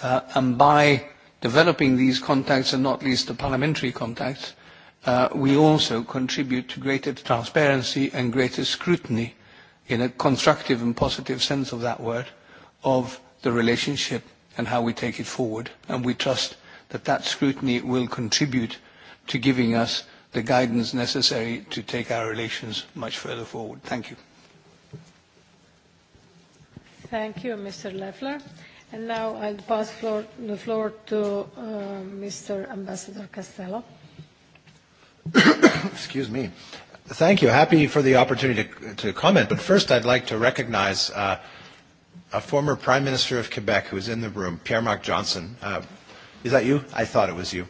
Speaker 5: uh, and by developing these contacts and not least the parliamentary contacts, Uh, we also contribute to greater transparency and greater scrutiny in a constructive and positive sense of that word of the relationship and how we take it forward. And we trust that that scrutiny will contribute to giving us the guidance necessary to take our relations much further forward. Thank you.
Speaker 7: Thank you, Mr. Leffler. And now I'll pass floor, the floor to uh, Mr. Ambassador Castello.
Speaker 8: Excuse me. Thank you. Happy for the opportunity to, to comment. But first, I'd like to recognize uh, a former Prime Minister of Quebec who is in the room, Pierre Marc Johnson. Uh, is that you? I thought it was you.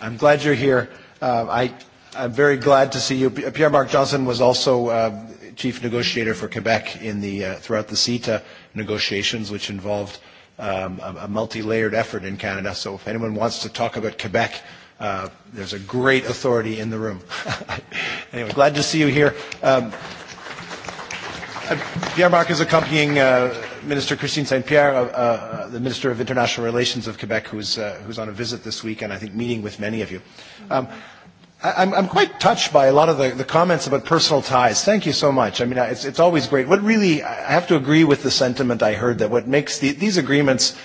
Speaker 8: I'm glad you're here. Uh, I, I'm very glad to see you. Uh, Pierre Marc Johnson was also uh, chief negotiator for Quebec in the, uh, throughout the CETA negotiations, which involved um, a, a multi-layered effort in Canada. So if anyone wants to talk about Quebec, Uh, there's a great authority in the room. anyway, glad to see you here. Um, uh, Pierre Marc is accompanying uh, Minister Christine St. Pierre, uh, uh, the Minister of International Relations of Quebec, who's, uh, who's on a visit this week and I think meeting with many of you. Um, I, I'm, I'm quite touched by a lot of the, the comments about personal ties. Thank you so much. I mean, uh, it's, it's always great. What really, I have to agree with the sentiment I heard that what makes the, these agreements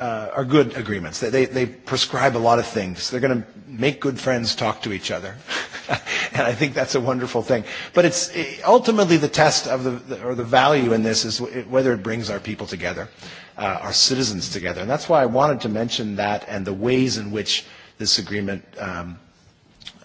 Speaker 8: uh, are good agreements. They, they, they prescribe a lot of things. They're going to make good friends talk to each other. and I think that's a wonderful thing. But it's it, ultimately the test of the, the, or the value in this is w whether it brings our people together, uh, our citizens together. And that's why I wanted to mention that and the ways in which this agreement um,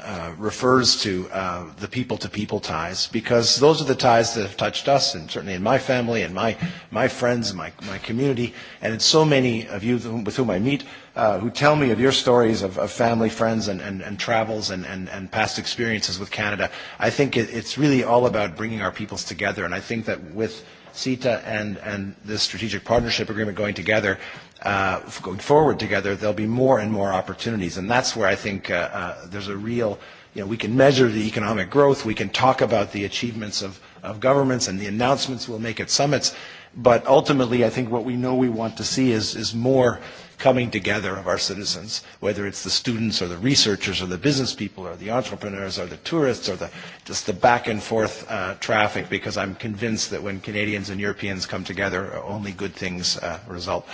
Speaker 8: uh, refers to uh, the people-to-people -people ties because those are the ties that have touched us and certainly in my family and my, my friends and my, my community and in so many of you with whom I meet uh, who tell me of your stories of, of family, friends and, and, and travels and, and, and past experiences with Canada. I think it, it's really all about bringing our peoples together and I think that with – CETA and, and this strategic partnership agreement going together, uh, going forward together, there'll be more and more opportunities. And that's where I think uh, uh, there's a real, you know, we can measure the economic growth, we can talk about the achievements of, of governments and the announcements we'll make at summits, but ultimately I think what we know we want to see is, is more coming together of our citizens, whether it's the students or the researchers or the business people or the entrepreneurs or the tourists or the, just the back and forth uh, traffic, because I'm convinced that when Canadians and Europeans come together, only good things uh, result.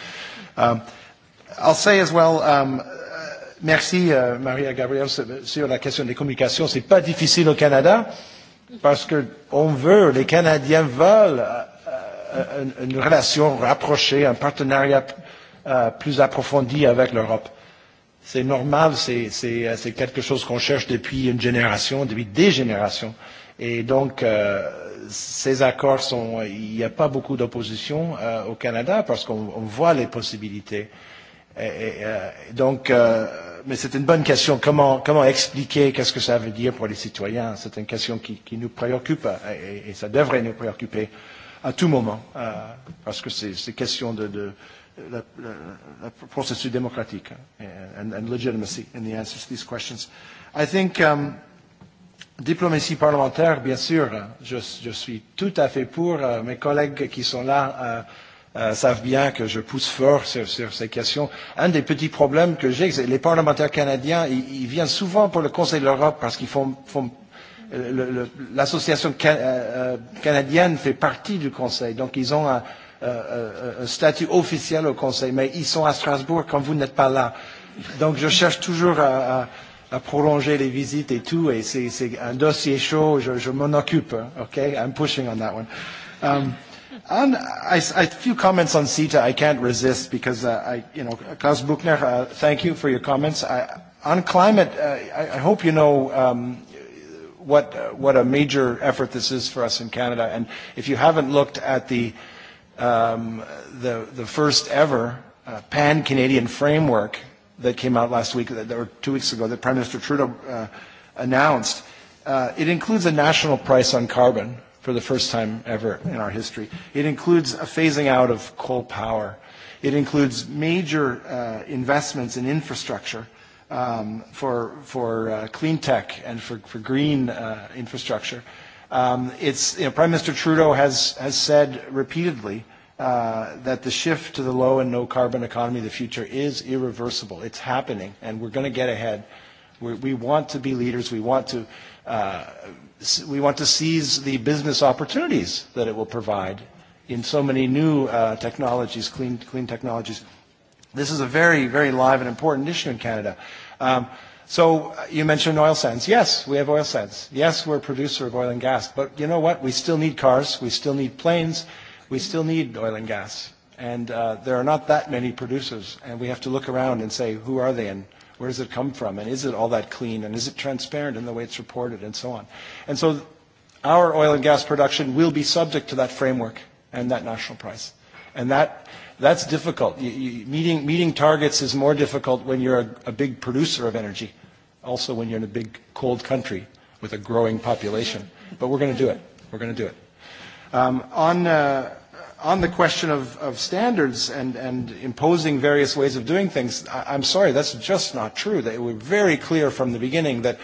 Speaker 8: Um, I'll say as well, um, uh, merci uh Maria Gabriel sur la question des communications. Ce n'est pas difficile au Canada parce qu'on veut, les Canadiens veulent uh une, une relation rapprochée, un partenariat euh, plus approfondie avec l'Europe. C'est normal, euh, c'est quelque chose qu'on cherche depuis une génération, depuis des générations. Et donc, euh, ces accords sont, il n'y a pas beaucoup d'opposition euh, au Canada parce qu'on voit les possibilités. Et, et, euh, donc, euh, mais c'est une bonne question. Comment, comment expliquer qu'est-ce que ça veut dire pour les citoyens C'est une question qui, qui nous préoccupe euh, et, et ça devrait nous préoccuper à tout moment euh, parce que c'est question de, de, the, the, the process to democratic uh, and, and legitimacy in the answers to these questions. I think um, diplomatie parlementaire, bien sûr, je, je suis tout à fait pour. Euh, mes collègues qui sont là uh, uh, savent bien que je pousse fort sur, sur ces questions. Un des petits problèmes que j'ai, c'est les parlementaires canadiens, ils, ils viennent souvent pour le Conseil de l'Europe parce qu'ils font, font l'association can, euh, euh, canadienne fait partie du Conseil, donc ils ont un, un euh, euh, euh, statut officiel au Conseil. Mais ils sont à Strasbourg quand vous n'êtes pas là. Donc je cherche toujours à, à, à prolonger les visites et tout, et c'est un dossier chaud, je, je m'en occupe. OK? I'm pushing on that one. Um, and I, I, a few comments on CETA I can't resist because, uh, I, you know, Klaus Buchner, uh, thank you for your comments. I, on climate, uh, I, I hope you know um, what, uh, what a major effort this is for us in Canada. And if you haven't looked at the uh, um, the, the first ever uh, pan-Canadian framework that came out last week, that, or two weeks ago, that Prime Minister Trudeau uh, announced. Uh, it includes a national price on carbon for the first time ever in our history. It includes a phasing out of coal power. It includes major uh, investments in infrastructure um, for, for uh, clean tech and for, for green uh, infrastructure. Um, it's, you know, Prime Minister Trudeau has, has said repeatedly uh, that the shift to the low and no carbon economy of the future is irreversible. It's happening, and we're going to get ahead. We're, we want to be leaders. We want to. Uh, we want to seize the business opportunities that it will provide in so many new uh, technologies, clean, clean technologies. This is a very, very live and important issue in Canada. Um, so uh, you mentioned oil sands. Yes, we have oil sands. Yes, we're a producer of oil and gas. But you know what? We still need cars. We still need planes we still need oil and gas. And uh, there are not that many producers, and we have to look around and say, who are they and where does it come from? And is it all that clean? And is it transparent in the way it's reported and so on? And so our oil and gas production will be subject to that framework and that national price. And that, that's difficult. You, you, meeting, meeting targets is more difficult when you're a, a big producer of energy, also when you're in a big cold country with a growing population. But we're going to do it. We're going to do it. Um, on, uh, on the question of, of standards and, and imposing various ways of doing things, I, I'm sorry, that's just not true. They were very clear from the beginning that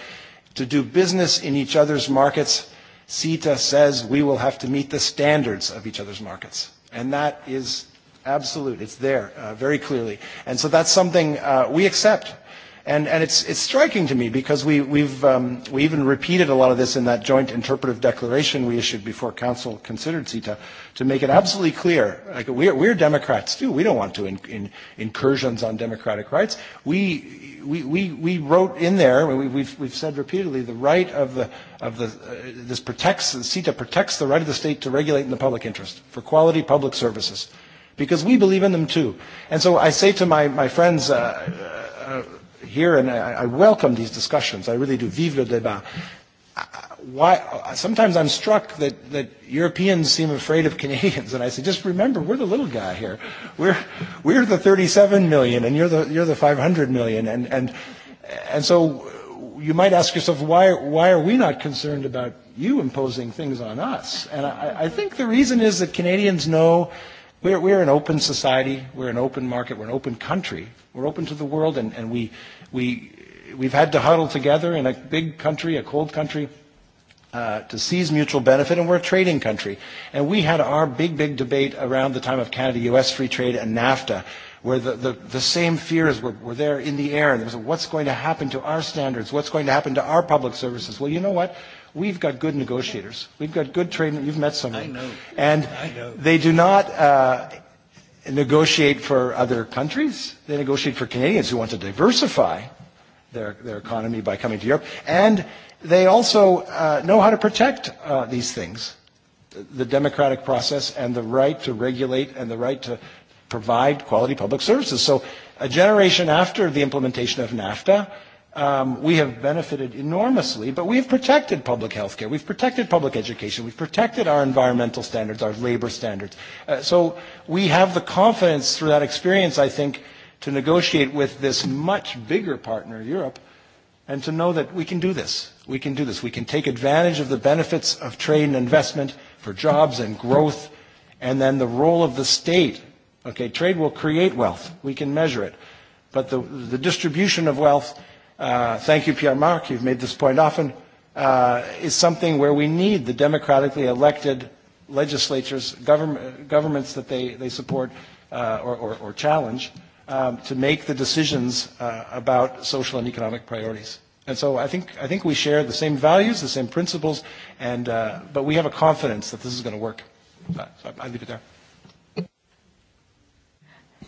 Speaker 8: to do business in each other's markets, CETA says we will have to meet the standards of each other's markets. And that is absolute. It's there uh, very clearly. And so that's something uh, we accept And, and it's, it's striking to me because we, we've, um, we even repeated a lot of this in that joint interpretive declaration we issued before Council considered CETA to make it absolutely clear. Like we're, we're Democrats too. We don't want to in, in, incursions on democratic rights. We, we, we, we wrote in there, we, we've, we've said repeatedly, the right of the, of the uh, this protects, CETA protects the right of the state to regulate in the public interest for quality public services because we believe in them too. And so I say to my, my friends, uh, uh, here, and I, I welcome these discussions. I really do. Vive le débat. Why, sometimes I'm struck that, that Europeans seem afraid of Canadians, and I say, just remember, we're the little guy here. We're, we're the 37 million, and you're the, you're the 500 million. And, and, and so you might ask yourself, why, why are we not concerned about you imposing things on us? And I, I think the reason is that Canadians know – We're, we're an open society, we're an open market, we're an open country, we're open to the world, and, and we, we, we've had to huddle together in a big country, a cold country, uh, to seize mutual benefit, and we're a trading country. And we had our big, big debate around the time of Canada-U.S. free trade and NAFTA, where the, the, the same fears were, were there in the air, and there was what's going to happen to our standards, what's going to happen to our public services. Well, you know what? We've got good negotiators. We've got good trade. You've met some of them. I know. And I know. they do not uh, negotiate for other countries. They negotiate for Canadians who want to diversify their, their economy by coming to Europe. And they also uh, know how to protect uh, these things, the democratic process and the right to regulate and the right to provide quality public services. So a generation after the implementation of NAFTA, um, we have benefited enormously, but we've protected public health care, we've protected public education, we've protected our environmental standards, our labor standards. Uh, so we have the confidence through that experience, I think, to negotiate with this much bigger partner, Europe, and to know that we can do this. We can do this. We can take advantage of the benefits of trade and investment for jobs and growth, and then the role of the state. Okay, trade will create wealth. We can measure it. But the, the distribution of wealth uh, thank you, Pierre-Marc, you've made this point often, uh, is something where we need the democratically elected legislatures, govern uh, governments that they, they support uh, or, or, or challenge um, to make the decisions uh, about social and economic priorities. And so I think, I think we share the same values, the same principles, and, uh, but we have a confidence that this is going to work. Uh, so, so I leave it there.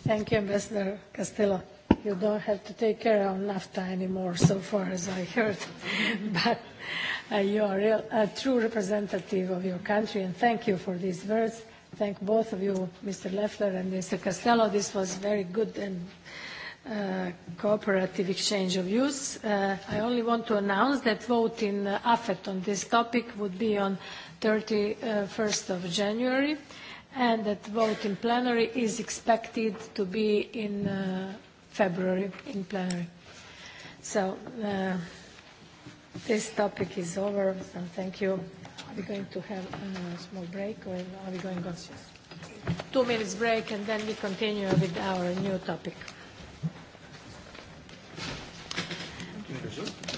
Speaker 7: Thank you, Ambassador Castillo you don't have to take care of NAFTA anymore, so far as I heard. but uh, you are real, a true representative of your country, and thank you for these words. Thank both of you, Mr. Leffler and Mr. Castello. This was very good and uh, cooperative exchange of views. Uh, I only want to announce that vote in uh, AFET on this topic would be on 31st uh, of January and that vote in plenary is expected to be in uh, February in plenary. So uh, this topic is over, so thank you. Are we going to have a small break or are we going on? Two minutes break and then we continue with our new topic. Thank you.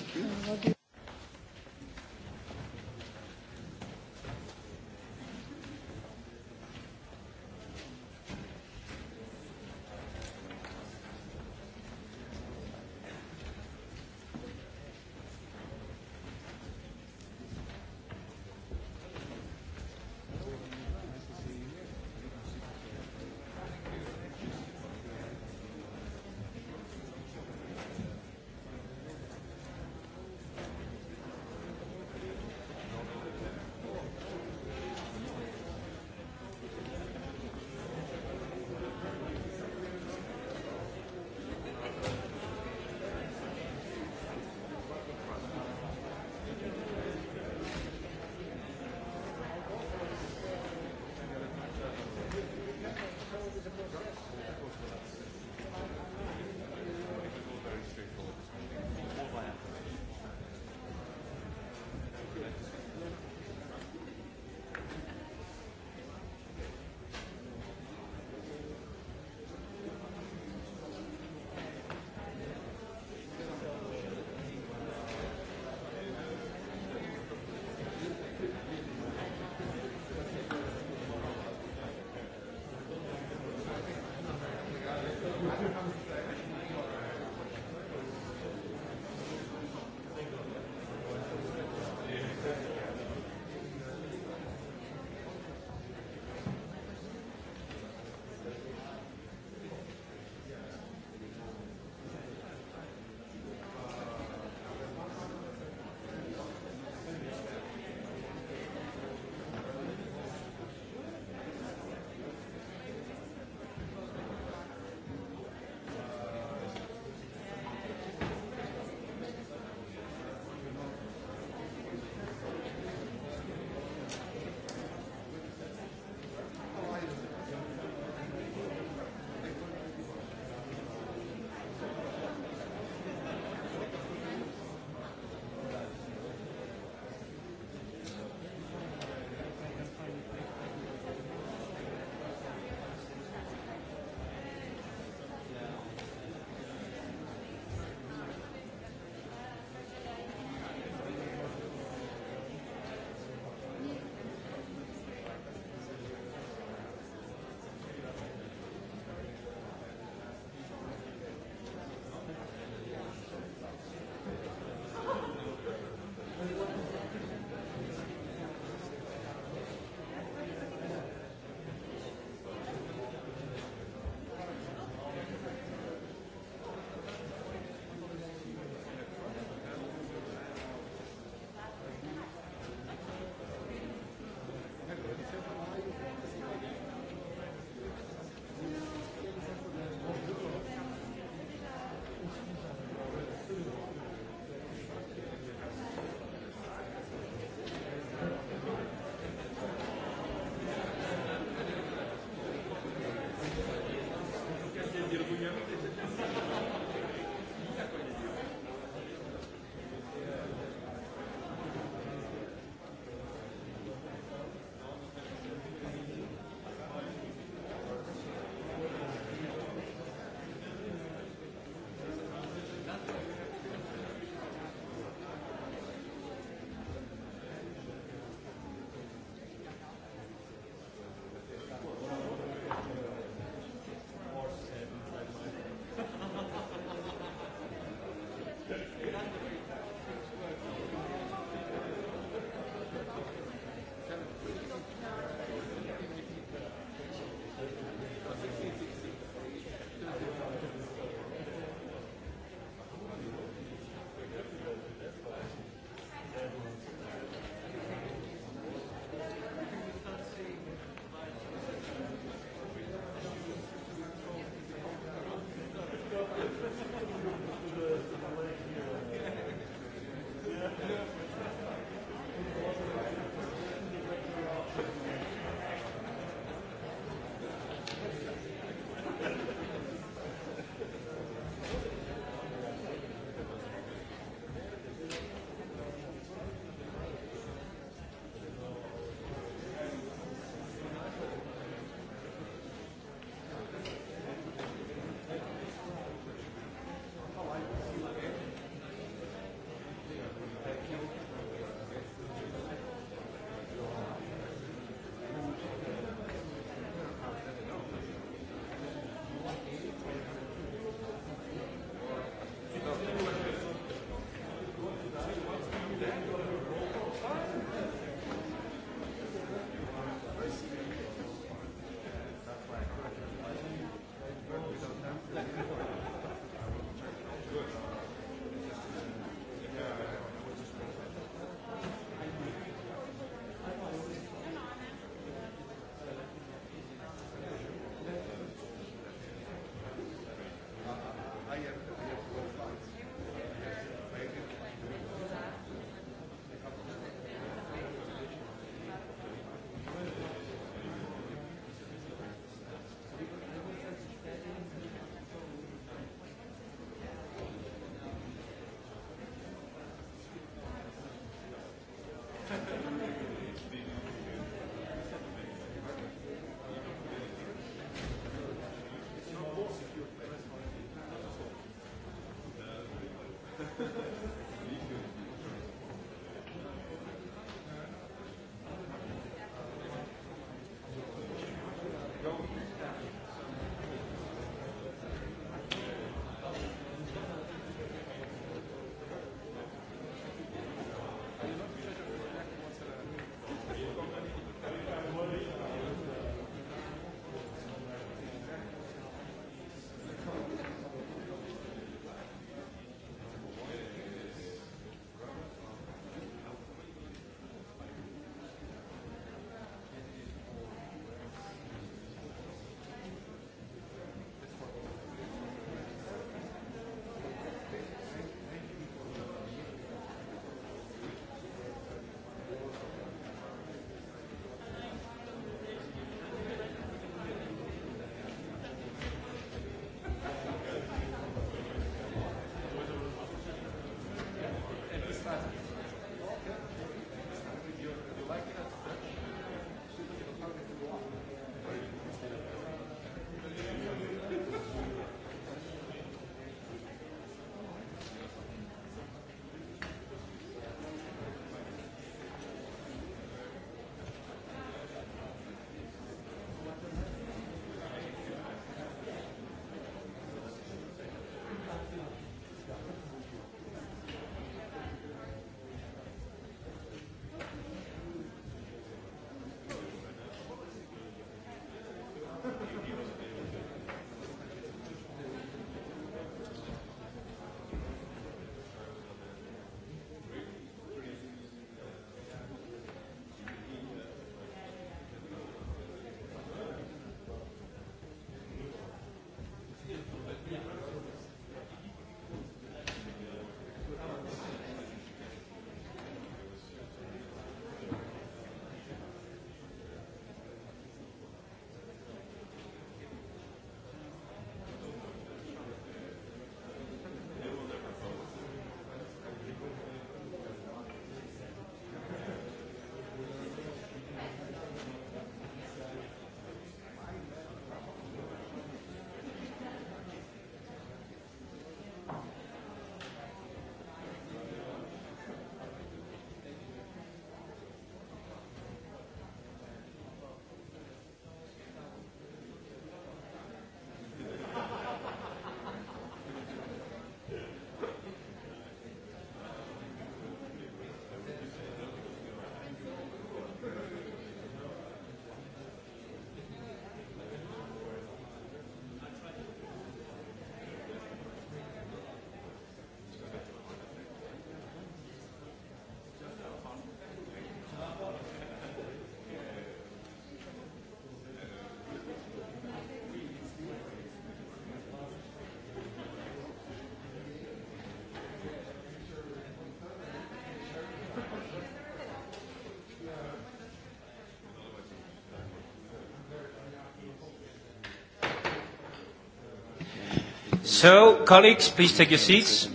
Speaker 15: So, colleagues, please take your seats.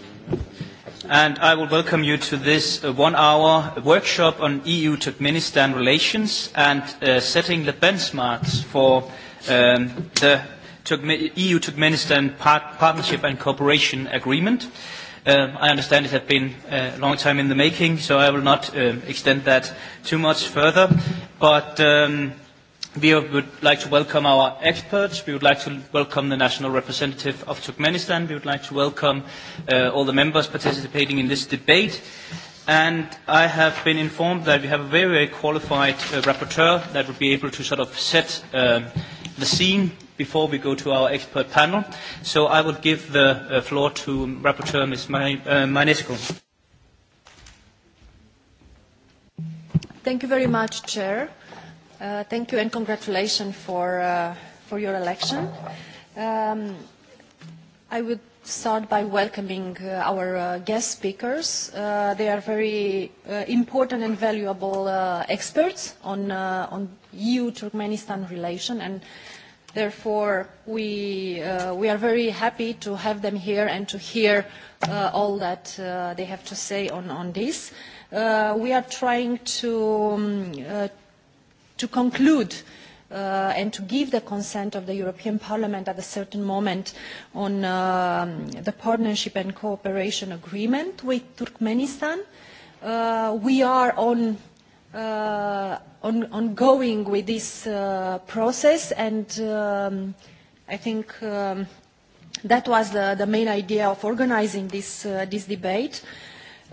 Speaker 15: And I will welcome you to this uh, one-hour workshop on EU-Turkmenistan relations and uh, setting the benchmarks for um, the EU-Turkmenistan e part Partnership and Cooperation Agreement. Uh, I understand it has been a uh, long time in the making, so I will not um, extend that too much further. But... Um, We would like to welcome our experts. We would like to welcome the national representative of Turkmenistan. We would like to welcome uh, all the members participating in this debate. And I have been informed that we have a very, very qualified uh, rapporteur that would be able to sort of set um, the scene before we go to our expert panel. So I will give the uh, floor to Rapporteur Ms. Ma uh,
Speaker 16: Thank you very much, Chair. Uh, thank you and congratulations for, uh, for your election. Um, I would start by welcoming uh, our uh, guest speakers. Uh, they are very uh, important and valuable uh, experts on, uh, on EU-Turkmenistan relation and therefore we, uh, we are very happy to have them here and to hear uh, all that uh, they have to say on, on this. Uh, we are trying to, um, uh, to conclude uh, and to give the consent of the European Parliament at a certain moment on uh, the partnership and cooperation agreement with Turkmenistan. Uh, we are on uh, on, ongoing with this uh, process and um, I think um, that was the, the main idea of organizing this, uh, this debate.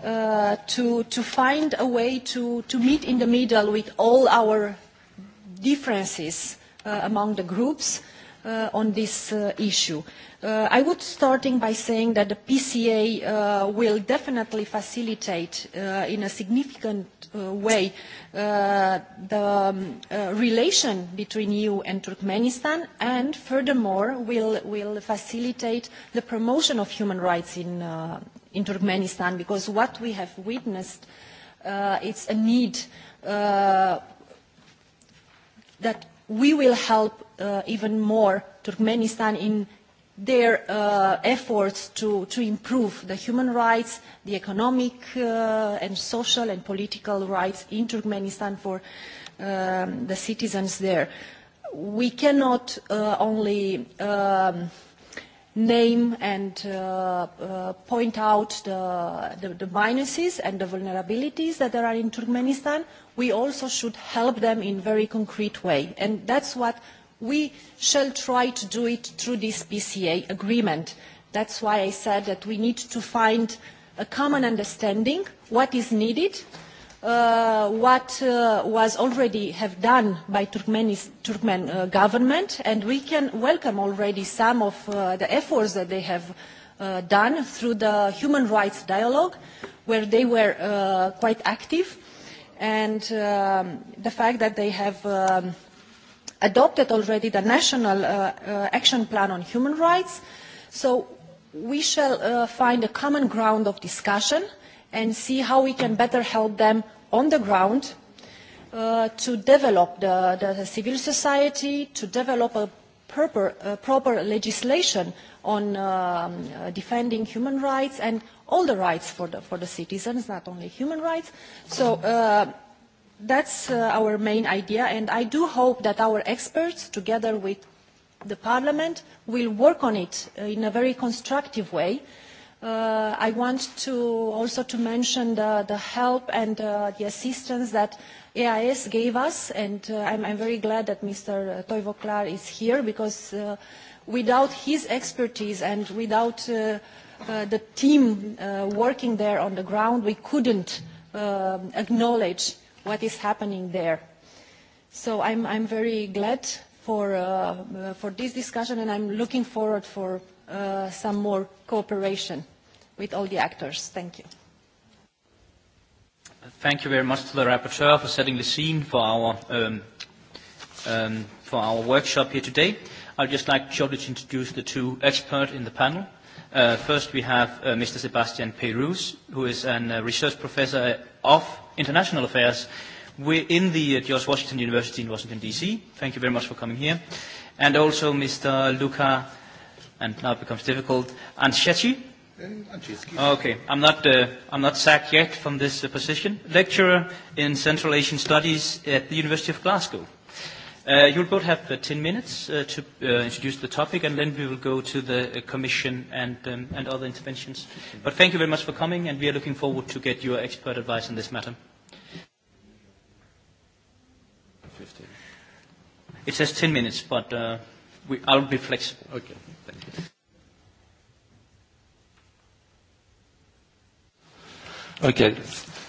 Speaker 16: Uh, to, to find a way to, to meet in the middle with all our differences uh, among the groups uh, on this uh, issue. Uh, I would starting by saying that the PCA uh, will definitely facilitate uh, in a significant uh, way uh, the um, uh, relation between EU and Turkmenistan and furthermore will, will facilitate the promotion of human rights in, uh, in Turkmenistan because what we have witnessed uh, is a need uh, that we will help uh, even more Turkmenistan in their uh, efforts to, to improve the human rights, the economic uh, and social and political rights in Turkmenistan for um, the citizens there. We cannot uh, only um, name and uh, uh, point out the, the, the minuses and the vulnerabilities that there are in Turkmenistan we also should help them in a very concrete way. And that's what we shall try to do it through this PCA agreement. That's why I said that we need to find a common understanding, what is needed, uh, what uh, was already have done by Turkmenis, Turkmen uh, government, and we can welcome already some of uh, the efforts that they have uh, done through the human rights dialogue, where they were uh, quite active and um, the fact that they have um, adopted already the national uh, uh, action plan on human rights. So we shall uh, find a common ground of discussion and see how we can better help them on the ground uh, to develop the, the, the civil society, to develop a proper, uh, proper legislation on um, uh, defending human rights and all the rights for the, for the citizens, not only human rights. So uh, that's uh, our main idea, and I do hope that our experts, together with the Parliament, will work on it uh, in a very constructive way. Uh, I want to also to mention the, the help and uh, the assistance that AIS gave us, and uh, I'm, I'm very glad that Mr. Toivo Klar is here, because uh, without his expertise and without uh, uh, the team uh, working there on the ground, we couldn't uh, acknowledge what is happening there. So I'm, I'm very glad for, uh, uh, for this discussion and I'm looking forward for uh, some more cooperation with all the actors. Thank you.
Speaker 15: Thank you very much to the rapporteur for setting the scene for our, um, um, for our workshop here today. I'd just like shortly to introduce the two experts in the panel. Uh, first, we have uh, Mr. Sebastian Peyrous, who is a uh, research professor of international affairs We're in the uh, George Washington University in Washington, D.C. Thank you very much for coming here. And also Mr. Luca, and now it becomes difficult, Ancetti. Okay, I'm not, uh, I'm not sacked yet from this uh, position. Lecturer in Central Asian Studies at the University of Glasgow. Uh, you'll both have uh, 10 minutes uh, to uh, introduce the topic, and then we will go to the uh, Commission and, um, and other interventions. But thank you very much for coming, and we are looking forward to get your expert advice on this matter. 15. It says 10 minutes, but uh, we, I'll be flexible. Okay, thank
Speaker 17: you. Okay,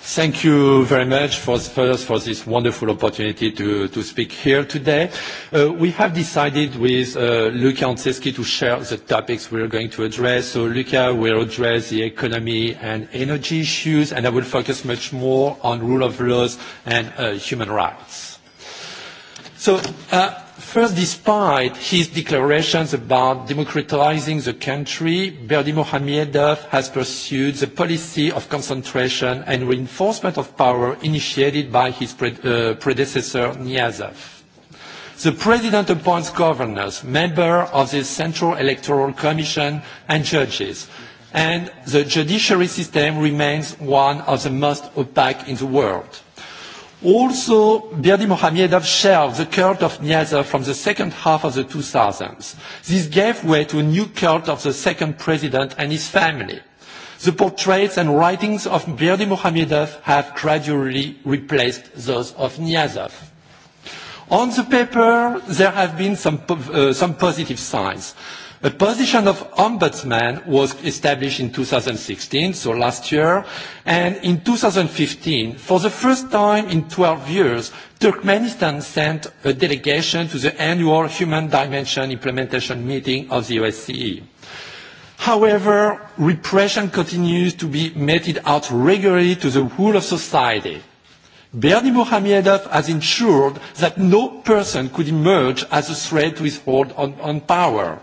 Speaker 17: Thank you very much for, first for this wonderful opportunity to, to speak here today. Uh, we have decided with uh, Luca Anceski to share the topics we are going to address. So Luca will address the economy and energy issues, and I will focus much more on rule of laws and uh, human rights. So, uh, first, despite his declarations about democratizing the country, Berdi Mohamedov has pursued the policy of concentration and reinforcement of power initiated by his pre uh, predecessor Niyazov. The President appoints governors, members of the Central Electoral Commission and judges, and the judiciary system remains one of the most opaque in the world. Also, Berdi Mohamedov shared the cult of Niazer from the second half of the 2000s. This gave way to a new cult of the second president and his family. The portraits and writings of Berdi Mohamedov have gradually replaced those of Niazov. On the paper, there have been some, uh, some positive signs. A position of ombudsman was established in 2016, so last year, and in 2015, for the first time in 12 years, Turkmenistan sent a delegation to the annual Human Dimension Implementation meeting of the OSCE. However, repression continues to be meted out regularly to the whole of society. Bernie Mohamedov has ensured that no person could emerge as a threat to his hold on, on power.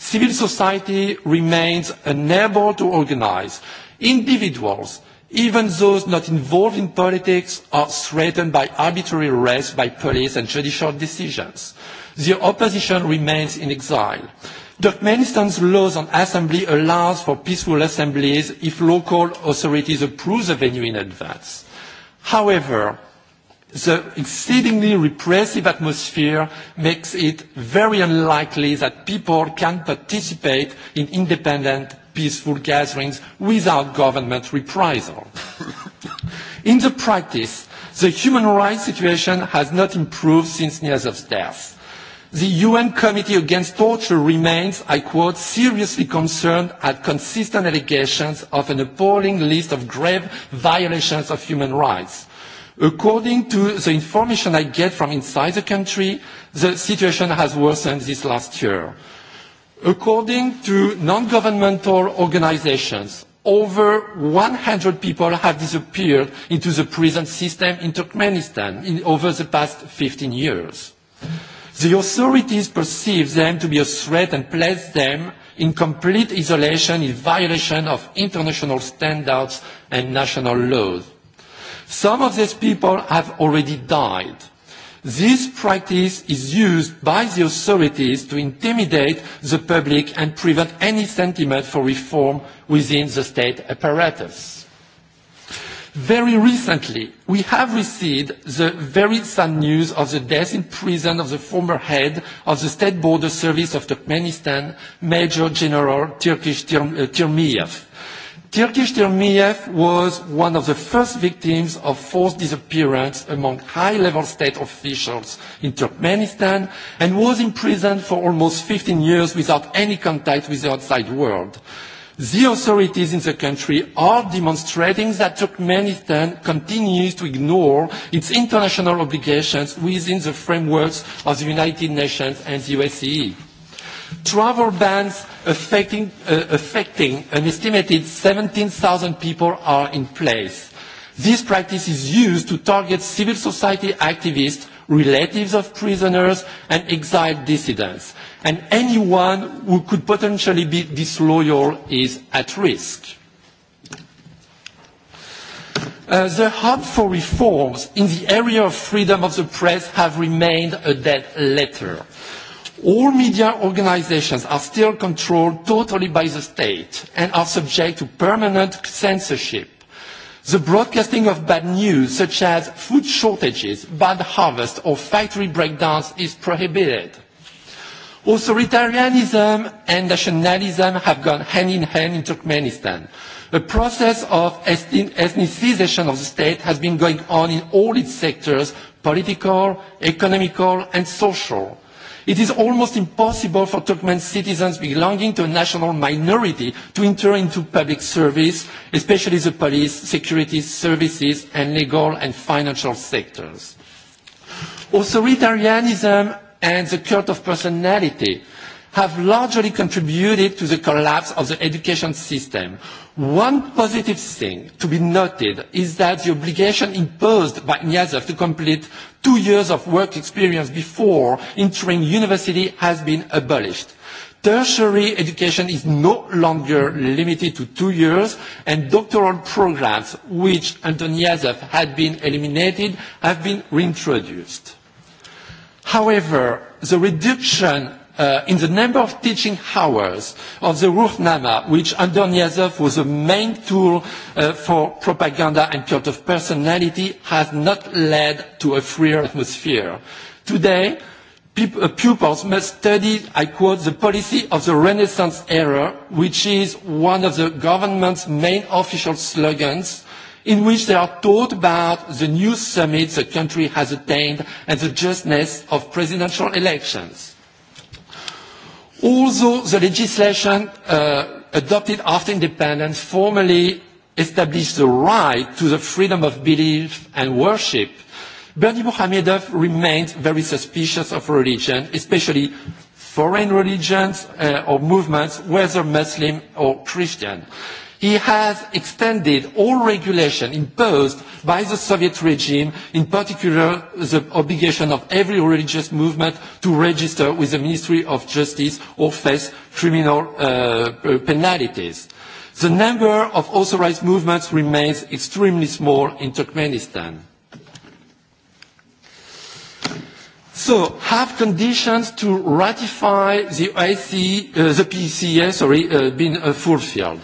Speaker 17: Civil society remains unable to organize. Individuals, even those not involved in politics, are threatened by arbitrary arrests by police and judicial decisions. The opposition remains in exile. Turkmenistan's laws on assembly allows for peaceful assemblies if local authorities approve the venue in advance. However, The exceedingly repressive atmosphere makes it very unlikely that people can participate in independent, peaceful gatherings without government reprisal. in the practice, the human rights situation has not improved since Niazov's death. The UN Committee Against Torture remains, I quote, seriously concerned at consistent allegations of an appalling list of grave violations of human rights. According to the information I get from inside the country, the situation has worsened this last year. According to non-governmental organizations, over 100 people have disappeared into the prison system in Turkmenistan in, over the past 15 years. The authorities perceive them to be a threat and place them in complete isolation in violation of international standards and national laws. Some of these people have already died. This practice is used by the authorities to intimidate the public and prevent any sentiment for reform within the state apparatus. Very recently, we have received the very sad news of the death in prison of the former head of the State Border Service of Turkmenistan, Major General Turkish Tirmiyev. Turkish Termiyev was one of the first victims of forced disappearance among high-level state officials in Turkmenistan and was imprisoned for almost 15 years without any contact with the outside world. The authorities in the country are demonstrating that Turkmenistan continues to ignore its international obligations within the frameworks of the United Nations and the OSCE. Travel bans affecting, uh, affecting an estimated 17,000 people are in place. This practice is used to target civil society activists, relatives of prisoners, and exiled dissidents. And anyone who could potentially be disloyal is at risk. Uh, the hub for reforms in the area of freedom of the press have remained a dead letter. All media organizations are still controlled totally by the state and are subject to permanent censorship. The broadcasting of bad news such as food shortages, bad harvests or factory breakdowns is prohibited. Authoritarianism and nationalism have gone hand in hand in Turkmenistan. The process of ethnicization of the state has been going on in all its sectors, political, economical and social. It is almost impossible for Turkmen citizens belonging to a national minority to enter into public service, especially the police, security services, and legal and financial sectors. Authoritarianism and the cult of personality have largely contributed to the collapse of the education system. One positive thing to be noted is that the obligation imposed by NIASF to complete two years of work experience before entering university has been abolished. Tertiary education is no longer limited to two years, and doctoral programs, which under NIASF had been eliminated, have been reintroduced. However, the reduction uh, in the number of teaching hours of the Nama, which under Niazov was a main tool uh, for propaganda and cult of personality, has not led to a freer atmosphere. Today, uh, pupils must study, I quote, the policy of the Renaissance era, which is one of the government's main official slogans, in which they are taught about the new summits the country has attained and the justness of presidential elections. Also, the legislation uh, adopted after independence formally established the right to the freedom of belief and worship. Bernie Mohamedov remained very suspicious of religion, especially foreign religions uh, or movements, whether Muslim or Christian. He has extended all regulation imposed by the Soviet regime, in particular the obligation of every religious movement to register with the Ministry of Justice or face criminal uh, penalties. The number of authorized movements remains extremely small in Turkmenistan. So, have conditions to ratify the, IC, uh, the PCA sorry, uh, been uh, fulfilled?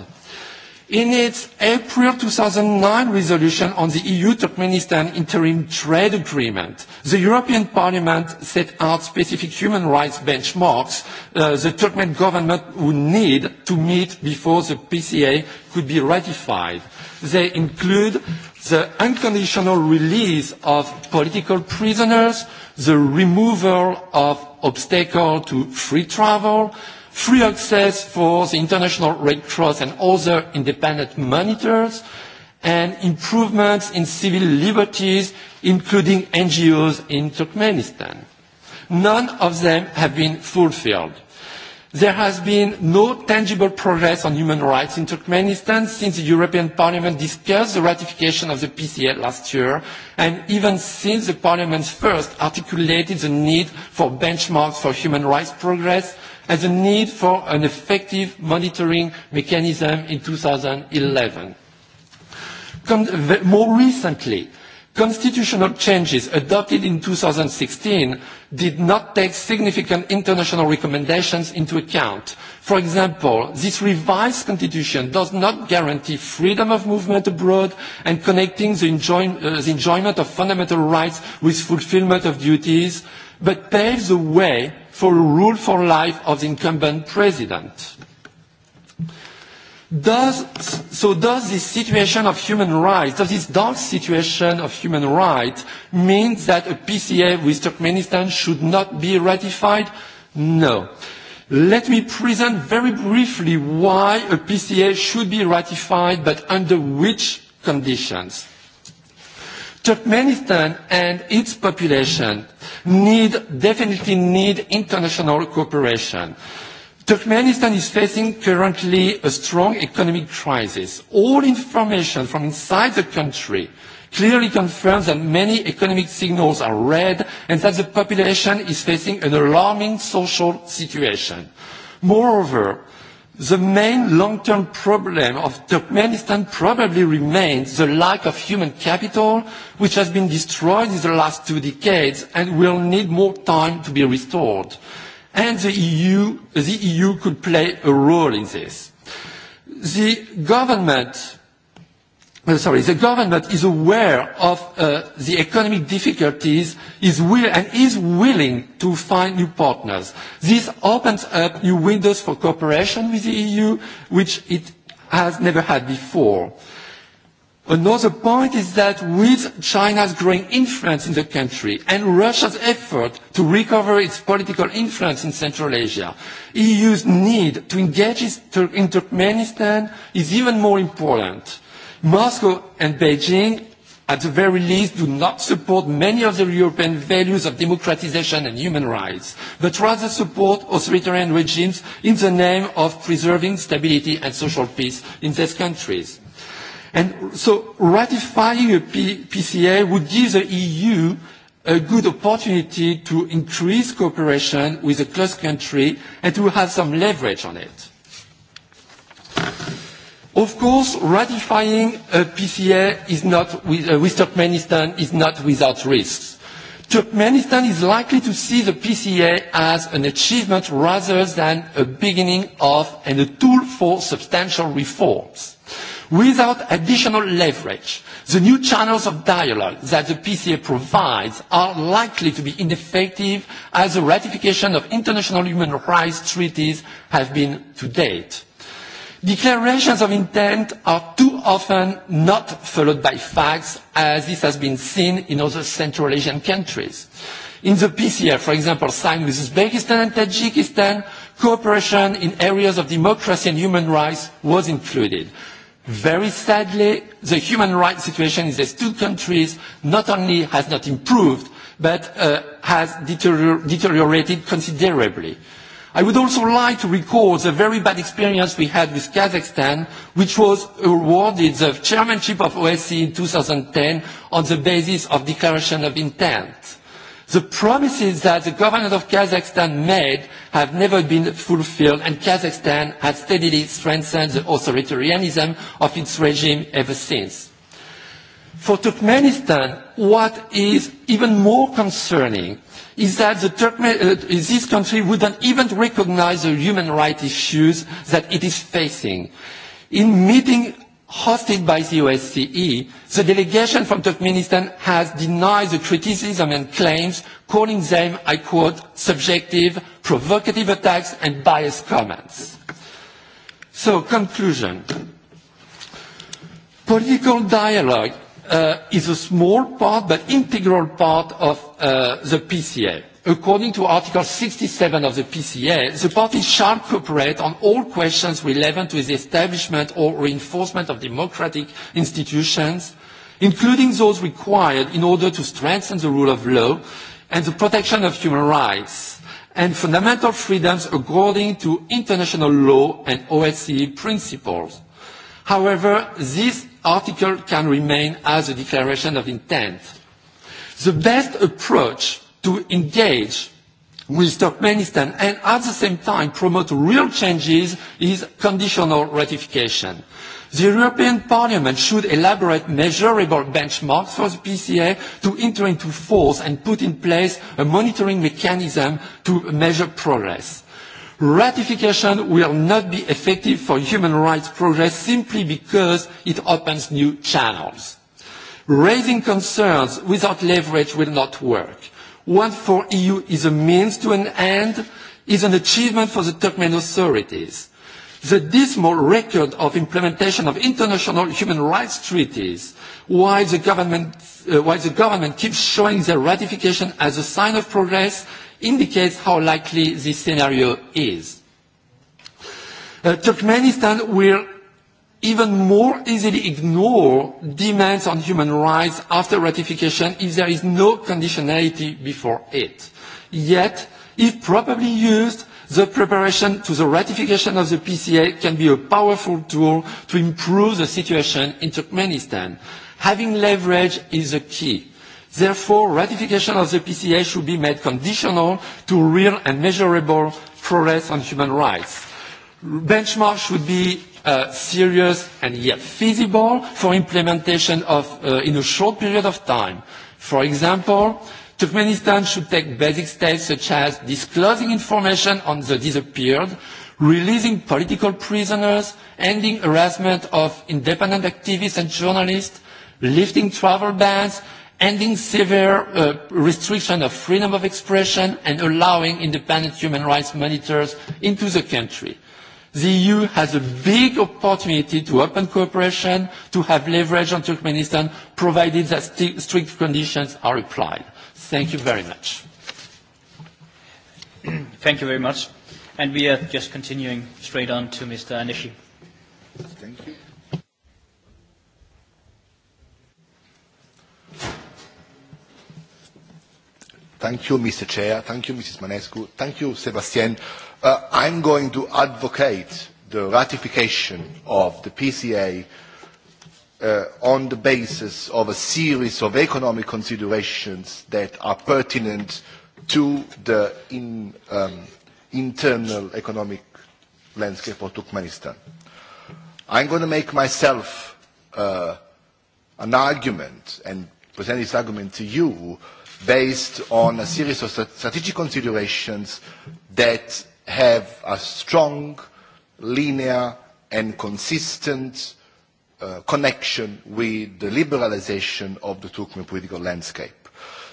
Speaker 17: In its April 2009 resolution on the EU-Turkmenistan interim trade agreement, the European Parliament set out specific human rights benchmarks uh, the Turkmen government would need to meet before the PCA could be ratified. They include the unconditional release of political prisoners, the removal of obstacles to free travel, free access for the International Red Cross and other independent monitors, and improvements in civil liberties, including NGOs in Turkmenistan. None of them have been fulfilled. There has been no tangible progress on human rights in Turkmenistan since the European Parliament discussed the ratification of the PCA last year, and even since the Parliament first articulated the need for benchmarks for human rights progress and the need for an effective monitoring mechanism in 2011. Con more recently, constitutional changes adopted in 2016 did not take significant international recommendations into account. For example, this revised constitution does not guarantee freedom of movement abroad and connecting the, enjoy uh, the enjoyment of fundamental rights with fulfillment of duties, but paves the way for a rule for life of the incumbent president. Does, so does this situation of human rights, does this dark situation of human rights mean that a PCA with Turkmenistan should not be ratified? No. Let me present very briefly why a PCA should be ratified but under which conditions. Turkmenistan and its population need, definitely need international cooperation. Turkmenistan is facing currently a strong economic crisis. All information from inside the country clearly confirms that many economic signals are red and that the population is facing an alarming social situation. Moreover, The main long-term problem of Turkmenistan probably remains the lack of human capital, which has been destroyed in the last two decades and will need more time to be restored. And the EU, the EU could play a role in this. The government Well, sorry, the government is aware of uh, the economic difficulties is will and is willing to find new partners. This opens up new windows for cooperation with the EU, which it has never had before. Another point is that with China's growing influence in the country and Russia's effort to recover its political influence in Central Asia, EU's need to engage in Turkmenistan is even more important. Moscow and Beijing, at the very least, do not support many of the European values of democratization and human rights, but rather support authoritarian regimes in the name of preserving stability and social peace in these countries. And so ratifying a P PCA would give the EU a good opportunity to increase cooperation with a close country and to have some leverage on it. Of course, ratifying a PCA is not with, uh, with Turkmenistan is not without risks. Turkmenistan is likely to see the PCA as an achievement rather than a beginning of and a tool for substantial reforms. Without additional leverage, the new channels of dialogue that the PCA provides are likely to be ineffective as the ratification of international human rights treaties have been to date. Declarations of intent are too often not followed by facts, as this has been seen in other Central Asian countries. In the PCF, for example, signed with Uzbekistan and Tajikistan, cooperation in areas of democracy and human rights was included. Very sadly, the human rights situation in these two countries not only has not improved, but uh, has deterior deteriorated considerably. I would also like to recall the very bad experience we had with Kazakhstan, which was awarded the chairmanship of OSCE in 2010 on the basis of declaration of intent. The promises that the government of Kazakhstan made have never been fulfilled and Kazakhstan has steadily strengthened the authoritarianism of its regime ever since. For Turkmenistan, what is even more concerning is that the Turkmen, uh, this country wouldn't even recognize the human rights issues that it is facing. In meeting hosted by the OSCE, the delegation from Turkmenistan has denied the criticism and claims, calling them, I quote, subjective, provocative attacks and biased comments. So, conclusion. Political dialogue uh, is a small part but integral part of uh, the PCA. According to Article 67 of the PCA, the parties shall cooperate on all questions relevant to the establishment or reinforcement of democratic institutions, including those required in order to strengthen the rule of law and the protection of human rights and fundamental freedoms according to international law and OSCE principles. However, this article can remain as a declaration of intent. The best approach to engage with Turkmenistan and at the same time promote real changes is conditional ratification. The European Parliament should elaborate measurable benchmarks for the PCA to enter into force and put in place a monitoring mechanism to measure progress. Ratification will not be effective for human rights progress simply because it opens new channels. Raising concerns without leverage will not work. One for EU is a means to an end, is an achievement for the Turkmen authorities. The dismal record of implementation of international human rights treaties, while the government, uh, while the government keeps showing their ratification as a sign of progress, indicates how likely this scenario is. Uh, Turkmenistan will even more easily ignore demands on human rights after ratification if there is no conditionality before it. Yet, if properly used, the preparation to the ratification of the PCA can be a powerful tool to improve the situation in Turkmenistan. Having leverage is the key. Therefore, ratification of the PCA should be made conditional to real and measurable progress on human rights. Benchmarks should be uh, serious and yet feasible for implementation of, uh, in a short period of time. For example, Turkmenistan should take basic steps such as disclosing information on the disappeared, releasing political prisoners, ending harassment of independent activists and journalists, lifting travel bans, ending severe uh, restriction of freedom of expression and allowing independent human rights monitors into the country. The EU has a big opportunity to open cooperation, to have leverage on Turkmenistan, provided that st strict conditions are applied. Thank you very
Speaker 15: much. Thank you very much. And we are just continuing straight on to Mr. Anishi.
Speaker 18: Thank you. Thank you, Mr. Chair. Thank you, Mrs. Manescu. Thank you, Sebastian. Uh, I'm going to advocate the ratification of the PCA uh, on the basis of a series of economic considerations that are pertinent to the in, um, internal economic landscape of Turkmenistan. I'm going to make myself uh, an argument and present this argument to you uh, based on a series of strategic considerations that have a strong, linear and consistent uh, connection with the liberalization of the Turkmen political landscape.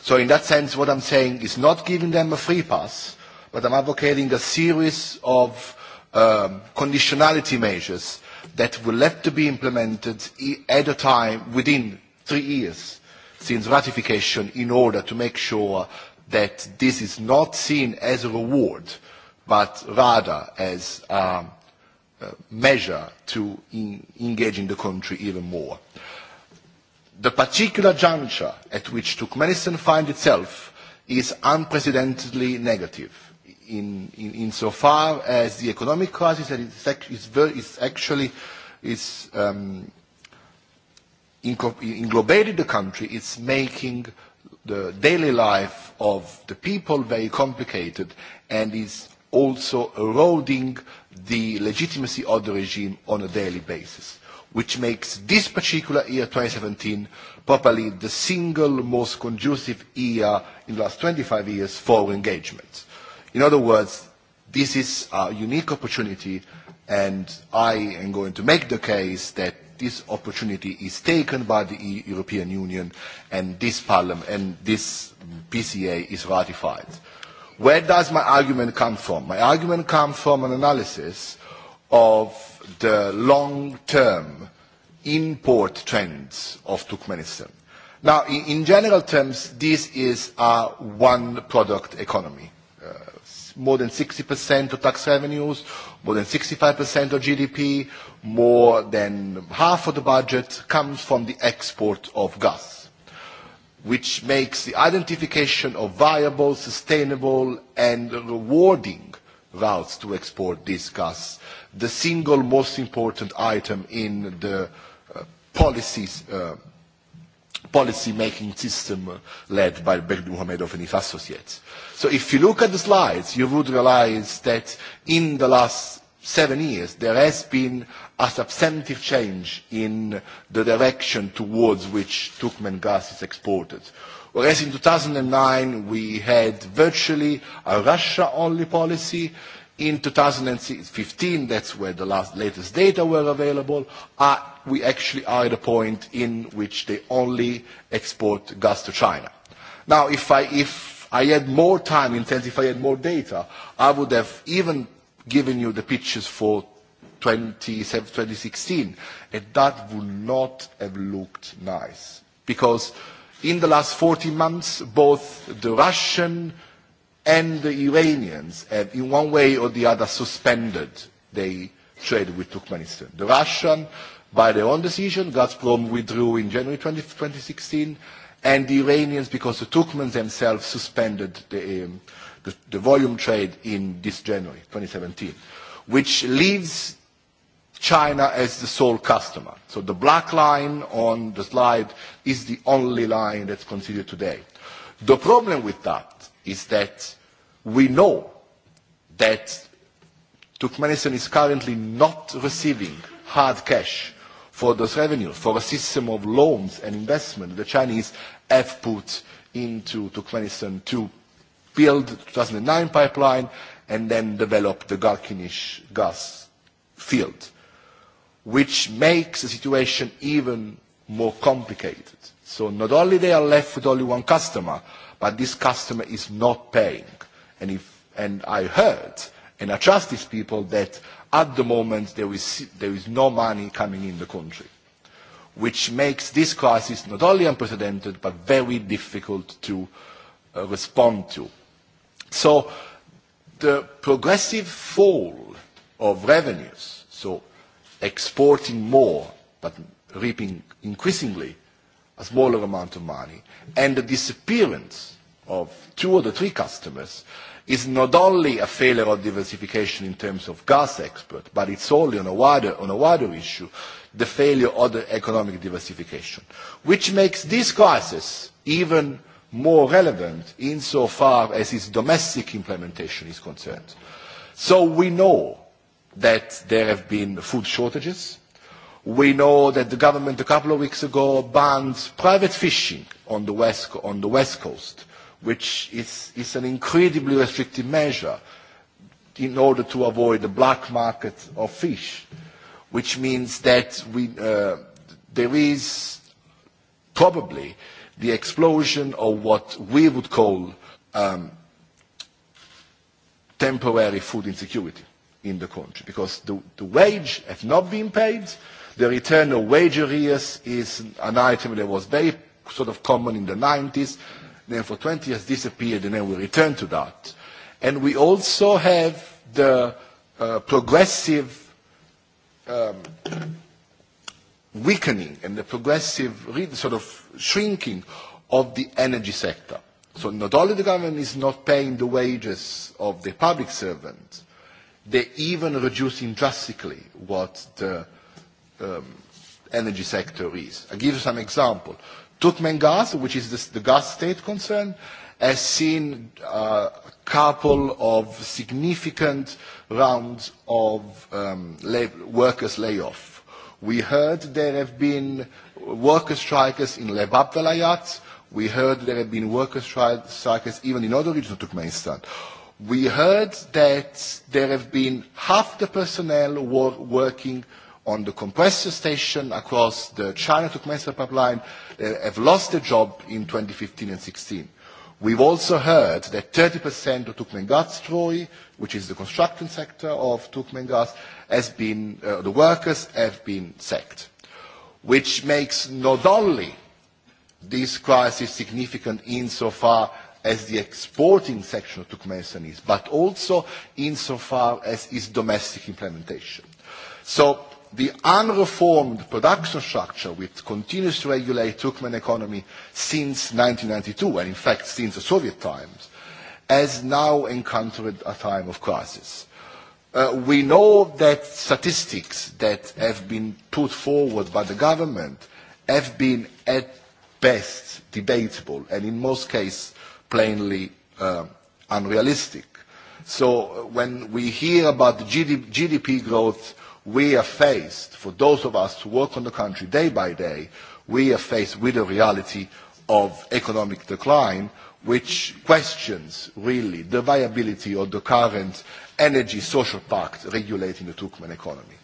Speaker 18: So in that sense, what I'm saying is not giving them a free pass, but I'm advocating a series of um, conditionality measures that will have to be implemented at a time within three years since ratification in order to make sure that this is not seen as a reward, but rather as um, a measure to in engage in the country even more. The particular juncture at which Turkmenistan finds itself is unprecedentedly negative in, in, insofar as the economic crisis is, is, is actually is, um, inglobated the country, it's making the daily life of the people very complicated and is also eroding the legitimacy of the regime on a daily basis, which makes this particular year, 2017, probably the single most conducive year in the last 25 years for engagement. In other words, this is a unique opportunity and I am going to make the case that this opportunity is taken by the e- European Union and this Parliament and this PCA is ratified. Where does my argument come from? My argument comes from an analysis of the long-term import trends of Turkmenistan. Now, in, in general terms, this is a one-product economy more than 60% of tax revenues, more than 65% of GDP, more than half of the budget comes from the export of gas, which makes the identification of viable, sustainable and rewarding routes to export this gas the single most important item in the uh, policies uh, policy-making system led by Berdu Mohamedov and his associates. So if you look at the slides, you would realize that in the last seven years, there has been a substantive change in the direction towards which Turkmen gas is exported. Whereas in 2009, we had virtually a Russia-only policy. In 2015, that's where the last, latest data were available, a we actually are at a point in which they only export gas to China. Now, if I, if I had more time, in terms if I had more data, I would have even given you the pictures for 20, 2016, and that would not have looked nice. Because in the last 40 months, both the Russian and the Iranians have, in one way or the other, suspended their trade with Turkmenistan. The Russian by their own decision. Gazprom withdrew in January 20, 2016, and the Iranians, because the Turkmens themselves suspended the, um, the, the volume trade in this January 2017, which leaves China as the sole customer. So the black line on the slide is the only line that's considered today. The problem with that is that we know that Turkmenistan is currently not receiving hard cash for those revenues, for a system of loans and investment the Chinese have put into Turkmenistan to build the 2009 pipeline and then develop the Galkinish gas field, which makes the situation even more complicated. So not only they are left with only one customer, but this customer is not paying. And, if, and I heard, and I trust these people, that At the moment, there is, there is no money coming in the country, which makes this crisis not only unprecedented, but very difficult to uh, respond to. So the progressive fall of revenues, so exporting more, but reaping increasingly a smaller amount of money, and the disappearance of two or the three customers is not only a failure of diversification in terms of gas export, but it's only on a wider, on a wider issue, the failure of the economic diversification, which makes this crisis even more relevant insofar as its domestic implementation is concerned. So we know that there have been food shortages. We know that the government a couple of weeks ago banned private fishing on the west, on the west coast which is, is an incredibly restrictive measure in order to avoid the black market of fish, which means that we, uh, there is probably the explosion of what we would call um, temporary food insecurity in the country, because the, the wage has not been paid, the return of wage arrears is an item that was very sort of common in the 90s, then for 20 years disappeared, and then we return to that. And we also have the uh, progressive um, weakening and the progressive sort of shrinking of the energy sector. So not only the government is not paying the wages of the public servants, they're even reducing drastically what the um, energy sector is. I'll give you some example gas, which is the, the gas state concern, has seen uh, a couple of significant rounds of um, lab workers' layoff. We heard there have been worker strikers in Leb Abdalayat. We heard there have been worker strikers even in other regions of Turkmenistan. We heard that there have been half the personnel wor working on the compressor station across the China to Kmesa pipeline uh, have lost their job in 2015 and 16. We've also heard that 30% of Troy, which is the construction sector of Gas, has been, uh, the workers have been sacked, which makes not only this crisis significant insofar as the exporting section of Turkmenistan is, but also insofar as its domestic implementation. So the unreformed production structure which continues to regulate Turkmen economy since 1992, and in fact since the Soviet times, has now encountered a time of crisis. Uh, we know that statistics that have been put forward by the government have been at best debatable and in most cases plainly uh, unrealistic. So uh, when we hear about the GDP growth we are faced, for those of us who work on the country day by day, we are faced with a reality of economic decline which questions really the viability of the current energy social pact regulating the Turkmen economy,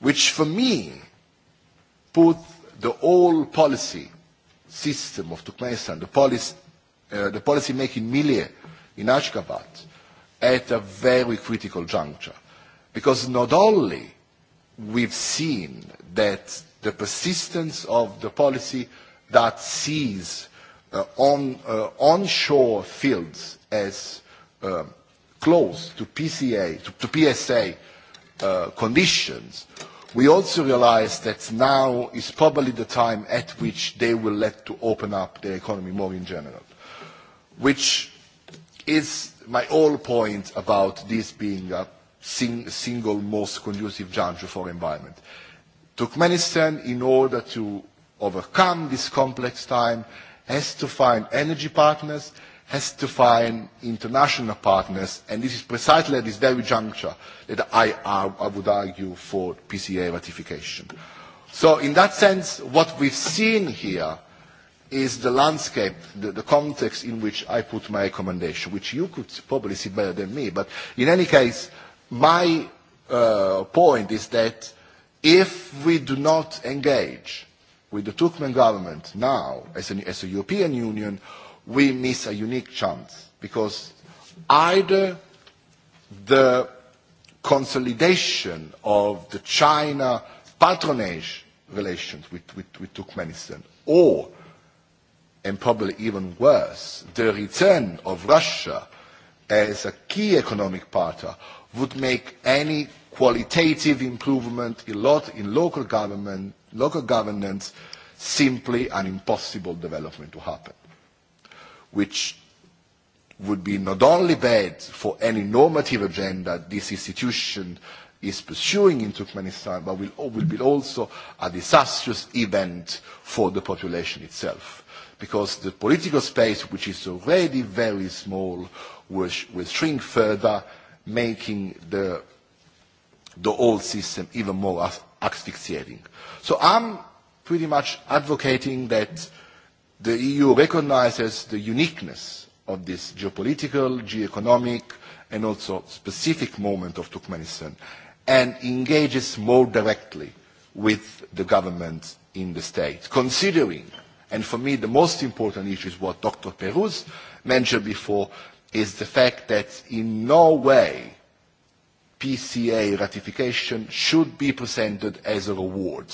Speaker 18: which for me put the whole policy system of Turkmenistan, the policy, uh, the policy making milieu in Ashgabat at a very critical juncture. Because not only we've seen that the persistence of the policy that sees uh, on, uh, onshore fields as uh, close to PCA, to, to PSA uh, conditions, we also realize that now is probably the time at which they will let to open up the economy more in general, which is my whole point about this being a sing single most conducive judge for environment. Turkmenistan, in order to overcome this complex time, has to find energy partners, has to find international partners, and this is precisely at this very juncture that I, I, I would argue for PCA ratification. So in that sense, what we've seen here is the landscape, the, the context in which I put my recommendation, which you could probably see better than me, but in any case, my uh, point is that if we do not engage with the Turkmen government now as, an, as a European Union, we miss a unique chance because either the consolidation of the China patronage relations with, with, with Turkmenistan or, and probably even worse, the return of Russia as a key economic partner would make any qualitative improvement in, lot, in local, government, local governance simply an impossible development to happen, which would be not only bad for any normative agenda this institution is pursuing in Turkmenistan, but will, will be also a disastrous event for the population itself. Because the political space, which is already very small, will, will shrink further making the, the old system even more asphyxiating. So I'm pretty much advocating that the EU recognizes the uniqueness of this geopolitical, geoeconomic, and also specific moment of Turkmenistan and engages more directly with the government in the state, considering, and for me the most important issue is what Dr. Peruz mentioned before, is the fact that in no way PCA ratification should be presented as a reward.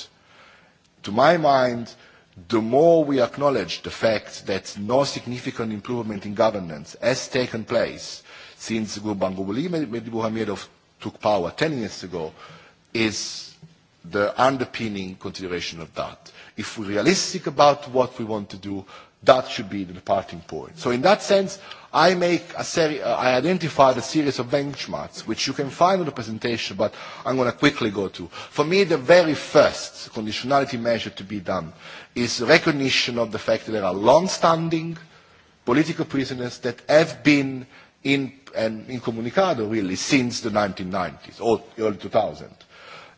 Speaker 18: To my mind, the more we acknowledge the fact that no significant improvement in governance has taken place since Gurbanguly Medibouhamedov took power 10 years ago, is the underpinning consideration of that. If we're realistic about what we want to do, That should be the departing point. So in that sense, I, make a seri uh, I identified a series of benchmarks, which you can find in the presentation, but I'm going to quickly go to. For me, the very first conditionality measure to be done is recognition of the fact that there are long-standing political prisoners that have been in, and incommunicado, really, since the 1990s or early 2000,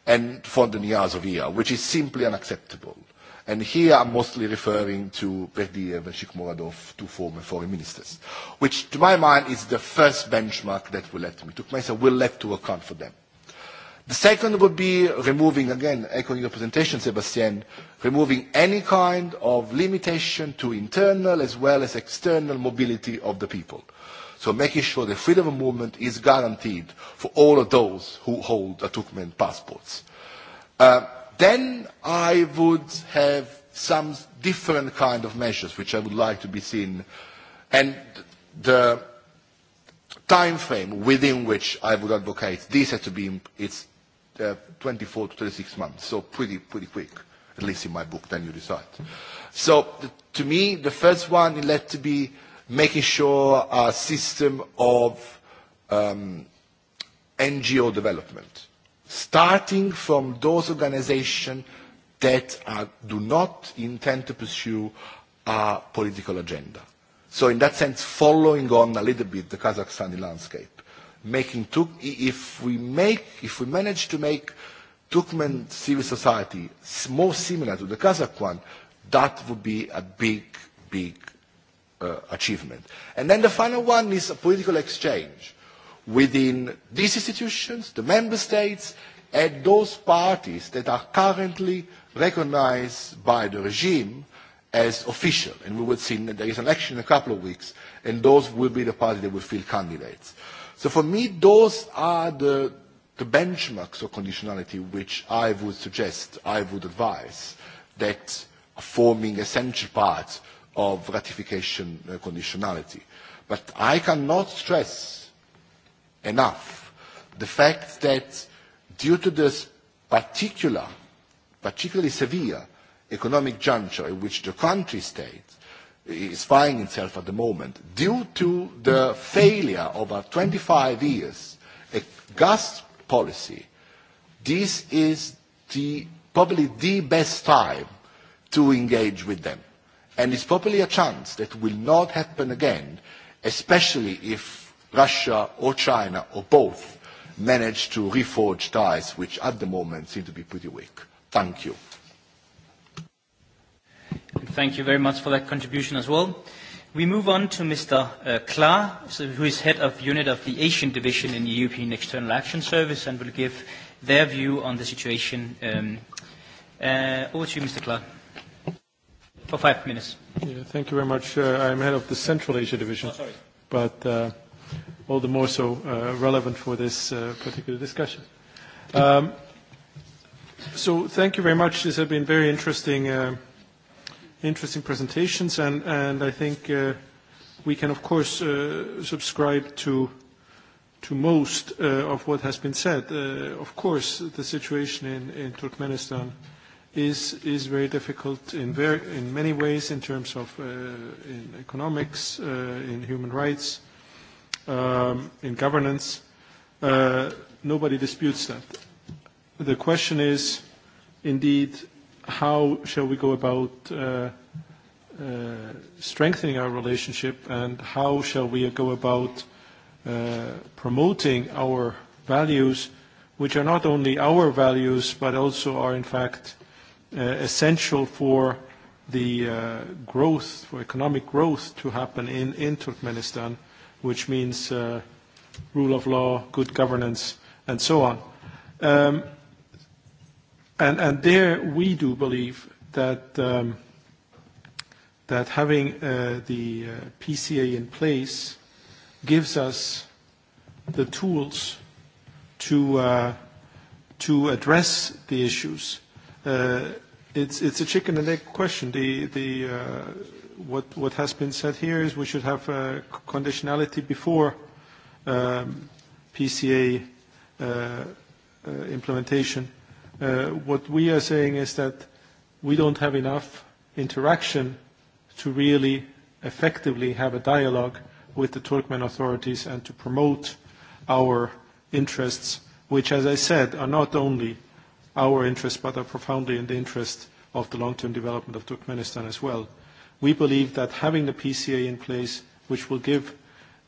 Speaker 18: and for the Nias of year, which is simply unacceptable. And here I'm mostly referring to Berdiev and Shikmuradov, two former foreign ministers, which to my mind is the first benchmark that will let me, myself, will let to account for them. The second would be removing, again, echoing your presentation, Sebastian, removing any kind of limitation to internal as well as external mobility of the people. So making sure the freedom of movement is guaranteed for all of those who hold a Turkmen passports. Uh, then I would have some different kind of measures which I would like to be seen and the time frame within which I would advocate these had to be it's uh, 24 to 36 months so pretty pretty quick at least in my book then you decide so the, to me the first one it led to be making sure a system of um, NGO development starting from those organizations that are, do not intend to pursue a political agenda. So in that sense, following on a little bit the Kazakhstani landscape, making Tuk if we make, if we manage to make Turkmen civil society more similar to the Kazakh one, that would be a big, big uh, achievement. And then the final one is a political exchange within these institutions, the member states, and those parties that are currently recognized by the regime as official. And we will see that there is an election in a couple of weeks, and those will be the parties that will field candidates. So for me, those are the, the benchmarks of conditionality which I would suggest, I would advise, that are forming essential part of ratification uh, conditionality. But I cannot stress enough. The fact that due to this particular, particularly severe economic juncture in which the country state is finding itself at the moment, due to the failure over 25 years, a gas policy, this is the, probably the best time to engage with them. And it's probably a chance that will not happen again, especially if Russia or China or both manage to reforge ties which at the moment seem to be pretty weak. Thank you.
Speaker 15: Thank you very much for that contribution as well. We move on to Mr. Uh, Klar, who is head of unit of the Asian division in the European External Action Service and will give their view on the situation. Um, uh, over to you, Mr. Kla, for five minutes.
Speaker 19: Yeah, thank you very much. Uh, I'm head of the Central Asia division. Oh, sorry. But... Uh, all the more so uh, relevant for this uh, particular discussion. Um, so thank you very much. These have been very interesting, uh, interesting presentations, and, and I think uh, we can, of course, uh, subscribe to, to most uh, of what has been said. Uh, of course, the situation in, in Turkmenistan is, is very difficult in, very, in many ways in terms of uh, in economics, uh, in human rights, um, in governance, uh, nobody disputes that. The question is, indeed, how shall we go about uh, uh, strengthening our relationship and how shall we go about uh, promoting our values, which are not only our values but also are in fact uh, essential for the uh, growth, for economic growth to happen in, in Turkmenistan which means uh, rule of law, good governance, and so on. Um, and, and there we do believe that, um, that having uh, the uh, PCA in place gives us the tools to, uh, to address the issues uh, It's, it's a chicken and egg question. The, the, uh, what, what has been said here is we should have uh, conditionality before um, PCA uh, uh, implementation. Uh, what we are saying is that we don't have enough interaction to really effectively have a dialogue with the Turkmen authorities and to promote our interests, which, as I said, are not only our interests but are profoundly in the interest of the long-term development of Turkmenistan as well. We believe that having the PCA in place, which will give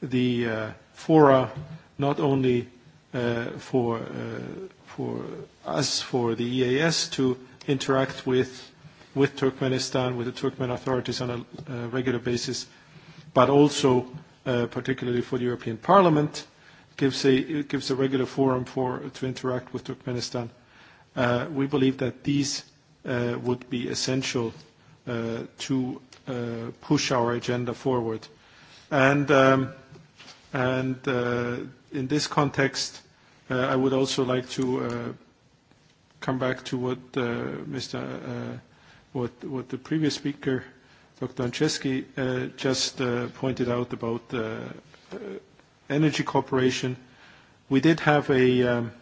Speaker 19: the uh, fora not only uh, for, uh, for us, for the EAS to interact with, with Turkmenistan, with the Turkmen authorities on a uh, regular basis, but also uh, particularly for the European Parliament, gives a, it gives a regular forum for, to interact with Turkmenistan Uh, we believe that these uh, would be essential uh, to uh, push our agenda forward. And, um, and uh, in this context, uh, I would also like to uh, come back to what uh, Mr. Uh, what, what the previous speaker, Dr. Anceski, uh, just uh, pointed out about uh, uh, energy cooperation. We did have a um,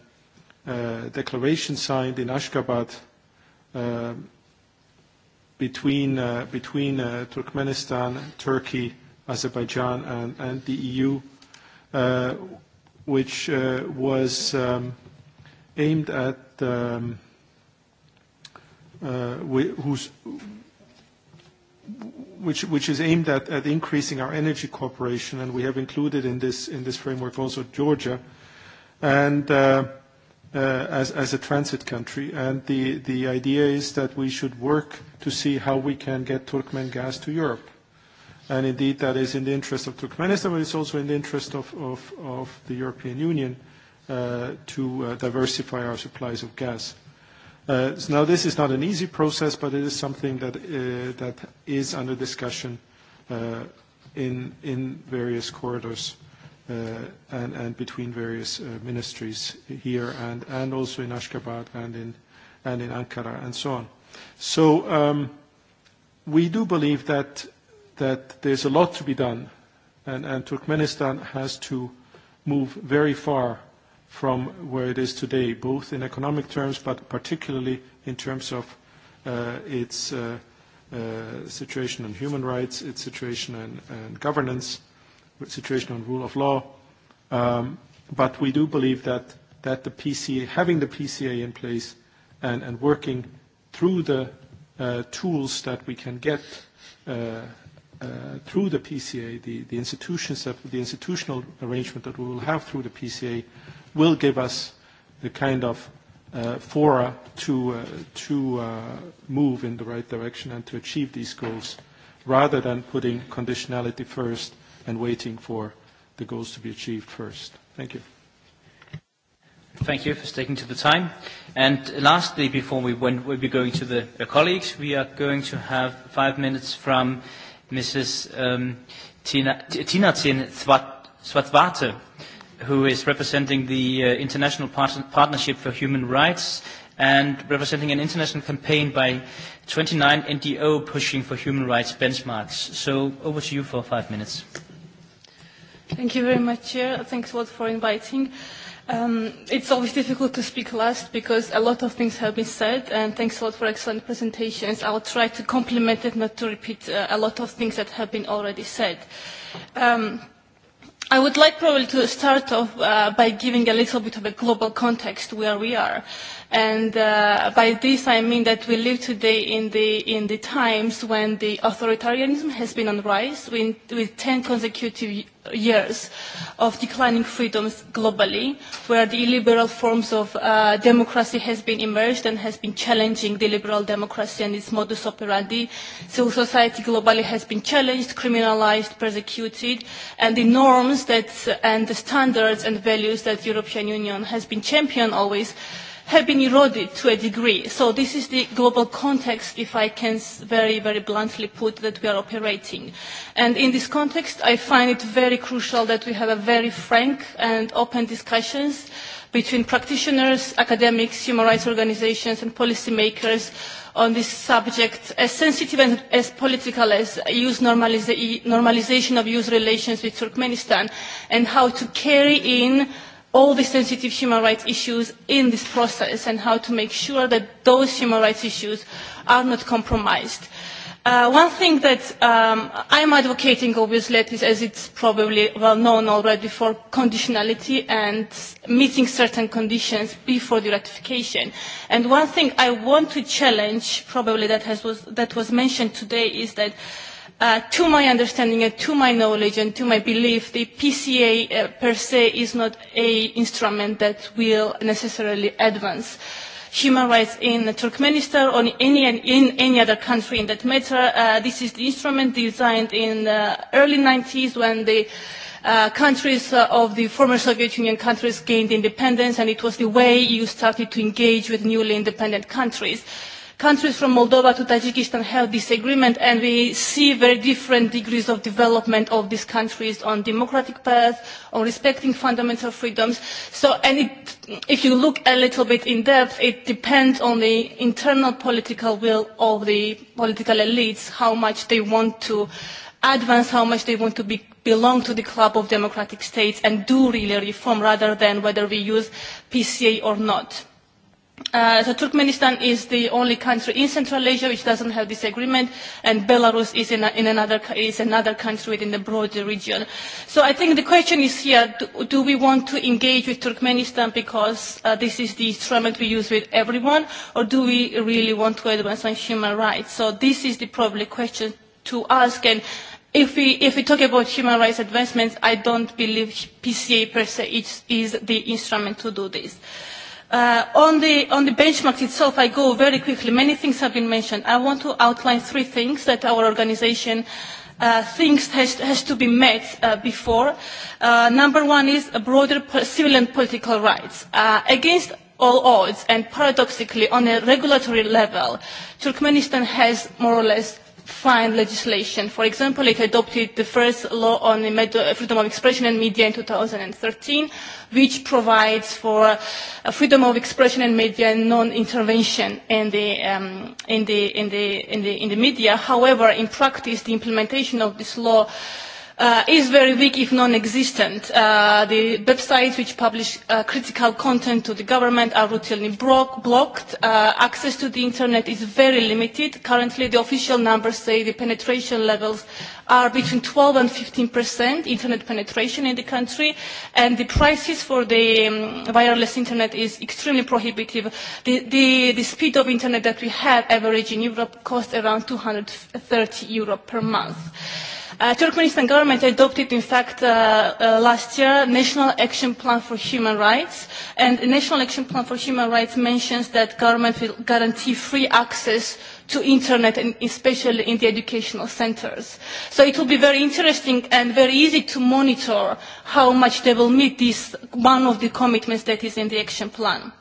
Speaker 19: Uh, declaration signed in Ashgabat uh, between, uh, between uh, Turkmenistan, Turkey, Azerbaijan and, and the EU, uh, which uh, was um, aimed at um, uh, whose, which, which is aimed at, at increasing our energy cooperation, and we have included in this, in this framework also Georgia. And uh, uh, as, as a transit country. And the, the idea is that we should work to see how we can get Turkmen gas to Europe. And indeed, that is in the interest of Turkmenistan, but it's also in the interest of, of, of the European Union uh, to uh, diversify our supplies of gas. Uh, so now, this is not an easy process, but it is something that, uh, that is under discussion uh, in, in various corridors uh, and, and between various uh, ministries here and, and also in Ashgabat and in, and in Ankara and so on. So um, we do believe that, that there's a lot to be done and, and Turkmenistan has to move very far from where it is today, both in economic terms but particularly in terms of uh, its uh, uh, situation on human rights, its situation and, and governance, situation on rule of law. Um, but we do believe that, that the PCA, having the PCA in place and, and working through the uh, tools that we can get uh, uh, through the PCA, the, the institutions that, the institutional arrangement that we will have through the PCA will give us the kind of uh, fora to, uh, to uh, move in the right direction and to achieve these goals rather than putting conditionality first and waiting for
Speaker 15: the goals to be achieved first. Thank you. Thank you for sticking to the time. And lastly, before we went, we'll be going to the uh, colleagues, we are going to have five minutes from Mrs. Um, Tina, Tina Swatvate, who is representing the uh, International Part Partnership for Human Rights and representing an international campaign by 29 NGO pushing for human rights benchmarks. So over to you for five minutes.
Speaker 20: Thank
Speaker 21: you very much, Chair. Thanks a lot for inviting. Um, it's always difficult to speak last because a lot of things have been said, and thanks a lot for excellent presentations. I will try to complement it, not to repeat uh, a lot of things that have been already said. Um, I would like probably to start off uh, by giving a little bit of a global context where we are. And uh, by this I mean that we live today in the, in the times when the authoritarianism has been on rise with, with 10 consecutive years of declining freedoms globally, where the illiberal forms of uh, democracy has been emerged and has been challenging the liberal democracy and its modus operandi. Civil society globally has been challenged, criminalized, persecuted, and the norms that, and the standards and values that European Union has been champion always have been eroded to a degree. So this is the global context, if I can very, very bluntly put, that we are operating. And in this context, I find it very crucial that we have a very frank and open discussions between practitioners, academics, human rights organizations, and policymakers on this subject, as sensitive and as political as use normaliza normalization of use relations with Turkmenistan, and how to carry in all the sensitive human rights issues in this process and how to make sure that those human rights issues are not compromised. Uh, one thing that um, I'm advocating, obviously, is, as it's probably well known already, for conditionality and meeting certain conditions before the ratification. And one thing I want to challenge, probably that, has was, that was mentioned today, is that uh, Uh, to my understanding and to my knowledge and to my belief, the PCA uh, per se is not an instrument that will necessarily advance human rights in Turkmenistan or in any, in any other country in that matter. Uh, this is the instrument designed in the early 90s when the uh, countries uh, of the former Soviet Union countries gained independence and it was the way you started to engage with newly independent countries. Uh, Countries from Moldova to Tajikistan have this agreement and we see very different degrees of development of these countries on democratic path, on respecting fundamental freedoms. So, and it, if you look a little bit in depth, it depends on the internal political will of the political elites, how much they want to advance how much they want to be, belong to the club of democratic states and do really reform rather than whether we use PCA or not. Uh, so Turkmenistan is the only country in Central Asia which doesn't have this agreement, and Belarus is, in, a, in another, is another country within the broader region. So I think the question is here, do, do we want to engage with Turkmenistan because uh, this is the instrument we use with everyone, or do we really want to advance on human rights? So this is the probably question to ask, and if we, if we talk about human rights advancements, I don't believe PCA per se is, is the instrument to do this. Uh, Uh, on, the, on the benchmark itself, I go very quickly. Many things have been mentioned. I want to outline three things that our organization uh, thinks has, has to be met uh, before. Uh, number one is a broader civil and political rights. Uh, against all odds and paradoxically on a regulatory level, Turkmenistan has more or less fine legislation. For example, it adopted the first law on freedom of expression and media in 2013, which provides for uh, freedom of expression and media non-intervention in, the, um, in, the, in, the, in, the, in the media. However, in practice, the implementation of this law uh, is very weak if non-existent. Uh, the websites which publish uh, critical content to the government are routinely bro blocked. Uh, access to the internet is very limited. Currently, the official numbers say the penetration levels are between 12 and 15 percent internet penetration in the country, and the prices for the um, wireless internet is extremely prohibitive. The, the, the speed of internet that we have average in Europe costs around 230 euro per month. Uh, Turkmenistan government adopted, in fact, uh, uh, last year, National Action Plan for Human Rights. And the National Action Plan for Human Rights mentions that government will guarantee free access to internet and especially in the educational centers. So it will be very interesting and very easy to monitor how much they will meet this one of the commitments that is in the action plan.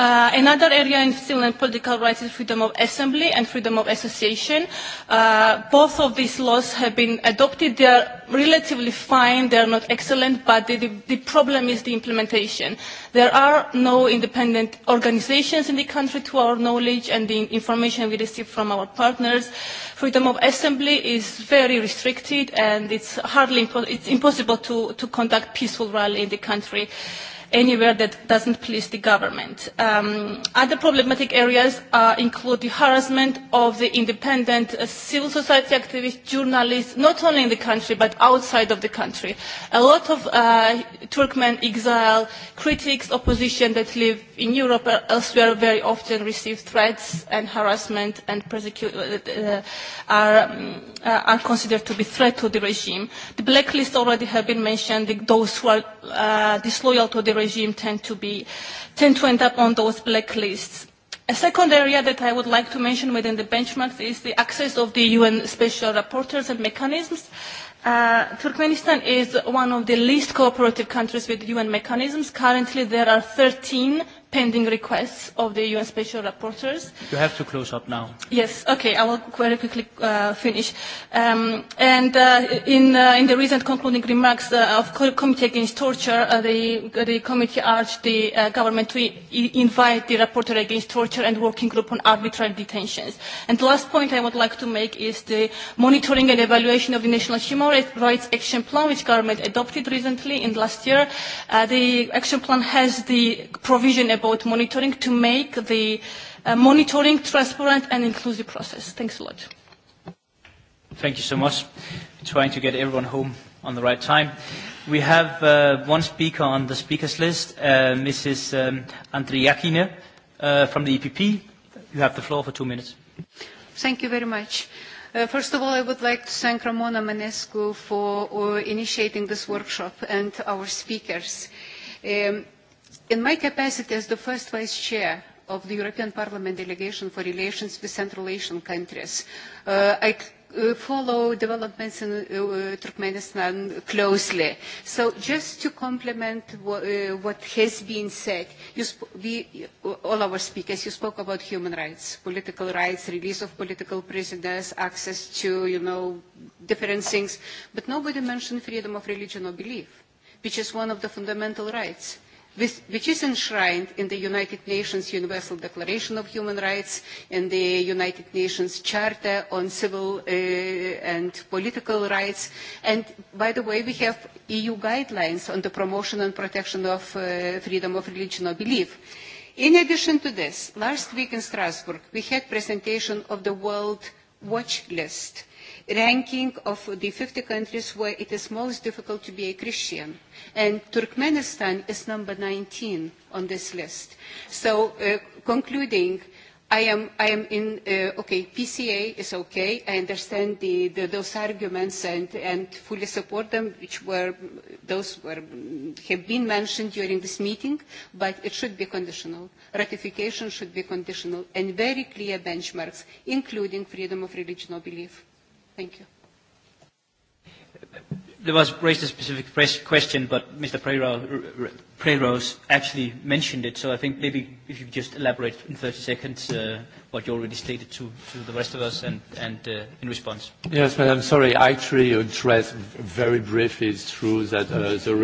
Speaker 21: Uh, another area in Finland political rights is freedom of assembly and freedom of association. Uh, both of these laws have been adopted. They are relatively fine, they are not excellent, but the, the, the problem is the implementation. There are no independent organizations in the country to our knowledge and the information we receive from our partners. Freedom of assembly is very restricted and it's hardly impo it's impossible to, to conduct peaceful rally in the country. Uh, anywhere that doesn't please the government. Um, other problematic areas uh, include the harassment of the independent uh, civil society activists, journalists, not only in the country but outside of the country. A lot of uh, Turkmen exile critics, opposition that live in Europe or uh, elsewhere very often receive threats and harassment and persecution uh, uh, are, um, uh, are considered to be threat to the regime. The blacklist already have been mentioned, the, those who are uh, disloyal to the regime tend to, be, tend to end up on those blacklists. A second area that I would like to mention within the benchmarks is the access of the UN special rapporteurs and mechanisms. Uh, Turkmenistan is one of the least cooperative countries with UN mechanisms. Currently, there are 13 pending requests of the UN Special Rapporteurs.
Speaker 15: You have to close up now.
Speaker 21: Yes, okay, I will very quickly uh, finish. Um, and uh, in, uh, in the recent concluding remarks uh, of the Committee Against Torture, uh, the, the committee urged the uh, government to invite the Rapporteur Against Torture and Working Group on Arbitrary Detentions. And the last point I would like to make is the monitoring and evaluation of the National Human Rights Action Plan, which government adopted recently in last year. Uh, the action plan has the provision about monitoring to make the uh, monitoring transparent and inclusive process. Thanks a lot.
Speaker 15: Thank you so much. Trying to get everyone home on the right time. We have uh, one speaker on the speaker's list, uh, Mrs. Um, Andriakine uh, from the EPP. You have the floor for two minutes.
Speaker 20: Thank you very much. Uh, first of all, I would like to thank Ramona Manescu for uh, initiating this workshop and our speakers. Um, In my capacity as the first vice chair of the European Parliament delegation for relations with Central Asian countries, uh, I uh, follow developments in uh, Turkmenistan closely. So just to complement what, uh, what has been said, you sp we, all our speakers, you spoke about human rights, political rights, release of political prisoners, access to, you know, different things, but nobody mentioned freedom of religion or belief, which is one of the fundamental rights which is enshrined in the United Nations Universal Declaration of Human Rights and the United Nations Charter on Civil uh, and Political Rights. And by the way, we have EU guidelines on the promotion and protection of uh, freedom of religion or belief. In addition to this, last week in Strasbourg, we had presentation of the World Watch List, ranking of the 50 countries where it is most difficult to be a Christian and Turkmenistan is number 19 on this list. So uh, concluding, I am, I am in, uh, okay, PCA is okay. I understand the, the, those arguments and, and fully support them, which were, those were, have been mentioned during this meeting, but it should be conditional. Ratification should be conditional and very clear benchmarks, including freedom of religion or belief. Thank you
Speaker 15: there was raised a specific question, but Mr. Pereira Prerose actually mentioned it, so I think maybe if you just elaborate in 30 seconds uh, what you already stated to, to the rest of us and, and uh, in response.
Speaker 17: Yes, madam, sorry, I actually address very briefly, it's true that uh, the, uh, the,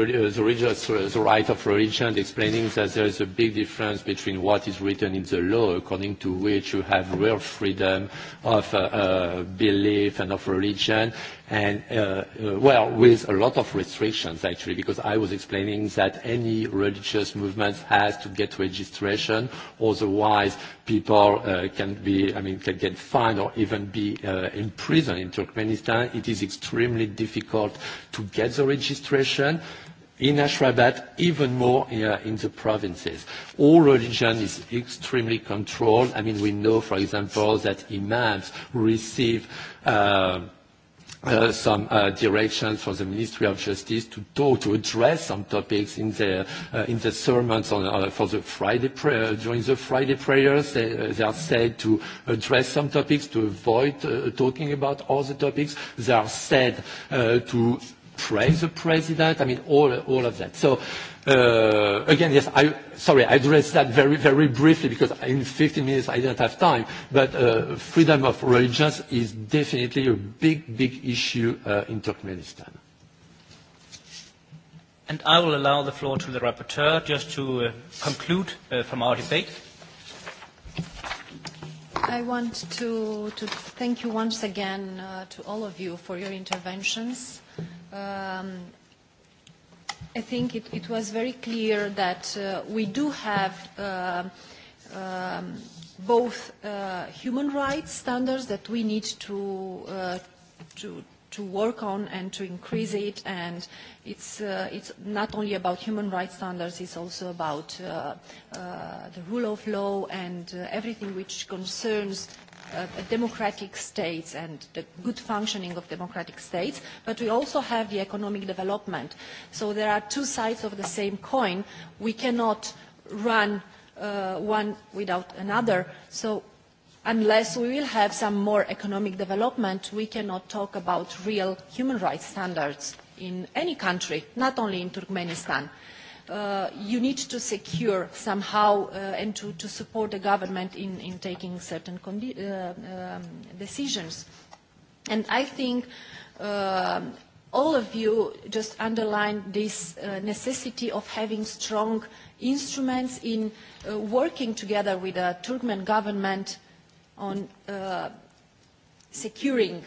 Speaker 17: religious, uh, the right of religion explaining that there is a big difference between what is written in the law, according to which you have real freedom of uh, uh, belief and of religion, and, uh, uh, well, with a lot of restrictions, actually, because I was explaining that any religious movement has to get registration, otherwise people uh, can be, I mean, can get fined or even be uh, in prison in Turkmenistan. It is extremely difficult to get the registration in Ashrabat, even more uh, in the provinces. All religion is extremely controlled. I mean, we know, for example, that imams receive uh, uh, some uh, directions for the Ministry of Justice to talk, to address some topics in the, uh, in the sermons on, uh, for the Friday prayer. During the Friday prayers, they, uh, they are said to address some topics, to avoid uh, talking about all the topics. They are said uh, to praise the president. I mean, all, all of that. So, uh, again, yes, I, sorry, I addressed that very, very briefly because in 15 minutes I didn't have time. But uh, freedom of religions is definitely a big, big issue uh, in Turkmenistan.
Speaker 15: And I will allow the floor to the rapporteur just to uh, conclude uh, from our debate.
Speaker 16: I want to, to thank you once again uh, to all of you for your interventions um, I think it, it was very clear that uh, we do have uh, um, both uh, human rights standards that we need to, uh, to, to work on and to increase mm-hmm. it. And it's, uh, it's not only about human rights standards, it's also about uh, uh, the rule of law and uh, everything which concerns uh, democratic states and the good functioning of democratic states, but we also have the economic development. So there are two sides of the same coin. We cannot run uh, one without another. So unless we will have some more economic development, we cannot talk about real human rights standards in any country, not only in Turkmenistan uh, you need to secure somehow uh, and to, to support the government in, in taking certain uh, um, decisions. And I think uh, all of you just underlined this uh, necessity of having strong instruments in uh, working together with the Turkmen government on uh, securing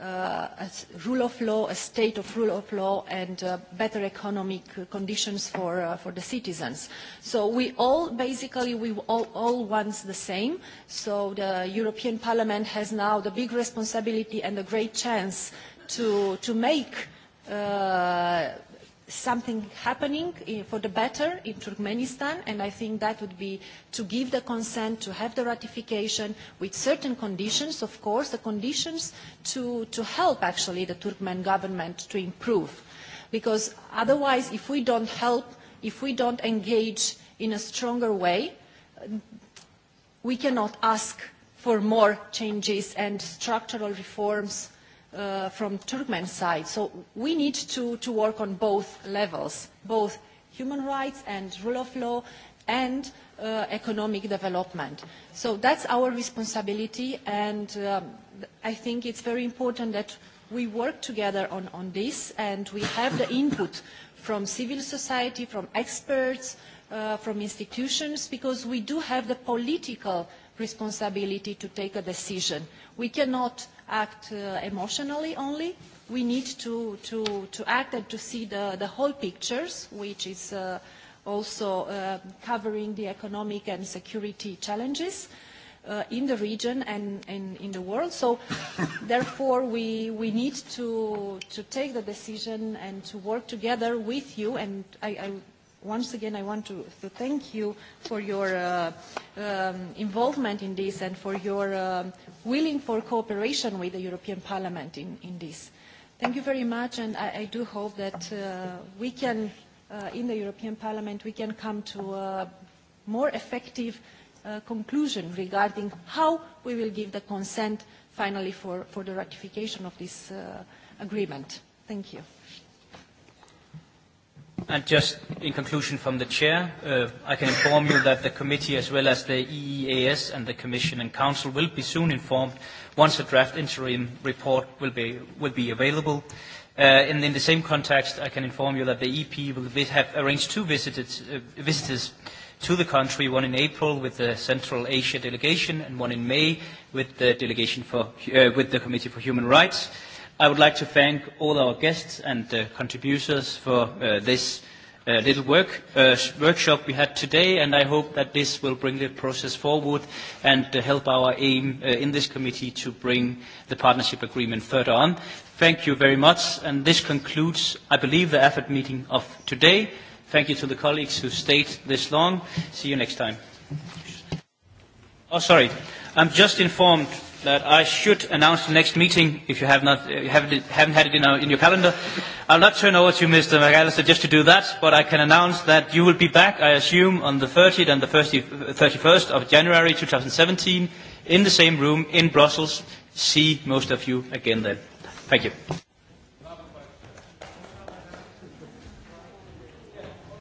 Speaker 16: uh, a rule of law, a state of rule of law, and uh, better economic conditions for, uh, for the citizens. So we all, basically, we all, all want the same. So the European Parliament has now the big responsibility and the great chance to, to make uh, something happening eh, for the better in Turkmenistan, and I think that would be to give the consent, to have the ratification with certain conditions, of course, the conditions to, to help actually the Turkmen government to improve. Because otherwise, if we don't help, if we don't engage in a stronger way, we cannot ask for more changes and structural reforms uh, from Turkmen side. So we need to, to work on both levels, both human rights and rule of law and uh, economic development. So that's our responsibility and um, I think it's very important that we work together on, on this and we have the input from civil society, from experts, uh, from institutions, because we do have the political responsibility to take a decision. We cannot act uh, emotionally only. We need to, to, to act and to see the, the whole pictures, which is uh, also uh, covering the economic and security challenges uh, in the region and, and in the world. So therefore we, we need to, to take the decision and to work together with you and I, I once again, I want to, to thank you for your uh, um, involvement in this and for your uh, willing for cooperation with the European Parliament in, in this. Thank you very much, and I, I do hope that uh, we can, uh, in the European Parliament, we can come to a more effective uh, conclusion regarding how we will give the consent finally for, for the ratification of this uh, agreement. Thank you.
Speaker 15: And just in conclusion from the Chair, uh, I can inform you that the committee as well as the EEAS and the Commission and Council will be soon informed once a draft interim report will be, will be available. Uh, and in the same context, I can inform you that the EP will have arranged two visitors, uh, visitors to the country, one in April with the Central Asia delegation and one in May with the, delegation for, uh, with the Committee for Human Rights. I would like to thank all our guests and uh, contributors for uh, this uh, little work, uh, workshop we had today, and I hope that this will bring the process forward and uh, help our aim uh, in this committee to bring the partnership agreement further on. Thank you very much, and this concludes, I believe, the effort meeting of today. Thank you to the colleagues who stayed this long. See you next time. Oh, sorry. I'm just informed that I should announce the next meeting if you have not uh, haven't, haven't had it in, our, uh, in your calendar. I'll not turn over to Mr. McAllister just to do that, but I can announce that you will be back, I assume, on the 30th and the 31st of January 2017 in the same room in Brussels. See most of
Speaker 10: you again then. Thank you.